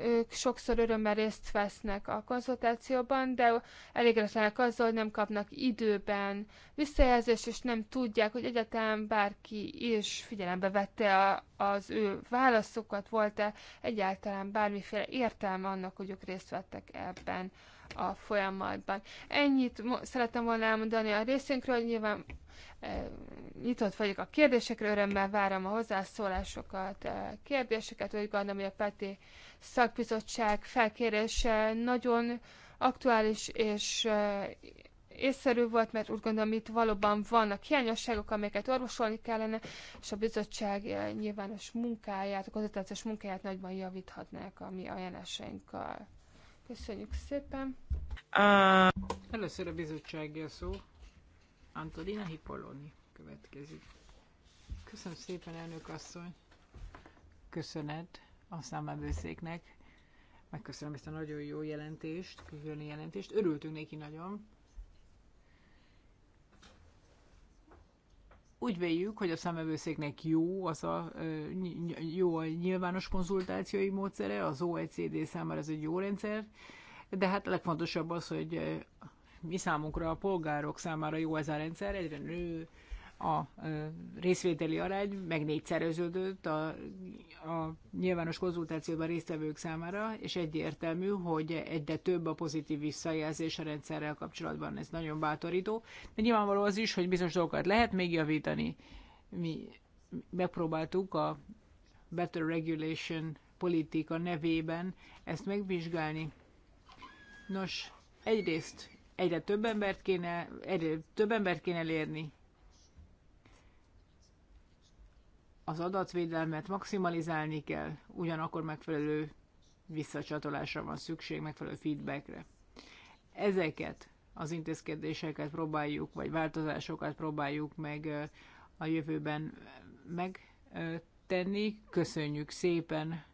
ők sokszor örömmel részt vesznek a konzultációban, de elégedetlenek azzal, hogy nem kapnak időben visszajelzést, és nem tudják, hogy egyáltalán bárki is figyelembe vette a, az ő válaszokat, volt-e egyáltalán bármiféle értelme annak, hogy ők részt vettek ebben a folyamatban. Ennyit szeretem volna elmondani a részünkről, nyilván e, nyitott vagyok a kérdésekre, örömmel várom a hozzászólásokat, eh, kérdéseket, úgy gondolom, hogy a Peti szakbizottság felkérése nagyon aktuális és észszerű volt, mert úgy gondolom itt valóban vannak hiányosságok, amelyeket orvosolni kellene, és a bizottság nyilvános munkáját, a konzultációs munkáját nagyban javíthatnák a mi ajánlásainkkal. Köszönjük szépen! Uh... Először a bizottsági szó. Antolina Hipoloni következik. Köszönöm szépen, elnök asszony! Köszönet a számvevőszéknek. Megköszönöm ezt a nagyon jó jelentést, külön jelentést. Örültünk neki nagyon. Úgy véljük, hogy a számvevőszéknek jó, az a, jó a nyilvános konzultációi módszere, az OECD számára ez egy jó rendszer, de hát a legfontosabb az, hogy mi számunkra, a polgárok számára jó ez a rendszer, egyre nő, a részvételi arány meg négyszereződött a, a nyilvános konzultációban résztvevők számára, és egyértelmű, hogy egyre több a pozitív visszajelzés a rendszerrel kapcsolatban, ez nagyon bátorító. De nyilvánvaló az is, hogy bizonyos dolgokat lehet még javítani. Mi megpróbáltuk a Better Regulation politika nevében ezt megvizsgálni. Nos, egyrészt egyre több embert kéne, egyre több embert kéne elérni, az adatvédelmet maximalizálni kell, ugyanakkor megfelelő visszacsatolásra van szükség, megfelelő feedbackre. Ezeket az intézkedéseket próbáljuk, vagy változásokat próbáljuk meg a jövőben megtenni. Köszönjük szépen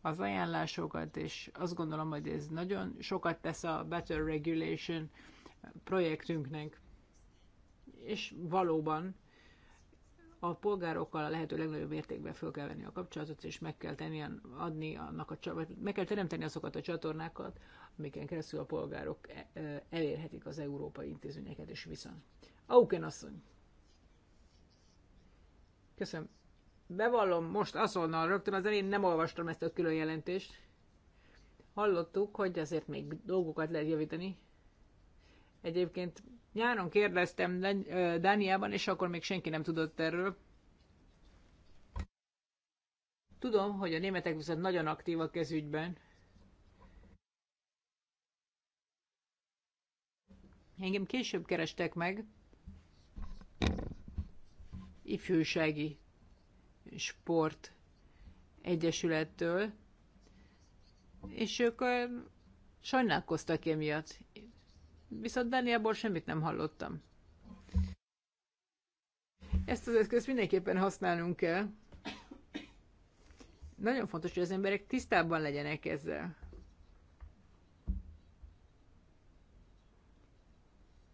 az ajánlásokat, és azt gondolom, hogy ez nagyon sokat tesz a Better Regulation projektünknek. És valóban a polgárokkal a lehető legnagyobb mértékben föl kell venni a kapcsolatot, és meg kell tenni, adni annak a, vagy meg kell teremteni azokat a csatornákat, amiken keresztül a polgárok e- e- elérhetik az európai intézményeket és viszont. Auken asszony! Köszönöm. Bevallom most azonnal rögtön, az én nem olvastam ezt a külön jelentést. Hallottuk, hogy azért még dolgokat lehet javítani. Egyébként nyáron kérdeztem Dániában, és akkor még senki nem tudott erről. Tudom, hogy a németek viszont nagyon aktívak a ügyben. Engem később kerestek meg ifjúsági sport egyesülettől, és ők sajnálkoztak emiatt viszont Dániából semmit nem hallottam. Ezt az eszközt mindenképpen használnunk kell. Nagyon fontos, hogy az emberek tisztában legyenek ezzel.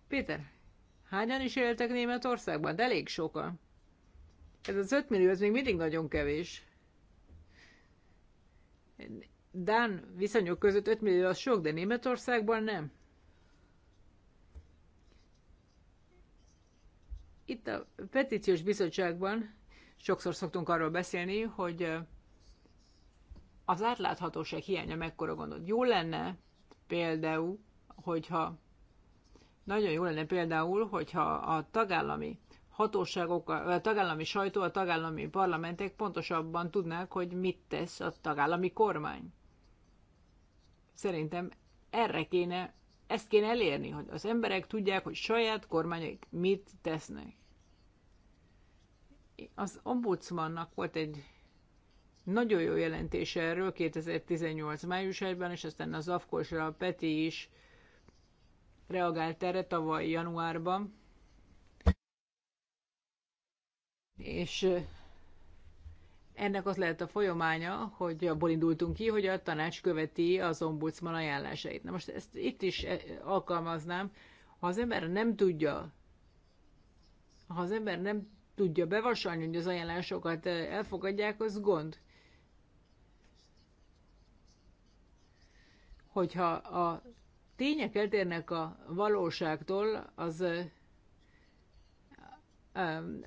Péter, hányan is éltek Németországban? De elég sokan. Ez az 5 millió, ez még mindig nagyon kevés. Dán viszonyok között 5 millió az sok, de Németországban nem. Itt a petíciós bizottságban sokszor szoktunk arról beszélni, hogy az átláthatóság hiánya mekkora gondot. Jó lenne például, hogyha nagyon jó lenne például, hogyha a tagállami hatóságok, a tagállami sajtó, a tagállami parlamentek pontosabban tudnák, hogy mit tesz a tagállami kormány. Szerintem erre kéne ezt kéne elérni, hogy az emberek tudják, hogy saját kormányaik mit tesznek. Az ombudsmannak volt egy nagyon jó jelentése erről 2018 májusában, és aztán az Afkosra a Peti is reagált erre tavaly januárban. És ennek az lehet a folyamánya, hogy abból indultunk ki, hogy a tanács követi az ombudsman ajánlásait. Na most ezt itt is eh, alkalmaznám, ha az ember nem tudja, ha az ember nem tudja bevasalni, hogy az ajánlásokat eh, elfogadják, az gond. Hogyha a tények eltérnek a valóságtól, az eh,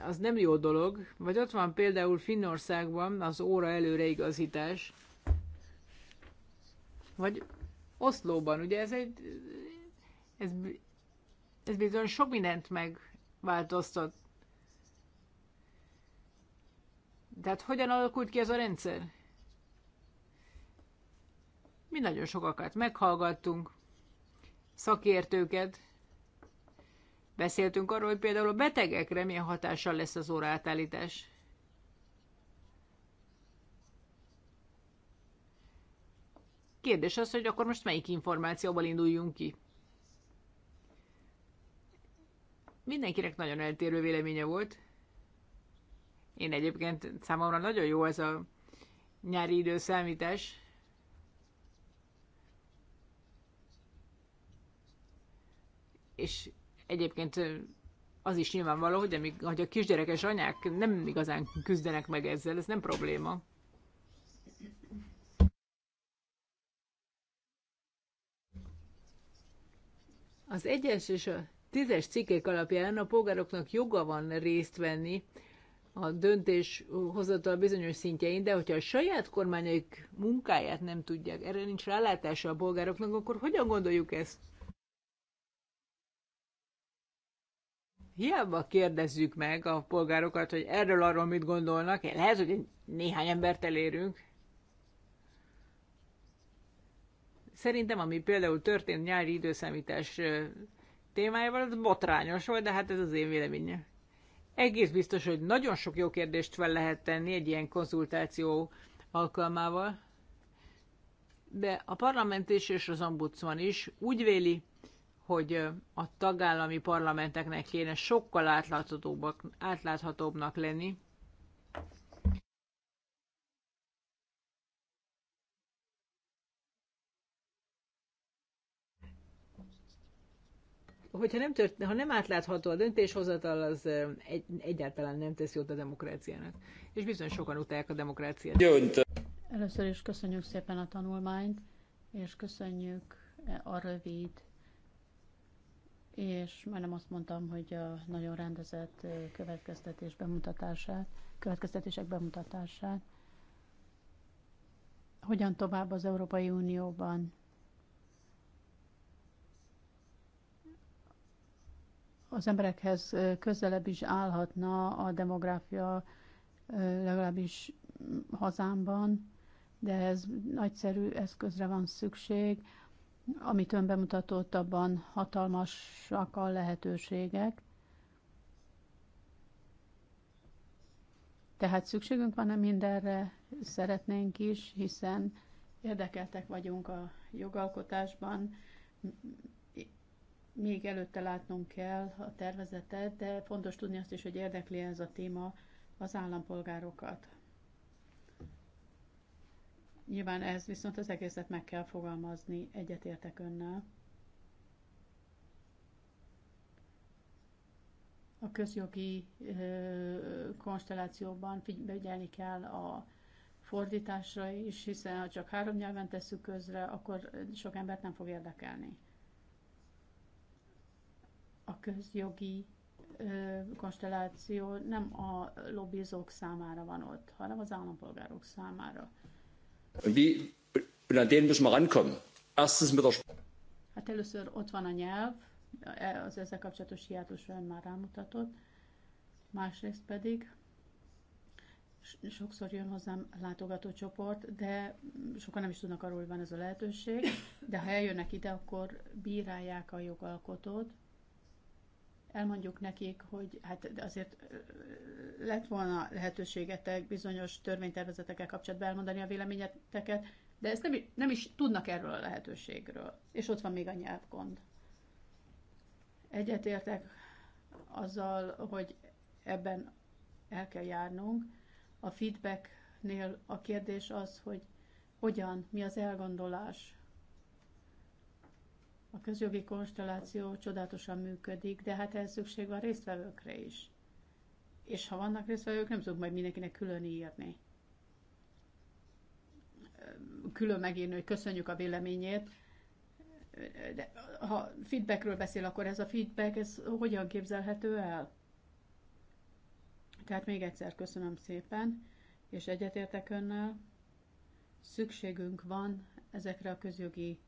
az nem jó dolog. Vagy ott van például Finnországban az óra előreigazítás, vagy Oszlóban, ugye ez egy, ez, ez bizony sok mindent megváltoztat. Tehát hogyan alakult ki ez a rendszer? Mi nagyon sokakat meghallgattunk, szakértőket, Beszéltünk arról, hogy például a betegekre milyen hatással lesz az óraátállítás. Kérdés az, hogy akkor most melyik információval induljunk ki. Mindenkinek nagyon eltérő véleménye volt. Én egyébként számomra nagyon jó ez a nyári időszámítás. És Egyébként az is nyilvánvaló, hogy, amíg, hogy a kisgyerekes anyák nem igazán küzdenek meg ezzel, ez nem probléma. Az egyes és a tízes cikkek alapján a polgároknak joga van részt venni a döntés hozatal bizonyos szintjein, de hogyha a saját kormányaik munkáját nem tudják, erre nincs rálátása a polgároknak, akkor hogyan gondoljuk ezt hiába kérdezzük meg a polgárokat, hogy erről arról mit gondolnak, lehet, hogy néhány embert elérünk. Szerintem, ami például történt nyári időszámítás témájával, az botrányos volt, de hát ez az én véleményem. Egész biztos, hogy nagyon sok jó kérdést fel lehet tenni egy ilyen konzultáció alkalmával, de a parlament is és az ombudsman is úgy véli, hogy a tagállami parlamenteknek kéne sokkal átláthatóbbak, átláthatóbbnak lenni. Hogyha nem, tört, ha nem átlátható a döntéshozatal, az egy, egyáltalán nem tesz jót a demokráciának. És bizony sokan utálják a demokráciát. Először is köszönjük szépen a tanulmányt, és köszönjük a rövid és majdnem azt mondtam, hogy a nagyon rendezett következtetés bemutatását, következtetések bemutatását, hogyan tovább az Európai Unióban. Az emberekhez közelebb is állhatna a demográfia legalábbis hazámban, de ez nagyszerű eszközre van szükség, amit ön bemutatott, abban hatalmasak a lehetőségek. Tehát szükségünk van mindenre, szeretnénk is, hiszen érdekeltek vagyunk a jogalkotásban. Még előtte látnunk kell a tervezetet, de fontos tudni azt is, hogy érdekli ez a téma az állampolgárokat. Nyilván ez viszont az egészet meg kell fogalmazni, egyetértek önnel. A közjogi ö, konstellációban figyelni kell a fordításra is, hiszen ha csak három nyelven tesszük közre, akkor sok embert nem fog érdekelni. A közjogi ö, konstelláció nem a lobbizók számára van ott, hanem az állampolgárok számára. Und wie, und an denen müssen wir rankommen. Erstens mit der Hát először ott van a nyelv, e, az ezzel kapcsolatos hiátus ön már rámutatott, másrészt pedig sokszor jön hozzám látogató csoport, de sokan nem is tudnak arról, hogy van ez a lehetőség, de ha eljönnek ide, akkor bírálják a jogalkotót, elmondjuk nekik, hogy hát azért lett volna lehetőségetek bizonyos törvénytervezetekkel kapcsolatban elmondani a véleményeteket, de ezt nem, nem is tudnak erről a lehetőségről. És ott van még a nyelvgond. Egyetértek azzal, hogy ebben el kell járnunk. A feedbacknél a kérdés az, hogy hogyan, mi az elgondolás, a közjogi konstelláció csodálatosan működik, de hát ehhez szükség van résztvevőkre is. És ha vannak résztvevők, nem tudok majd mindenkinek külön írni. Külön megírni, hogy köszönjük a véleményét, de ha feedbackről beszél, akkor ez a feedback, ez hogyan képzelhető el? Tehát még egyszer köszönöm szépen, és egyetértek önnel. Szükségünk van ezekre a közjogi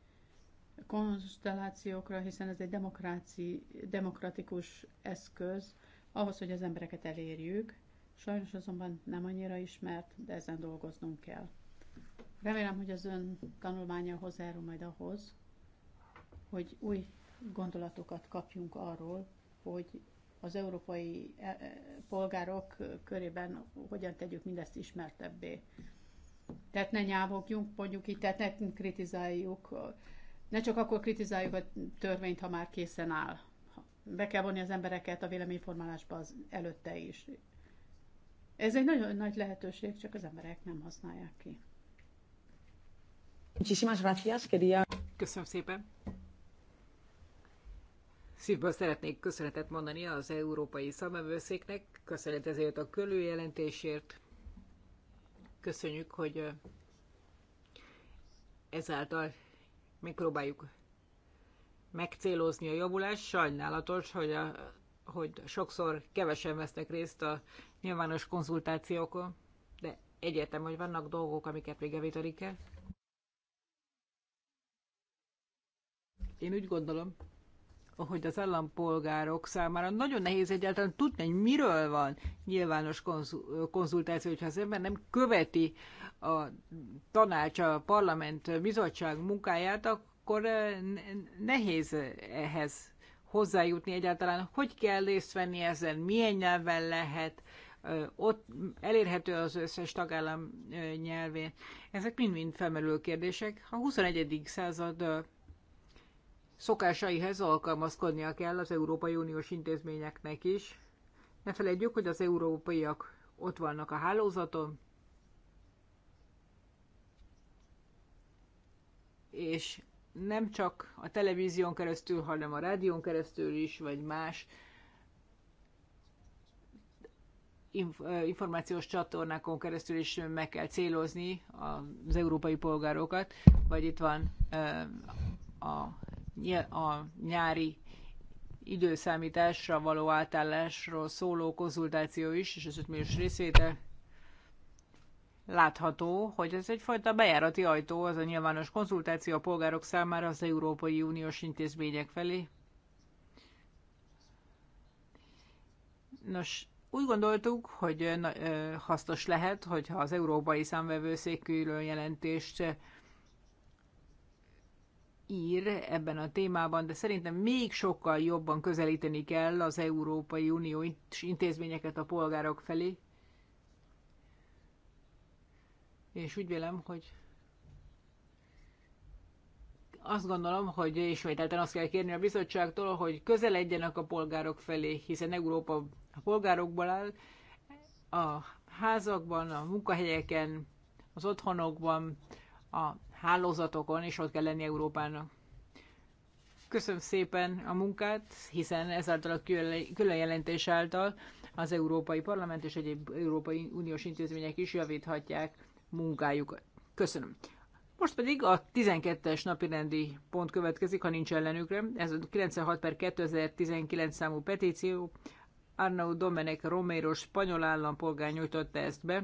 konstellációkra, hiszen ez egy demokráci, demokratikus eszköz ahhoz, hogy az embereket elérjük. Sajnos azonban nem annyira ismert, de ezen dolgoznunk kell. Remélem, hogy az ön tanulmánya hozzájárul majd ahhoz, hogy új gondolatokat kapjunk arról, hogy az európai e, e, polgárok körében hogyan tegyük mindezt ismertebbé. Tehát ne nyávogjunk, mondjuk itt, tehát ne kritizáljuk ne csak akkor kritizáljuk a törvényt, ha már készen áll. Be kell vonni az embereket a véleményformálásba az előtte is. Ez egy nagyon nagy lehetőség, csak az emberek nem használják ki. Köszönöm szépen! Szívből szeretnék köszönetet mondani az Európai Szabemőszéknek. köszönet ezért a jelentésért. Köszönjük, hogy ezáltal megpróbáljuk megcélozni a javulást. Sajnálatos, hogy, a, hogy sokszor kevesen vesznek részt a nyilvános konzultációkon, de egyetem, hogy vannak dolgok, amiket még javítani kell. Én úgy gondolom, hogy az állampolgárok számára nagyon nehéz egyáltalán tudni, hogy miről van nyilvános konzultáció, hogyha az ember nem követi a tanács, a parlament, a bizottság munkáját, akkor eh, nehéz ehhez hozzájutni egyáltalán, hogy kell részt venni ezen, milyen nyelven lehet, eh, ott elérhető az összes tagállam eh, nyelvén. Ezek mind-mind felmerülő kérdések. A 21. század szokásaihez alkalmazkodnia kell az Európai Uniós intézményeknek is. Ne felejtjük, hogy az európaiak ott vannak a hálózaton, és nem csak a televízión keresztül, hanem a rádión keresztül is, vagy más információs csatornákon keresztül is meg kell célozni az európai polgárokat, vagy itt van a a nyári időszámításra való átállásról szóló konzultáció is, és az ötmilliós részvétel látható, hogy ez egyfajta bejárati ajtó, az a nyilvános konzultáció a polgárok számára az Európai Uniós intézmények felé. Nos, úgy gondoltuk, hogy hasznos lehet, hogyha az Európai Számvevőszék külön jelentést ír ebben a témában, de szerintem még sokkal jobban közelíteni kell az Európai Unió intézményeket a polgárok felé. És úgy vélem, hogy azt gondolom, hogy ismételten azt kell kérni a bizottságtól, hogy közeledjenek a polgárok felé, hiszen Európa a polgárokból áll, a házakban, a munkahelyeken, az otthonokban, a hálózatokon is ott kell lenni Európának. Köszönöm szépen a munkát, hiszen ezáltal a külön jelentés által az Európai Parlament és egyéb Európai Uniós intézmények is javíthatják munkájukat. Köszönöm. Most pedig a 12-es napi rendi pont következik, ha nincs ellenükre. Ez a 96 per 2019 számú petíció. Arnaud Domenech Romero spanyol állampolgár nyújtotta ezt be.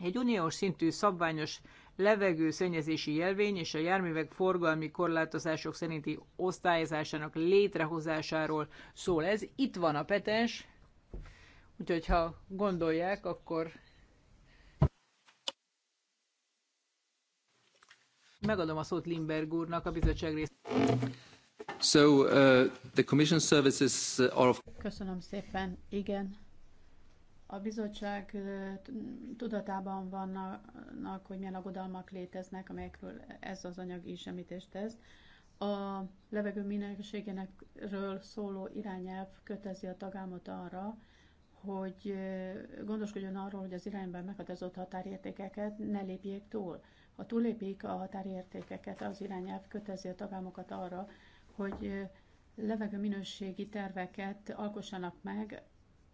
Egy uniós szintű szabványos szennyezési jelvény és a járművek forgalmi korlátozások szerinti osztályozásának létrehozásáról szól ez. Itt van a petens, úgyhogy ha gondolják, akkor megadom a szót Limberg úrnak a bizottság részt. So, uh, the commission services uh, are of... Köszönöm szépen. Igen, a bizottság tudatában vannak, hogy milyen aggodalmak léteznek, amelyekről ez az anyag is említést tesz. A levegő minőségénekről szóló irányelv kötezi a tagámot arra, hogy gondoskodjon arról, hogy az irányban meghatározott határértékeket ne lépjék túl. Ha túllépik a határértékeket, az irányelv kötezi a tagámokat arra, hogy minőségi terveket alkossanak meg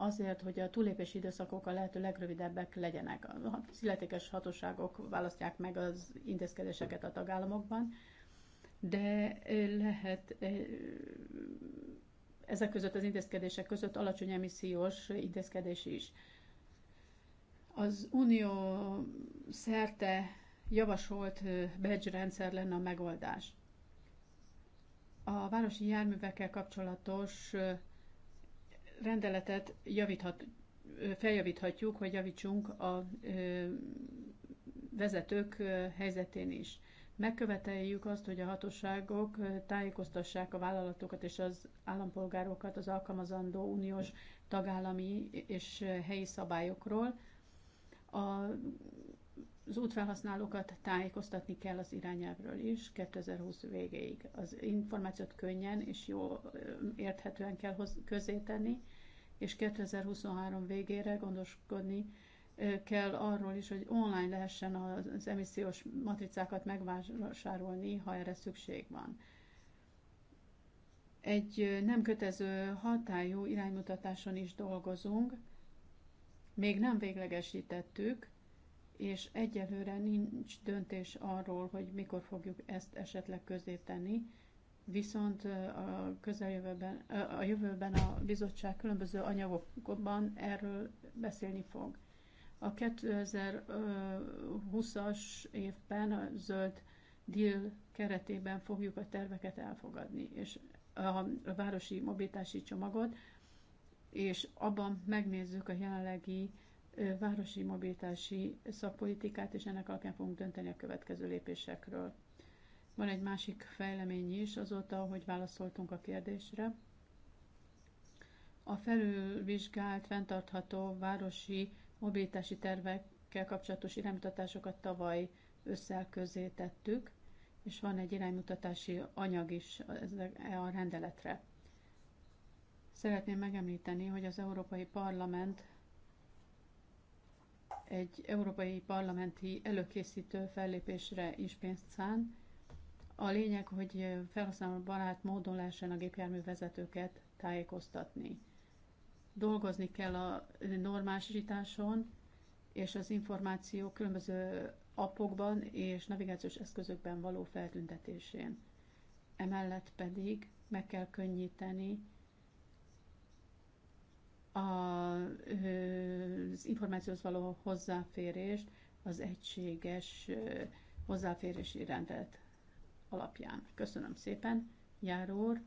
azért, hogy a túlépési időszakok a lehető legrövidebbek legyenek. A illetékes hatóságok választják meg az intézkedéseket a tagállamokban, de lehet ezek között az intézkedések között alacsony emissziós intézkedés is. Az unió szerte javasolt badge rendszer lenne a megoldás. A városi járművekkel kapcsolatos rendeletet javíthat, feljavíthatjuk, hogy javítsunk a vezetők helyzetén is. Megköveteljük azt, hogy a hatóságok tájékoztassák a vállalatokat és az állampolgárokat az alkalmazandó uniós tagállami és helyi szabályokról. A az útfelhasználókat tájékoztatni kell az irányelvről is 2020 végéig. Az információt könnyen és jó érthetően kell közéteni és 2023 végére gondoskodni kell arról is, hogy online lehessen az emissziós matricákat megvásárolni, ha erre szükség van. Egy nem kötező hatályú iránymutatáson is dolgozunk, még nem véglegesítettük, és egyelőre nincs döntés arról, hogy mikor fogjuk ezt esetleg közé tenni, viszont a közeljövőben, a jövőben a bizottság különböző anyagokban erről beszélni fog. A 2020-as évben a zöld deal keretében fogjuk a terveket elfogadni, és a városi mobilitási csomagot, és abban megnézzük a jelenlegi városi mobilitási szakpolitikát, és ennek alapján fogunk dönteni a következő lépésekről. Van egy másik fejlemény is azóta, hogy válaszoltunk a kérdésre. A felülvizsgált, fenntartható városi mobilitási tervekkel kapcsolatos iránymutatásokat tavaly összel közé tettük, és van egy iránymutatási anyag is a rendeletre. Szeretném megemlíteni, hogy az Európai Parlament egy európai parlamenti előkészítő fellépésre is pénzt szán. A lényeg, hogy felhasználó barát módon lehessen a gépjárművezetőket tájékoztatni. Dolgozni kell a normálisításon és az információ különböző appokban és navigációs eszközökben való feltüntetésén. Emellett pedig meg kell könnyíteni az információhoz való hozzáférést az egységes hozzáférési rendelet alapján. Köszönöm szépen, Járó úr.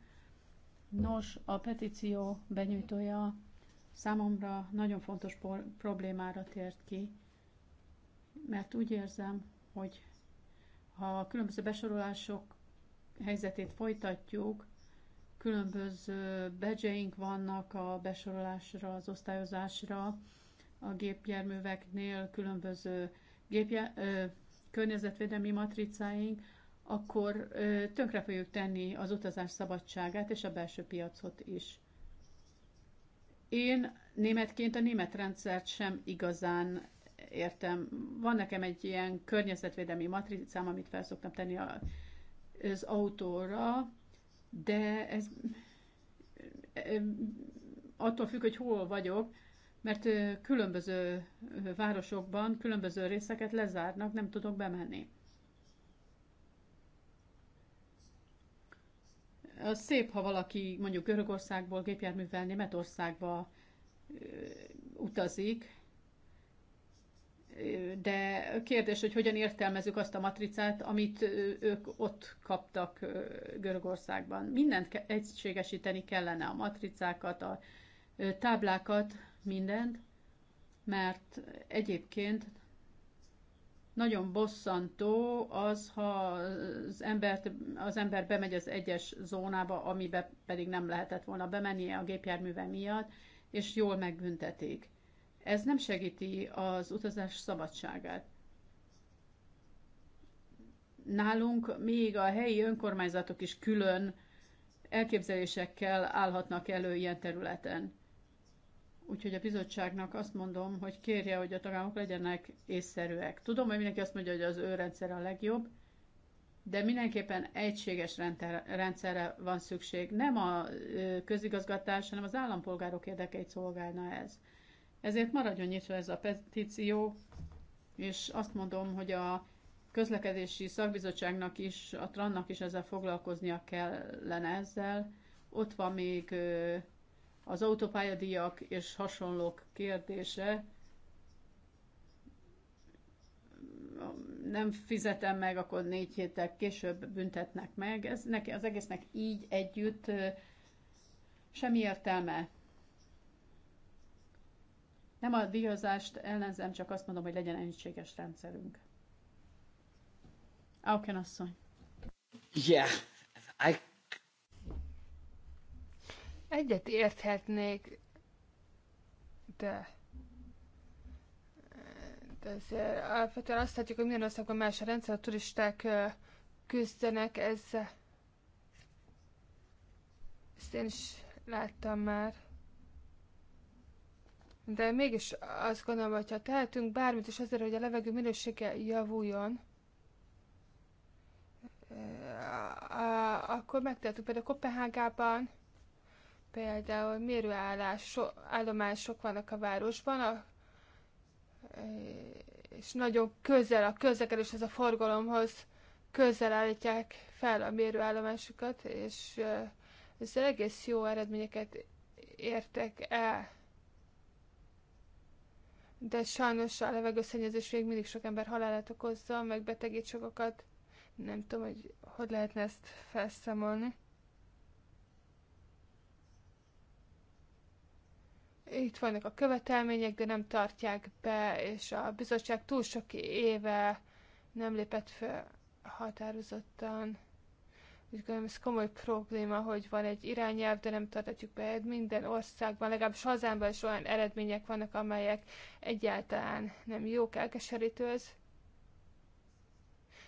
Nos, a petíció benyújtója számomra nagyon fontos problémára tért ki, mert úgy érzem, hogy ha a különböző besorolások helyzetét folytatjuk, különböző bedzseink vannak a besorolásra, az osztályozásra, a gépjárműveknél különböző gépje, ö, környezetvédelmi matricáink, akkor ö, tönkre fogjuk tenni az utazás szabadságát és a belső piacot is. Én németként a német rendszert sem igazán értem. Van nekem egy ilyen környezetvédelmi matricám, amit felszoktam tenni tenni az autóra, de ez attól függ, hogy hol vagyok, mert különböző városokban különböző részeket lezárnak, nem tudok bemenni. Az szép, ha valaki mondjuk Görögországból gépjárművel Németországba utazik, de kérdés, hogy hogyan értelmezzük azt a matricát, amit ők ott kaptak Görögországban. Mindent egységesíteni kellene, a matricákat, a táblákat, mindent, mert egyébként nagyon bosszantó az, ha az, embert, az ember bemegy az egyes zónába, amibe pedig nem lehetett volna bemennie a gépjárműve miatt, és jól megbüntetik. Ez nem segíti az utazás szabadságát. Nálunk még a helyi önkormányzatok is külön elképzelésekkel állhatnak elő ilyen területen. Úgyhogy a bizottságnak azt mondom, hogy kérje, hogy a tagállamok legyenek észszerűek. Tudom, hogy mindenki azt mondja, hogy az ő rendszer a legjobb, de mindenképpen egységes rendszerre van szükség. Nem a közigazgatás, hanem az állampolgárok érdekeit szolgálna ez. Ezért maradjon nyitva ez a petíció, és azt mondom, hogy a közlekedési szakbizottságnak is, a Trannak is ezzel foglalkoznia kellene ezzel. Ott van még az autópályadíjak és hasonlók kérdése. Nem fizetem meg, akkor négy héttel később büntetnek meg. Ez neki, az egésznek így együtt semmi értelme. Nem a díjazást ellenzem, csak azt mondom, hogy legyen egységes rendszerünk. Auken asszony. Yeah, I... Egyet érthetnék, de... de azért alapvetően azt látjuk, hogy milyen országban más a rendszer, a turisták küzdenek ezzel. Ezt én is láttam már. De mégis azt gondolom, hogy ha tehetünk bármit is azért, hogy a levegő minősége javuljon, eh, akkor megtehetünk például Kopenhágában, például mérőállomások vannak a városban, a, eh, és nagyon közel a közlekedéshez, a forgalomhoz közel állítják fel a mérőállomásukat, és eh, ezzel egész jó eredményeket értek el de sajnos a levegőszennyezés még mindig sok ember halálát okozza, meg betegít sokakat. Nem tudom, hogy hogy lehetne ezt felszámolni. Itt vannak a követelmények, de nem tartják be, és a bizottság túl sok éve nem lépett fel határozottan úgy gondolom ez komoly probléma, hogy van egy irányelv, de nem tartatjuk be minden országban, legalábbis hazámban is olyan eredmények vannak, amelyek egyáltalán nem jók, elkeserítő ez.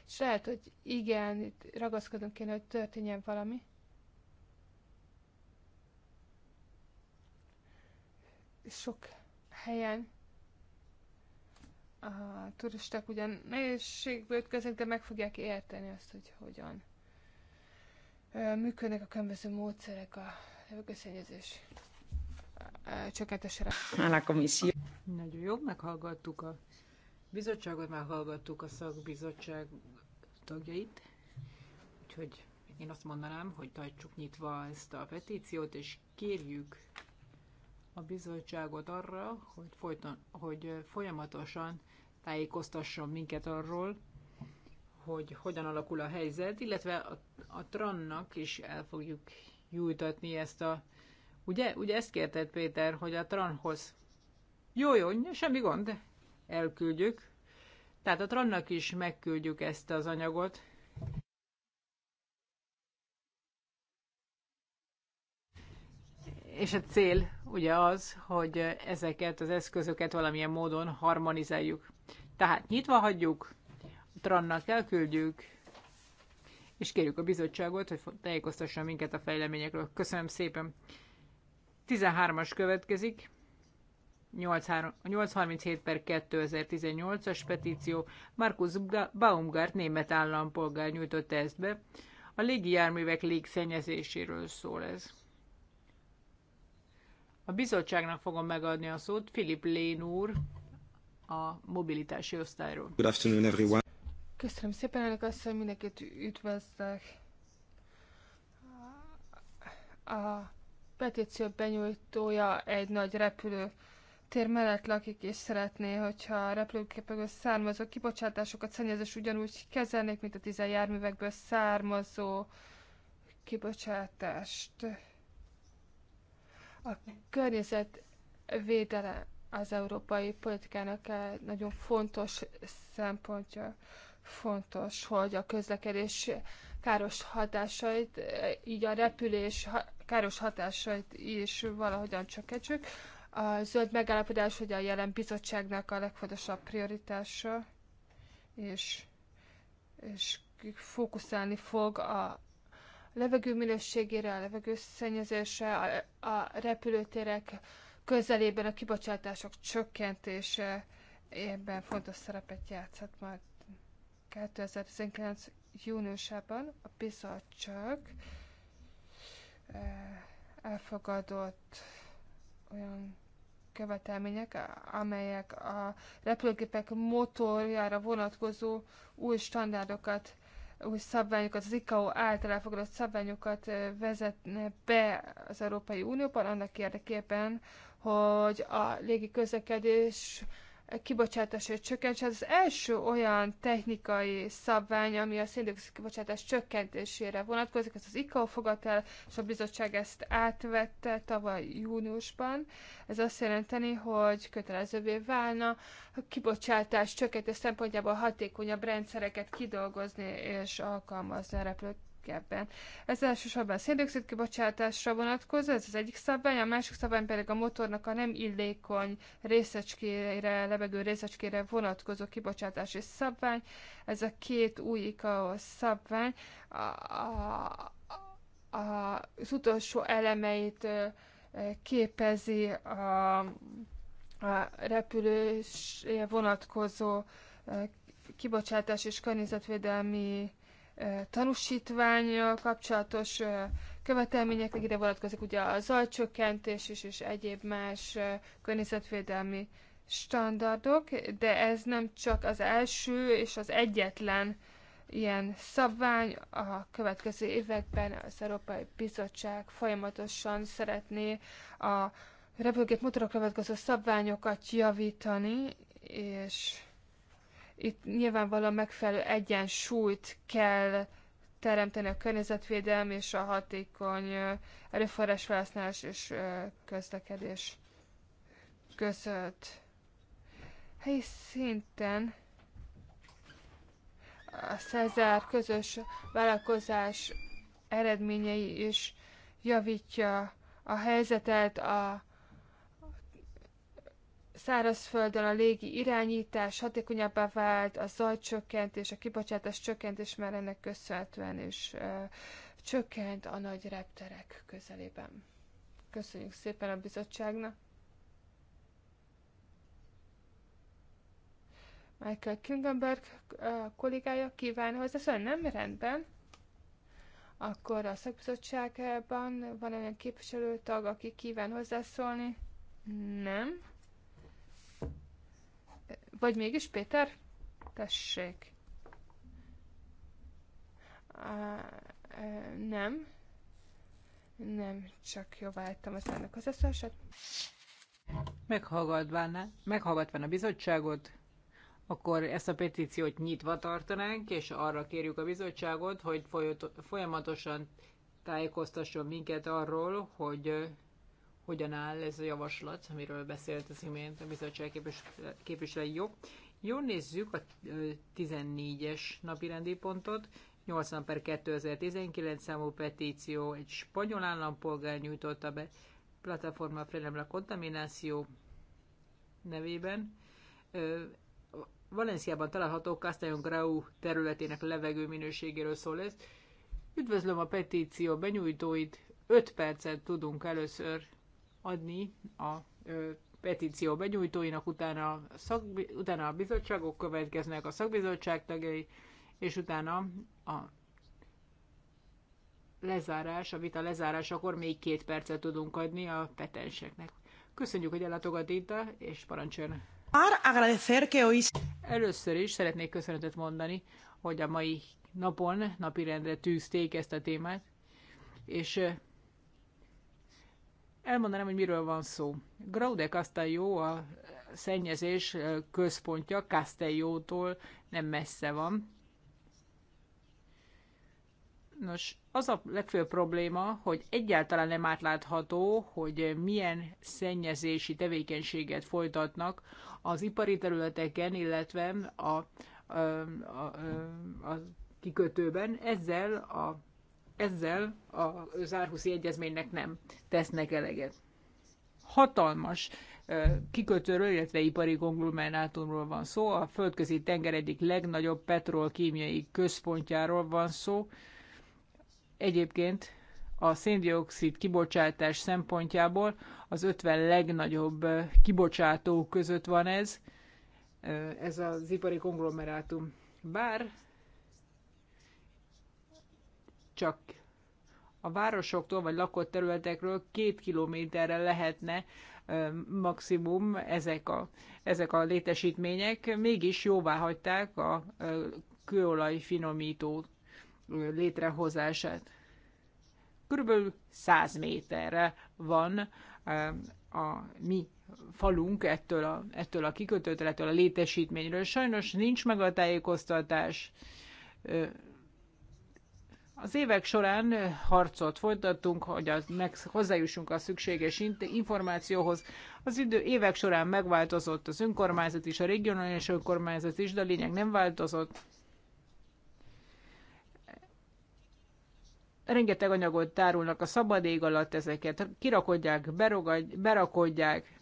És lehet, hogy igen, itt ragaszkodunk kéne, hogy történjen valami. Sok helyen a turisták ugyan nehézségből ütközik, de meg fogják érteni azt, hogy hogyan működnek a különböző módszerek a levegőszennyezés csökkentésére. Nagyon jó, meghallgattuk a bizottságot, már hallgattuk a szakbizottság tagjait, úgyhogy én azt mondanám, hogy tartsuk nyitva ezt a petíciót, és kérjük a bizottságot arra, hogy, folyton, hogy folyamatosan tájékoztasson minket arról, hogy hogyan alakul a helyzet, illetve a, a Trannak is el fogjuk nyújtatni ezt a... Ugye, ugye ezt kérted, Péter, hogy a Tranhoz... Jó, jó, semmi gond, elküldjük. Tehát a Trannak is megküldjük ezt az anyagot. És a cél ugye az, hogy ezeket az eszközöket valamilyen módon harmonizáljuk. Tehát nyitva hagyjuk, Trannak elküldjük, és kérjük a bizottságot, hogy tájékoztasson minket a fejleményekről. Köszönöm szépen. 13-as következik. 837 per 2018-as petíció Markus Baumgart német állampolgár nyújtott ezt be. A járművek légszennyezéséről szól ez. A bizottságnak fogom megadni a szót Filip Lén úr a mobilitási osztályról. Good afternoon everyone. Köszönöm szépen, elnök asszony, mindenkit üdvözlök. A petíció benyújtója egy nagy repülő tér mellett lakik, és szeretné, hogyha a repülőképekből származó kibocsátásokat szennyezés ugyanúgy kezelnék, mint a tizen járművekből származó kibocsátást. A környezetvédelem az európai politikának egy nagyon fontos szempontja. Fontos, hogy a közlekedés káros hatásait, így a repülés káros hatásait is valahogyan csökkentsük. A zöld megállapodás hogy a jelen bizottságnak a legfontosabb prioritása, és, és fókuszálni fog a levegő minőségére, a levegő szennyezésre, a, a repülőtérek közelében a kibocsátások csökkentése ebben fontos szerepet játszhat majd. 2019. júniusában a bizottság eh, elfogadott olyan követelmények, amelyek a repülőgépek motorjára vonatkozó új standardokat, új szabványokat, az ICAO által elfogadott szabványokat eh, vezetne be az Európai Unióban annak érdekében, hogy a légi közlekedés kibocsátásért csökkentse. Ez az első olyan technikai szabvány, ami a széndiokszid kibocsátás csökkentésére vonatkozik, ez az ICAO fogadta el, és a bizottság ezt átvette tavaly júniusban. Ez azt jelenteni, hogy kötelezővé válna a kibocsátás csökkentés szempontjából hatékonyabb rendszereket kidolgozni és alkalmazni a repülőt ebben. Ez elsősorban a széndiokszid kibocsátásra vonatkozó, ez az egyik szabvány, a másik szabvány pedig a motornak a nem illékony részecskére, levegő részecskére vonatkozó kibocsátási szabvány. Ez a két új ICAO szabvány. A, a, a, az utolsó elemeit képezi a, a repülés vonatkozó kibocsátás és környezetvédelmi tanúsítvány kapcsolatos követelményeknek ide vonatkozik ugye a zajcsökkentés is, és egyéb más környezetvédelmi standardok, de ez nem csak az első és az egyetlen ilyen szabvány. A következő években az Európai Bizottság folyamatosan szeretné a repülőgép motorokra vonatkozó szabványokat javítani, és itt nyilvánvalóan megfelelő egyensúlyt kell teremteni a környezetvédelem és a hatékony felhasználás és közlekedés között. Helyi szinten a Szezár közös vállalkozás eredményei is javítja a helyzetet, a szárazföldön a légi irányítás hatékonyabbá vált, a zajcsökkentés, a kibocsátás csökkentés már ennek köszönhetően is csökkent a nagy repterek közelében. Köszönjük szépen a bizottságnak! Michael Kingenberg kollégája kíván szóval nem rendben, akkor a szakbizottságban van olyan képviselőtag, aki kíván hozzászólni? Nem. Vagy mégis, Péter? Tessék. Uh, uh, nem. Nem, csak jobbáltam az ennek az eszását. Meghallgatván, meghallgatván a bizottságot, akkor ezt a petíciót nyitva tartanánk, és arra kérjük a bizottságot, hogy folyamatosan tájékoztasson minket arról, hogy hogyan áll ez a javaslat, amiről beszélt az imént a bizottság képviselői jog. Jó, nézzük a 14-es napi rendi pontot, 80 per 2019 számú petíció, egy spanyol állampolgár nyújtotta be Plataforma Frenemla Contamináció nevében. Valenciában található Castellón Grau területének levegő minőségéről szól ez. Üdvözlöm a petíció benyújtóit, 5 percet tudunk először adni a petíció begyújtóinak, utána a, szak, utána a bizottságok következnek, a szakbizottság tagjai, és utána a lezárás, a vita lezárásakor még két percet tudunk adni a petenseknek. Köszönjük, hogy ellátogat itt, és parancsoljon! Először is szeretnék köszönetet mondani, hogy a mai napon napirendre tűzték ezt a témát, és Elmondanám, hogy miről van szó. Graude Castelló a szennyezés központja Castellótól nem messze van. Nos, az a legfőbb probléma, hogy egyáltalán nem átlátható, hogy milyen szennyezési tevékenységet folytatnak az ipari területeken, illetve a, a, a, a kikötőben. Ezzel a ezzel az Árhuszi Egyezménynek nem tesznek eleget. Hatalmas kikötőről, illetve ipari konglomerátumról van szó, a földközi tenger egyik legnagyobb petrolkímiai központjáról van szó. Egyébként a széndiokszid kibocsátás szempontjából az 50 legnagyobb kibocsátó között van ez, ez az ipari konglomerátum. Bár csak a városoktól vagy lakott területekről két kilométerre lehetne maximum ezek a, ezek a létesítmények, mégis jóvá hagyták a kőolaj finomító létrehozását. Körülbelül 100 méterre van a mi falunk ettől a, ettől a kikötőtől, ettől a létesítményről. Sajnos nincs meg a tájékoztatás, az évek során harcot folytattunk, hogy az, meg, hozzájussunk a szükséges információhoz. Az idő évek során megváltozott az önkormányzat is, a regionális önkormányzat is, de a lényeg nem változott. Rengeteg anyagot tárulnak a szabad ég alatt, ezeket kirakodják, berogad, berakodják,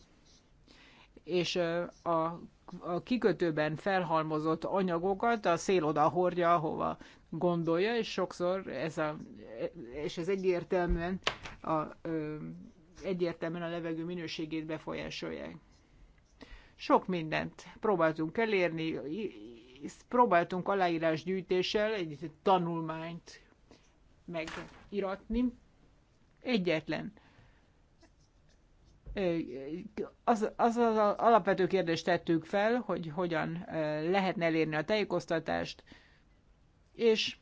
és a a kikötőben felhalmozott anyagokat a szél oda hordja, ahova gondolja, és sokszor ez a, és ez egyértelműen a, egyértelműen a levegő minőségét befolyásolják. Sok mindent próbáltunk elérni, próbáltunk gyűjtéssel egy tanulmányt megiratni. Egyetlen. Az, az, az alapvető kérdést tettük fel, hogy hogyan lehetne elérni a tájékoztatást, és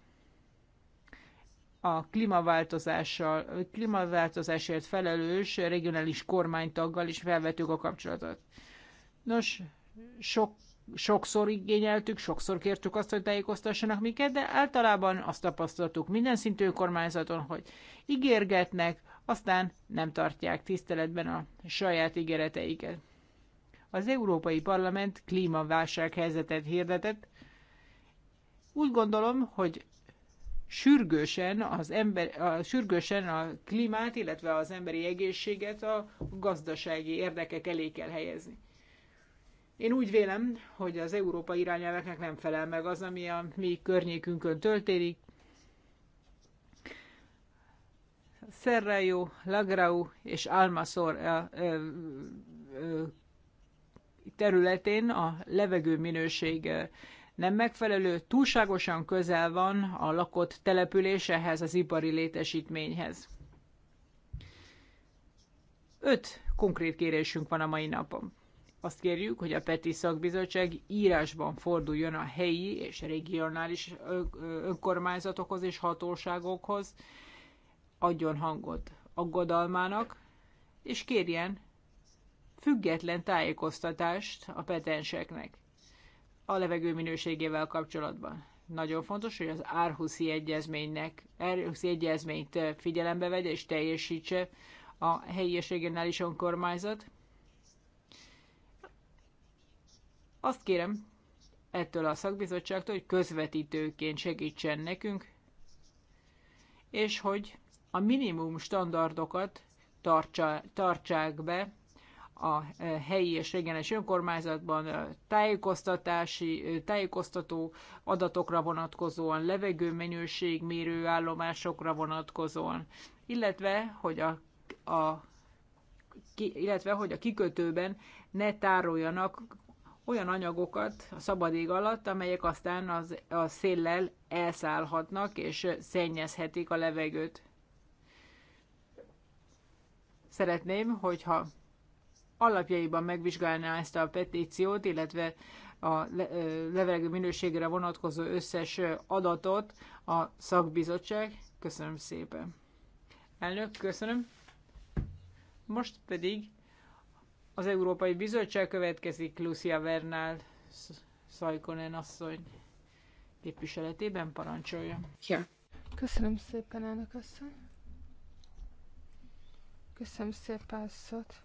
a klímaváltozással, klímaváltozásért felelős regionális kormánytaggal is felvettük a kapcsolatot. Nos, sok, sokszor igényeltük, sokszor kértük azt, hogy tájékoztassanak minket, de általában azt tapasztaltuk minden szintű kormányzaton, hogy ígérgetnek, aztán nem tartják tiszteletben a saját ígéreteiket. Az Európai Parlament klímaválság helyzetet hirdetett, úgy gondolom, hogy sürgősen, az ember, a, sürgősen a klímát, illetve az emberi egészséget a gazdasági érdekek elé kell helyezni. Én úgy vélem, hogy az Európa irányelveknek nem felel meg az, ami a mi környékünkön történik. Serrajó, Lagrau és Almaszor területén a levegő minőség nem megfelelő, túlságosan közel van a lakott településehez, az ipari létesítményhez. Öt konkrét kérésünk van a mai napon. Azt kérjük, hogy a PETI szakbizottság írásban forduljon a helyi és regionális önkormányzatokhoz és hatóságokhoz, adjon hangot aggodalmának, és kérjen független tájékoztatást a petenseknek a levegő minőségével kapcsolatban. Nagyon fontos, hogy az Árhuszi Egyezménynek, Árhuszi Egyezményt figyelembe vegye és teljesítse a helyi és regionális önkormányzat. Azt kérem ettől a szakbizottságtól, hogy közvetítőként segítsen nekünk, és hogy a minimum standardokat tartsa, tartsák be a helyi és regionális önkormányzatban tájékoztatási, tájékoztató adatokra vonatkozóan, levegő mérő állomásokra vonatkozóan, illetve hogy a, a ki, illetve hogy a kikötőben ne tároljanak olyan anyagokat a szabad ég alatt, amelyek aztán az, a széllel elszállhatnak és szennyezhetik a levegőt. Szeretném, hogyha alapjaiban megvizsgálná ezt a petíciót, illetve a levegő minőségére vonatkozó összes adatot a szakbizottság. Köszönöm szépen. Elnök, köszönöm. Most pedig az Európai Bizottság következik Lucia Vernál Szajkonen asszony képviseletében parancsolja. Ja. Köszönöm szépen, elnök asszony. Köszönöm szépen a szót.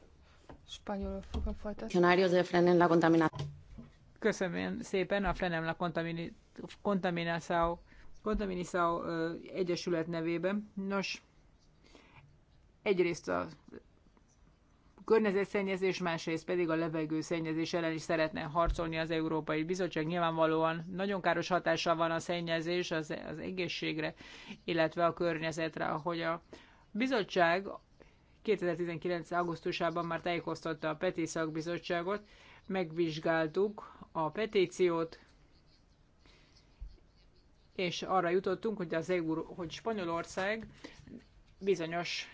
Spanyolul fogom folytatni. Köszönöm szépen a Frenem la Contaminação Contaminasao Egyesület nevében. Nos, egyrészt a környezetszennyezés, másrészt pedig a levegőszennyezés ellen is szeretne harcolni az Európai Bizottság. Nyilvánvalóan nagyon káros hatással van a szennyezés az, az egészségre, illetve a környezetre, ahogy a bizottság 2019. augusztusában már tájékoztatta a Peti Szakbizottságot, megvizsgáltuk a petíciót, és arra jutottunk, hogy, az EU, hogy Spanyolország bizonyos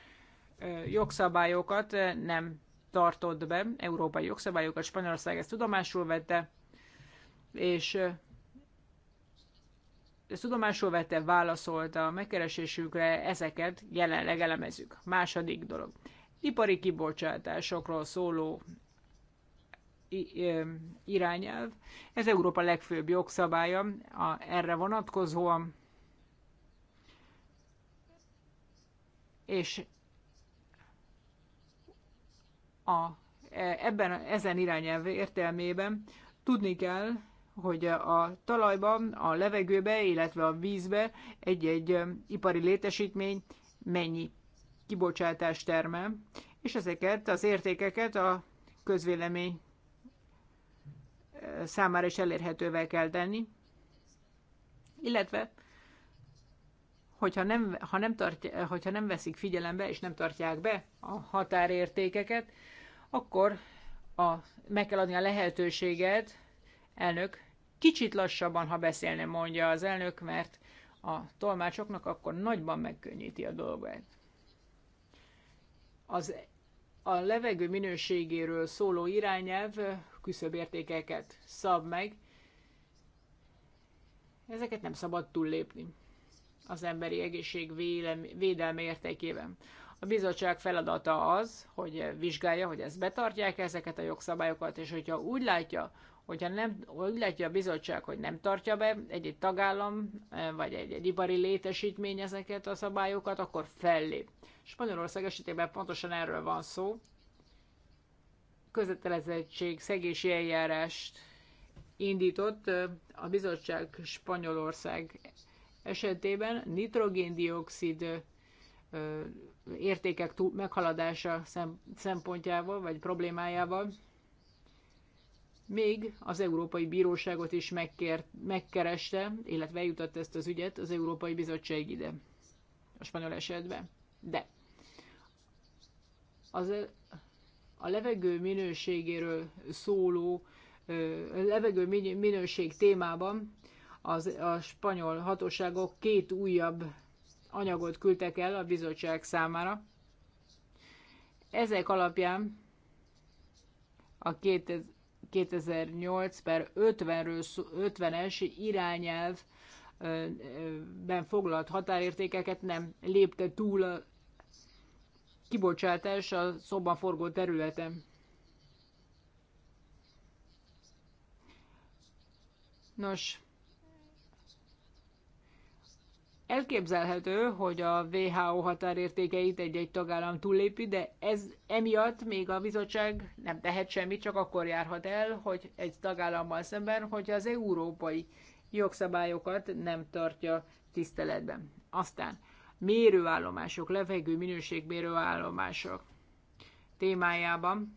jogszabályokat nem tartott be, európai jogszabályokat Spanyolország ezt tudomásul vette, és tudomásul vette, válaszolta a megkeresésükre, ezeket jelenleg elemezzük. Második dolog. Ipari kibocsátásokról szóló irányelv. Ez Európa legfőbb jogszabálya a, erre vonatkozóan, és a, e, ebben, ezen irányelv értelmében tudni kell, hogy a talajban, a levegőbe, illetve a vízbe egy-egy ipari létesítmény mennyi kibocsátást termel, és ezeket az értékeket a közvélemény számára is elérhetővé kell tenni, illetve hogyha nem, ha nem tartja, hogyha nem veszik figyelembe és nem tartják be a határértékeket, akkor a, meg kell adni a lehetőséget, elnök, Kicsit lassabban, ha beszélne, mondja az elnök, mert a tolmácsoknak akkor nagyban megkönnyíti a dolgát. Az a levegő minőségéről szóló irányelv küszöbértékeket szab meg, ezeket nem szabad túllépni az emberi egészség védelme értékében. A bizottság feladata az, hogy vizsgálja, hogy ezt betartják ezeket a jogszabályokat, és hogyha úgy látja, hogyha nem, úgy látja a bizottság, hogy nem tartja be egy-egy tagállam, e, vagy egy, egy ipari létesítmény ezeket a szabályokat, akkor fellép. Spanyolország esetében pontosan erről van szó. Közetelezettség szegési eljárást indított e, a bizottság Spanyolország esetében nitrogéndiokszid e, értékek meghaladása szempontjával, vagy problémájával még az Európai Bíróságot is megkért, megkereste, illetve eljutott ezt az ügyet az Európai Bizottság ide, a spanyol esetben. De az, e- a levegő minőségéről szóló levegő minőség témában az, a spanyol hatóságok két újabb anyagot küldtek el a bizottság számára. Ezek alapján a két 2008 per 50-ről, 50-es irányelv ben foglalt határértékeket nem lépte túl a kibocsátás a szobban forgó területen. Nos, Elképzelhető, hogy a WHO határértékeit egy-egy tagállam túllépi, de ez emiatt még a bizottság nem tehet semmit, csak akkor járhat el, hogy egy tagállammal szemben, hogy az európai jogszabályokat nem tartja tiszteletben. Aztán mérőállomások, levegő minőségmérőállomások témájában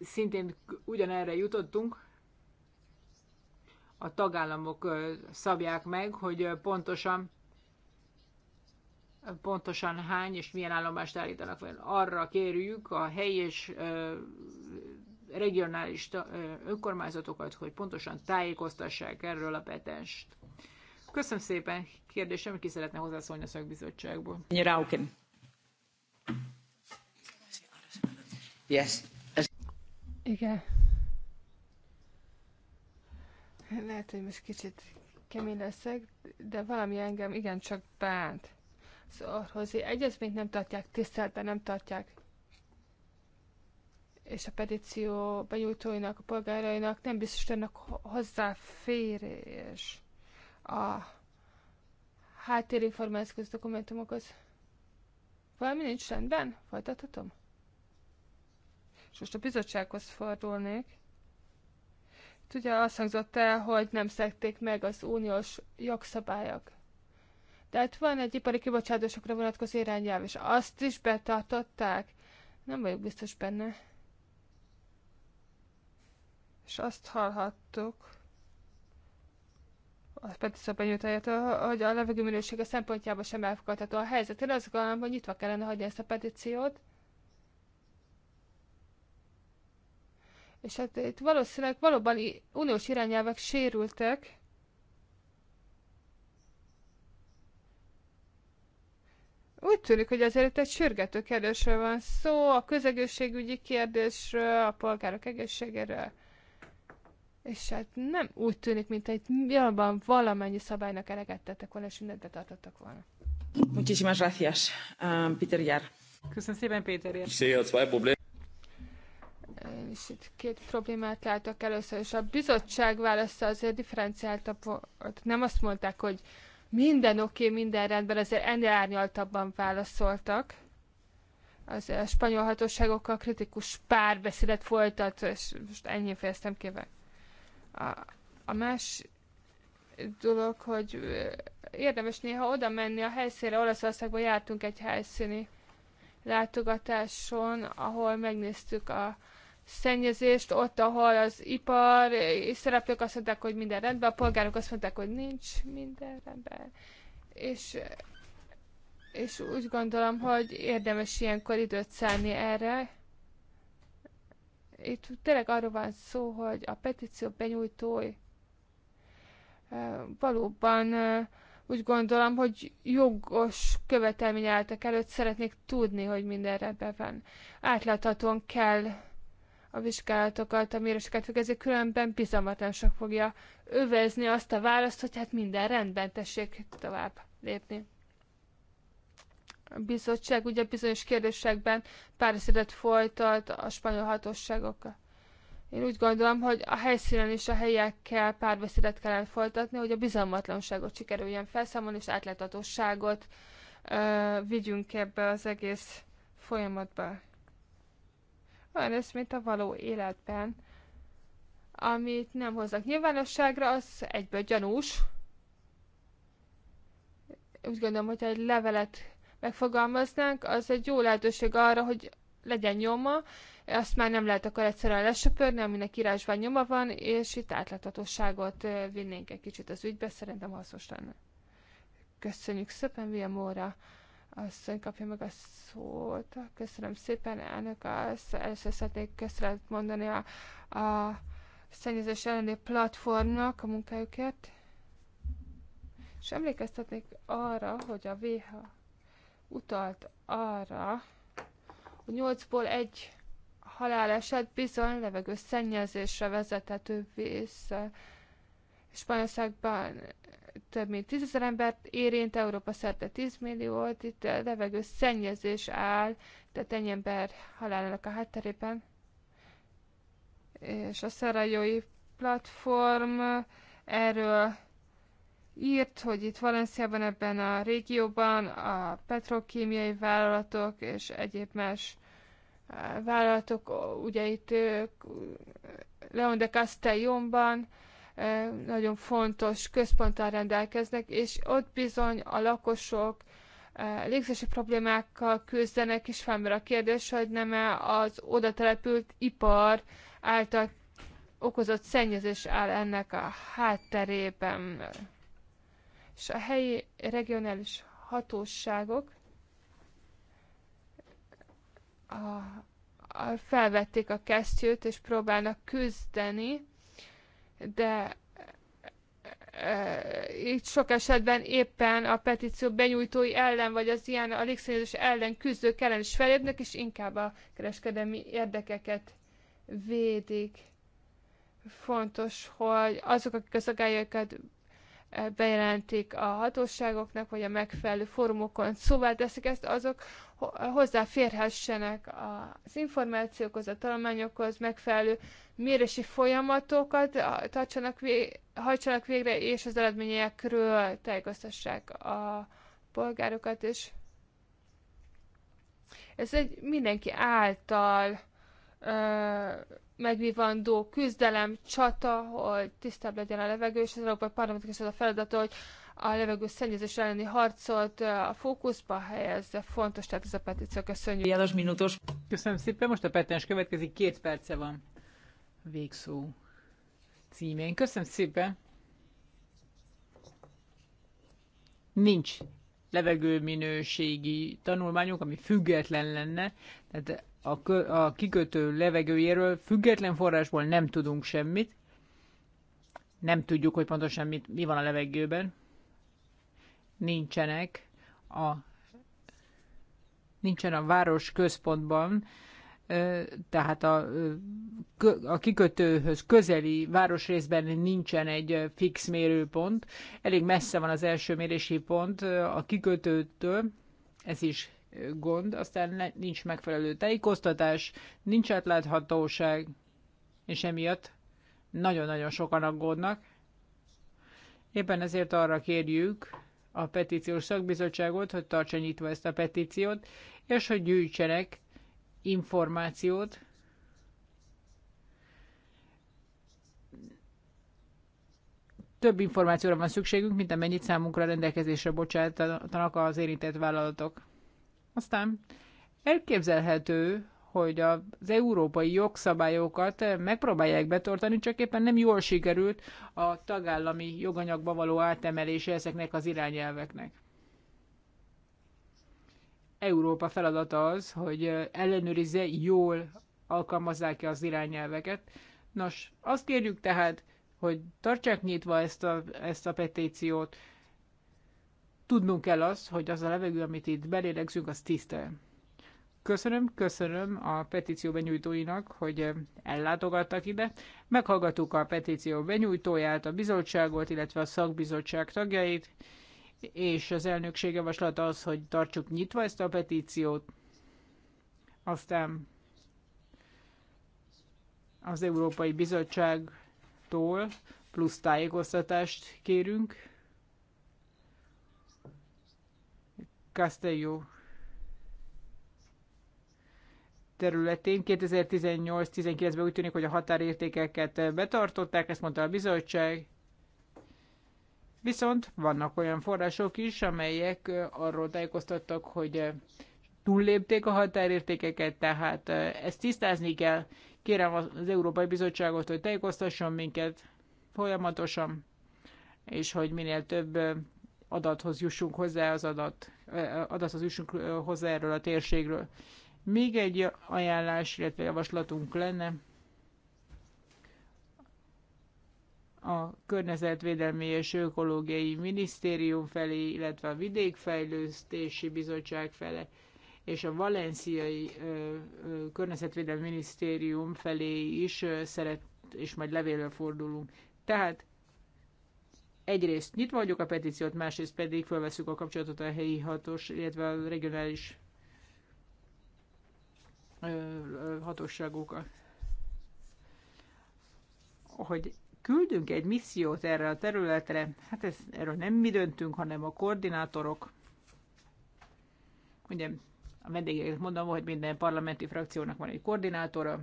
szintén ugyanerre jutottunk, a tagállamok szabják meg, hogy pontosan pontosan hány és milyen állomást állítanak fel. Arra kérjük a helyi és regionális önkormányzatokat, hogy pontosan tájékoztassák erről a petest. Köszönöm szépen. Kérdésem, ki szeretne hozzászólni a szakbizottságból? Yes. Igen. Lehet, hogy most kicsit kemény leszek, de valami engem igencsak bánt. Szóval, az orhozi egyezményt nem tartják tiszteletben, nem tartják és a petíció benyújtóinak, a polgárainak nem biztos, biztosítanak hozzáférés a háttérinformációs dokumentumokhoz. Valami nincs rendben? Folytathatom? És most a bizottsághoz fordulnék ugye azt hangzott el, hogy nem szekték meg az uniós jogszabályok. De hát van egy ipari kibocsátásokra vonatkozó irányelv, és azt is betartották. Nem vagyok biztos benne. És azt hallhattuk, a Petisza benyújtájától, hogy a a szempontjából sem elfogadható a helyzet. Én azt gondolom, hogy nyitva kellene hagyni ezt a petíciót, És hát itt valószínűleg valóban uniós irányelvek sérültek, Úgy tűnik, hogy azért egy sürgető kérdésről van szó, a közegészségügyi kérdésről, a polgárok egészségéről. És hát nem úgy tűnik, mint egy valóban valamennyi szabálynak eleget tettek volna, és mindent betartottak volna. Muchísimas gracias, um, Peter Jár. Köszönöm szépen, Péter Jár. Én is itt két problémát látok először, és a bizottság válasza azért differenciáltabb volt. Nem azt mondták, hogy minden oké, okay, minden rendben, azért ennél árnyaltabban válaszoltak. Az a spanyol hatóságokkal kritikus párbeszédet folytat, és most ennyi fejeztem ki A, a más dolog, hogy érdemes néha oda menni a helyszínre. Olaszországban jártunk egy helyszíni látogatáson, ahol megnéztük a, szennyezést, ott, ahol az ipar és szereplők azt mondták, hogy minden rendben, a polgárok azt mondták, hogy nincs minden rendben. És, és úgy gondolom, hogy érdemes ilyenkor időt szállni erre. Itt tényleg arról van szó, hogy a petíció benyújtói valóban úgy gondolom, hogy jogos követelmény álltak előtt, szeretnék tudni, hogy minden rendben van. Átláthatóan kell a vizsgálatokat, a méréseket végezik, különben bizalmatlanság fogja övezni azt a választ, hogy hát minden rendben, tessék tovább lépni. A bizottság ugye bizonyos kérdésekben párbeszédet folytat a spanyol hatóságokkal. Én úgy gondolom, hogy a helyszínen és a helyekkel párbeszédet kellene folytatni, hogy a bizalmatlanságot sikerüljen felszámolni, és átláthatóságot ö, vigyünk ebbe az egész folyamatba olyan lesz, mint a való életben. Amit nem hoznak nyilvánosságra, az egyből gyanús. Úgy gondolom, hogy egy levelet megfogalmaznánk, az egy jó lehetőség arra, hogy legyen nyoma, azt már nem lehet akkor egyszerűen lesöpörni, aminek írásban nyoma van, és itt átláthatóságot vinnénk egy kicsit az ügybe, szerintem hasznos lenne. Köszönjük szépen, Vilmóra! asszony kapja meg a szót. Köszönöm szépen, elnök. Az először szeretnék köszönet mondani a, a szennyezés elleni platformnak a munkájukért. És emlékeztetnék arra, hogy a VH utalt arra, hogy 8-ból egy haláleset bizony szennyezésre vezethető vissza. Spanyolországban több mint tízezer embert érint, Európa szerte 10 volt, itt a levegő szennyezés áll, tehát ennyi ember halálának a hátterében. És a Szarajói platform eh, erről írt, hogy itt Valenciában ebben a régióban a petrokémiai vállalatok és egyéb más eh, vállalatok, ugye itt eh, Leon de Castellonban nagyon fontos központtal rendelkeznek, és ott bizony a lakosok légzési problémákkal küzdenek, és felmerül a kérdés, hogy nem -e az oda települt ipar által okozott szennyezés áll ennek a hátterében. És a helyi regionális hatóságok a, a felvették a kesztyűt, és próbálnak küzdeni de e, e, itt sok esetben éppen a petíció benyújtói ellen, vagy az ilyen a légszennyezés ellen küzdők ellen is felépnek, és inkább a kereskedelmi érdekeket védik. Fontos, hogy azok, akik az agályokat e, bejelentik a hatóságoknak, vagy a megfelelő fórumokon szóvá teszik ezt, azok hozzáférhessenek az információkhoz, a tanulmányokhoz megfelelő mérési folyamatokat tartsanak vég, hajtsanak végre, és az eredményekről tájékoztassák a polgárokat, is. ez egy mindenki által ö, megvivandó küzdelem, csata, hogy tisztább legyen a levegő, és az Európai Parlamentnek is az a feladata, hogy a levegő szennyezés elleni harcot a fókuszba helyezze. Fontos, tehát ez a petíció. Köszönjük. János minutos. Köszönöm szépen. Most a petens következik. Két perce van. Végszó címén. Köszönöm szépen. Nincs levegőminőségi tanulmányunk, ami független lenne, tehát a, kö, a kikötő levegőjéről független forrásból nem tudunk semmit, nem tudjuk, hogy pontosan mit, mi van a levegőben nincsenek a nincsen a város központban, tehát a, a kikötőhöz közeli városrészben nincsen egy fix mérőpont. Elég messze van az első mérési pont a kikötőtől, ez is gond, aztán nincs megfelelő tájékoztatás, nincs átláthatóság, és emiatt nagyon-nagyon sokan aggódnak. Éppen ezért arra kérjük a petíciós szakbizottságot, hogy tartsa nyitva ezt a petíciót, és hogy gyűjtsenek információt több információra van szükségünk, mint amennyit számunkra rendelkezésre bocsátanak az érintett vállalatok. Aztán elképzelhető, hogy az európai jogszabályokat megpróbálják betartani, csak éppen nem jól sikerült a tagállami joganyagba való átemelése ezeknek az irányelveknek. Európa feladata az, hogy ellenőrizze, jól alkalmazzák-e az irányelveket. Nos, azt kérjük tehát, hogy tartsák nyitva ezt a, ezt a petíciót. Tudnunk kell azt, hogy az a levegő, amit itt belélegzünk, az tisztel. Köszönöm, köszönöm a petíció benyújtóinak, hogy ellátogattak ide. Meghallgattuk a petíció benyújtóját, a bizottságot, illetve a szakbizottság tagjait, és az elnökség javaslata az, hogy tartsuk nyitva ezt a petíciót. Aztán az Európai Bizottságtól plusz tájékoztatást kérünk. Castelló területén. 2018-19-ben úgy tűnik, hogy a határértékeket betartották, ezt mondta a bizottság. Viszont vannak olyan források is, amelyek arról tájékoztattak, hogy túllépték a határértékeket, tehát ezt tisztázni kell. Kérem az Európai Bizottságot, hogy tájékoztasson minket folyamatosan, és hogy minél több adathoz jussunk hozzá az adat, adathoz jussunk hozzá erről a térségről. Még egy ajánlás, illetve javaslatunk lenne a Környezetvédelmi és Ökológiai Minisztérium felé, illetve a Vidékfejlesztési Bizottság felé és a Valenciai Környezetvédelmi Minisztérium felé is szeret, és majd levélre fordulunk. Tehát egyrészt nyitva vagyok a petíciót, másrészt pedig felveszünk a kapcsolatot a helyi hatós, illetve a regionális hatóságok, hogy küldünk egy missziót erre a területre, hát ez, erről nem mi döntünk, hanem a koordinátorok. Ugye a vendégeket mondom, hogy minden parlamenti frakciónak van egy koordinátora,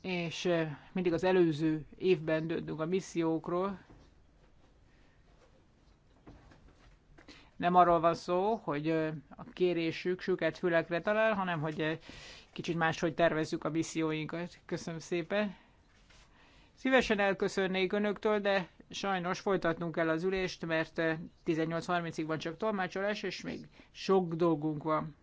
és mindig az előző évben döntünk a missziókról, Nem arról van szó, hogy a kérésük süket fülekre talál, hanem hogy kicsit máshogy tervezzük a misszióinkat. Köszönöm szépen. Szívesen elköszönnék önöktől, de sajnos folytatnunk kell az ülést, mert 18.30-ig van csak tolmácsolás, és még sok dolgunk van.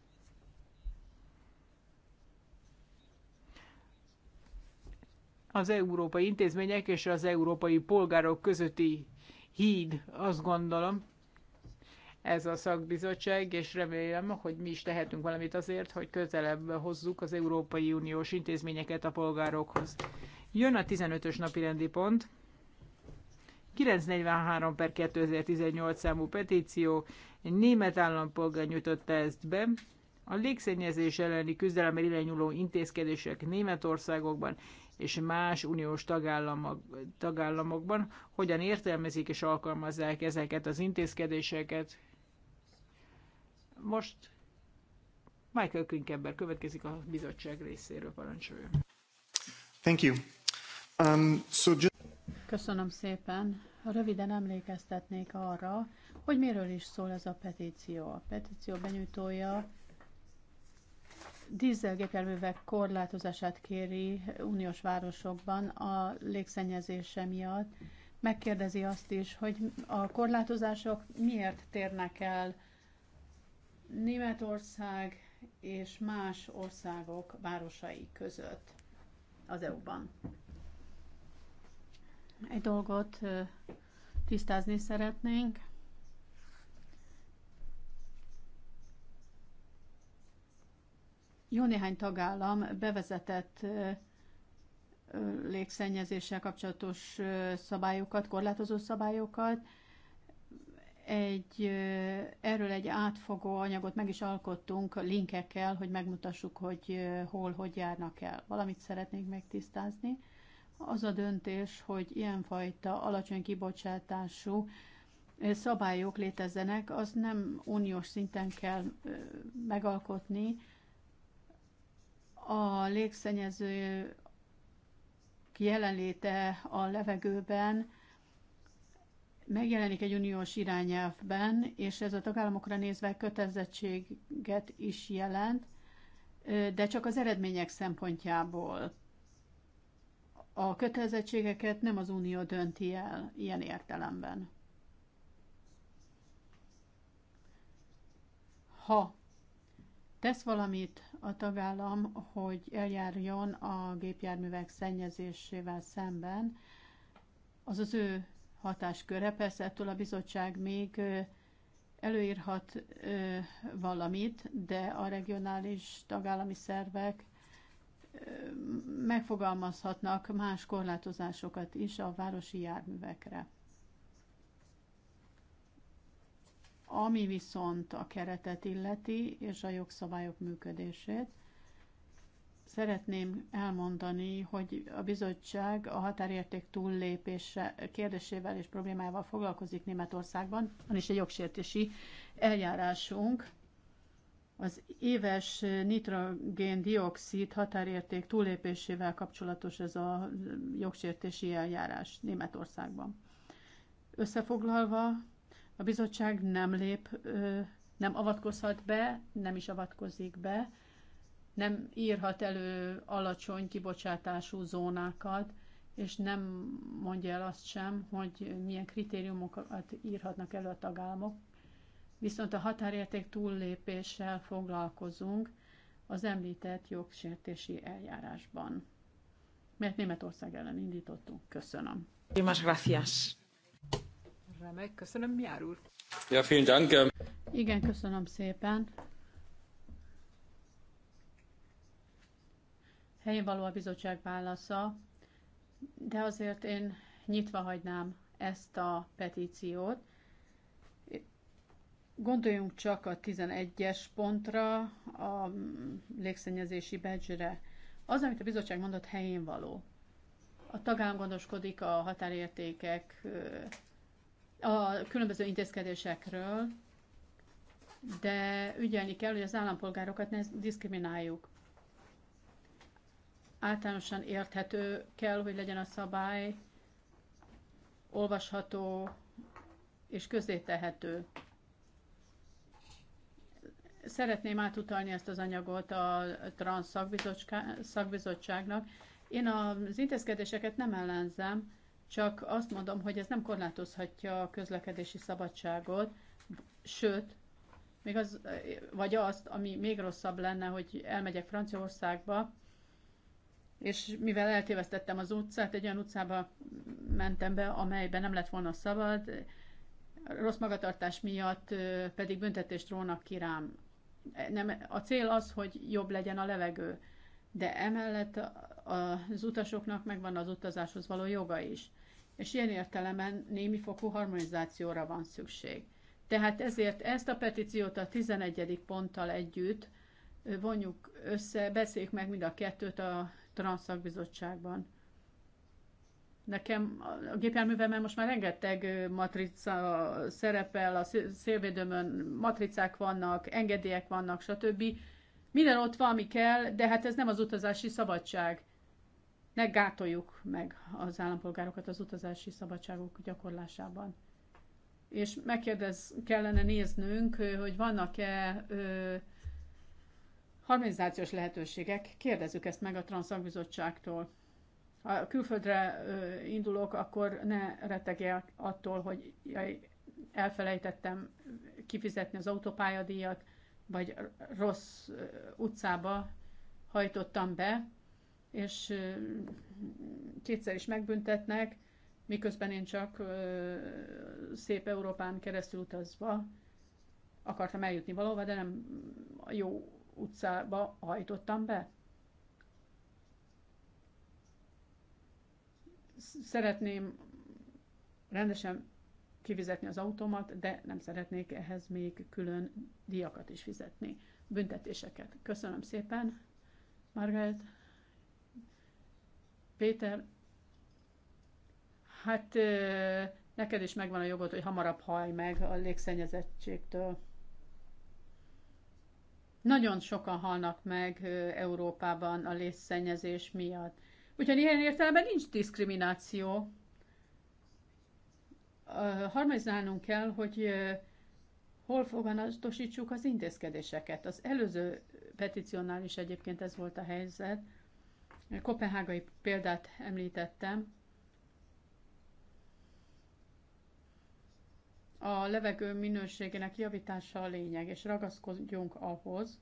az európai intézmények és az európai polgárok közötti híd, azt gondolom ez a szakbizottság, és remélem, hogy mi is tehetünk valamit azért, hogy közelebb hozzuk az Európai Uniós intézményeket a polgárokhoz. Jön a 15-ös napi rendi pont, 943 per 2018 számú petíció, egy német állampolgár nyújtotta ezt be, a légszennyezés elleni küzdelemre irányuló intézkedések Németországokban és más uniós tagállamok, tagállamokban hogyan értelmezik és alkalmazzák ezeket az intézkedéseket. Most Michael Künkember következik a bizottság részéről, parancsoljon. Thank you. Um, so just... Köszönöm szépen. Röviden emlékeztetnék arra, hogy miről is szól ez a petíció. A petíció benyújtója dízelgépjárművek korlátozását kéri uniós városokban a légszennyezése miatt. Megkérdezi azt is, hogy a korlátozások miért térnek el Németország és más országok városai között az EU-ban. Egy dolgot tisztázni szeretnénk. Jó néhány tagállam bevezetett légszennyezéssel kapcsolatos szabályokat, korlátozó szabályokat, egy, erről egy átfogó anyagot meg is alkottunk linkekkel, hogy megmutassuk, hogy hol, hogy járnak el. Valamit szeretnénk megtisztázni. Az a döntés, hogy ilyenfajta alacsony kibocsátású szabályok létezzenek, az nem uniós szinten kell megalkotni. A légszennyező jelenléte a levegőben megjelenik egy uniós irányelvben, és ez a tagállamokra nézve kötelezettséget is jelent, de csak az eredmények szempontjából. A kötelezettségeket nem az unió dönti el ilyen értelemben. Ha tesz valamit a tagállam, hogy eljárjon a gépjárművek szennyezésével szemben, az az ő hatásköre. Persze ettől a bizottság még előírhat valamit, de a regionális tagállami szervek megfogalmazhatnak más korlátozásokat is a városi járművekre. Ami viszont a keretet illeti és a jogszabályok működését, Szeretném elmondani, hogy a bizottság a határérték túllépése kérdésével és problémával foglalkozik Németországban. Van is egy jogsértési eljárásunk. Az éves nitrogén-dioxid határérték túllépésével kapcsolatos ez a jogsértési eljárás Németországban. Összefoglalva, a bizottság nem lép, nem avatkozhat be, nem is avatkozik be, nem írhat elő alacsony kibocsátású zónákat, és nem mondja el azt sem, hogy milyen kritériumokat írhatnak elő a tagállamok. Viszont a határérték túllépéssel foglalkozunk az említett jogsértési eljárásban, mert Németország ellen indítottunk. Köszönöm. Más gracias. Remek, köszönöm, Jár úr. Ja, vielen Dank. Ähm. Igen, köszönöm szépen. Helyén való a bizottság válasza, de azért én nyitva hagynám ezt a petíciót. Gondoljunk csak a 11-es pontra, a légszennyezési badge Az, amit a bizottság mondott, helyén való. A tagállam gondoskodik a határértékek, a különböző intézkedésekről, de ügyelni kell, hogy az állampolgárokat ne diszkrimináljuk általánosan érthető kell, hogy legyen a szabály, olvasható és közétehető. Szeretném átutalni ezt az anyagot a Trans szakbizottságnak. Én az intézkedéseket nem ellenzem, csak azt mondom, hogy ez nem korlátozhatja a közlekedési szabadságot, sőt, még az, vagy azt, ami még rosszabb lenne, hogy elmegyek Franciaországba, és mivel eltévesztettem az utcát, egy olyan utcába mentem be, amelyben nem lett volna szabad, rossz magatartás miatt pedig büntetést rónak ki rám. Nem, a cél az, hogy jobb legyen a levegő, de emellett az utasoknak megvan az utazáshoz való joga is. És ilyen értelemen némi fokú harmonizációra van szükség. Tehát ezért ezt a petíciót a 11. ponttal együtt vonjuk össze, beszéljük meg mind a kettőt a transzakbizottságban. Nekem a gépjárművemben most már rengeteg matrica szerepel, a szélvédőmön matricák vannak, engedélyek vannak, stb. Minden ott van, ami kell, de hát ez nem az utazási szabadság. Ne gátoljuk meg az állampolgárokat az utazási szabadságok gyakorlásában. És megkérdez, kellene néznünk, hogy vannak-e harmonizációs lehetőségek, kérdezzük ezt meg a Transzakbizottságtól. Ha külföldre indulok, akkor ne retegje attól, hogy jaj, elfelejtettem kifizetni az autópályadíjat, vagy rossz utcába hajtottam be, és kétszer is megbüntetnek, miközben én csak szép Európán keresztül utazva akartam eljutni valahova, de nem jó utcába hajtottam be. Szeretném rendesen kivizetni az automat, de nem szeretnék ehhez még külön diakat is fizetni, büntetéseket. Köszönöm szépen, Margaret. Péter, hát neked is megvan a jogod, hogy hamarabb hajj meg a légszennyezettségtől. Nagyon sokan halnak meg Európában a légszennyezés miatt. Úgyhogy ilyen értelemben nincs diszkrimináció. Harmonizálnunk kell, hogy hol foganatosítsuk az intézkedéseket. Az előző petíciónál is egyébként ez volt a helyzet. Kopenhágai példát említettem. A levegő minőségének javítása a lényeg, és ragaszkodjunk ahhoz,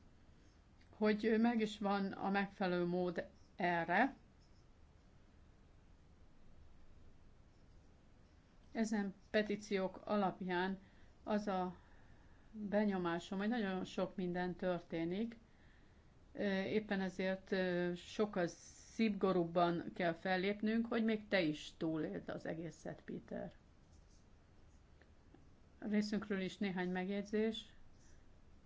hogy meg is van a megfelelő mód erre. Ezen petíciók alapján az a benyomásom, hogy nagyon sok minden történik, éppen ezért sokkal szívgorúbban kell fellépnünk, hogy még te is túléld az egészet, Péter részünkről is néhány megjegyzés.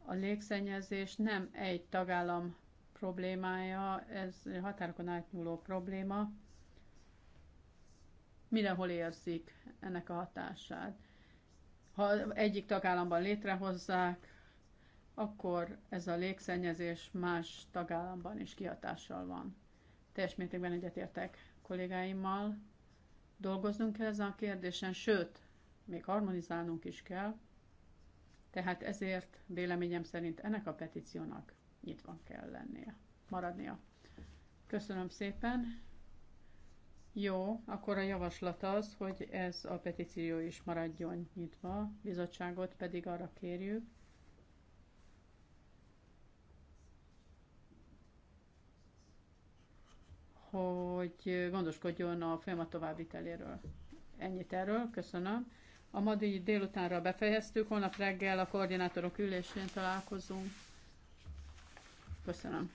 A légszennyezés nem egy tagállam problémája, ez határokon átnyúló probléma. Mindenhol érzik ennek a hatását. Ha egyik tagállamban létrehozzák, akkor ez a légszennyezés más tagállamban is kihatással van. Teljes mértékben egyetértek kollégáimmal. Dolgoznunk kell ezen a kérdésen, sőt, még harmonizálnunk is kell, tehát ezért véleményem szerint ennek a petíciónak nyitva kell lennie, maradnia. Köszönöm szépen. Jó, akkor a javaslat az, hogy ez a petíció is maradjon nyitva, bizottságot pedig arra kérjük, hogy gondoskodjon a folyamat továbbviteléről. Ennyit erről, köszönöm. A ma délutánra befejeztük, holnap reggel a koordinátorok ülésén találkozunk. Köszönöm.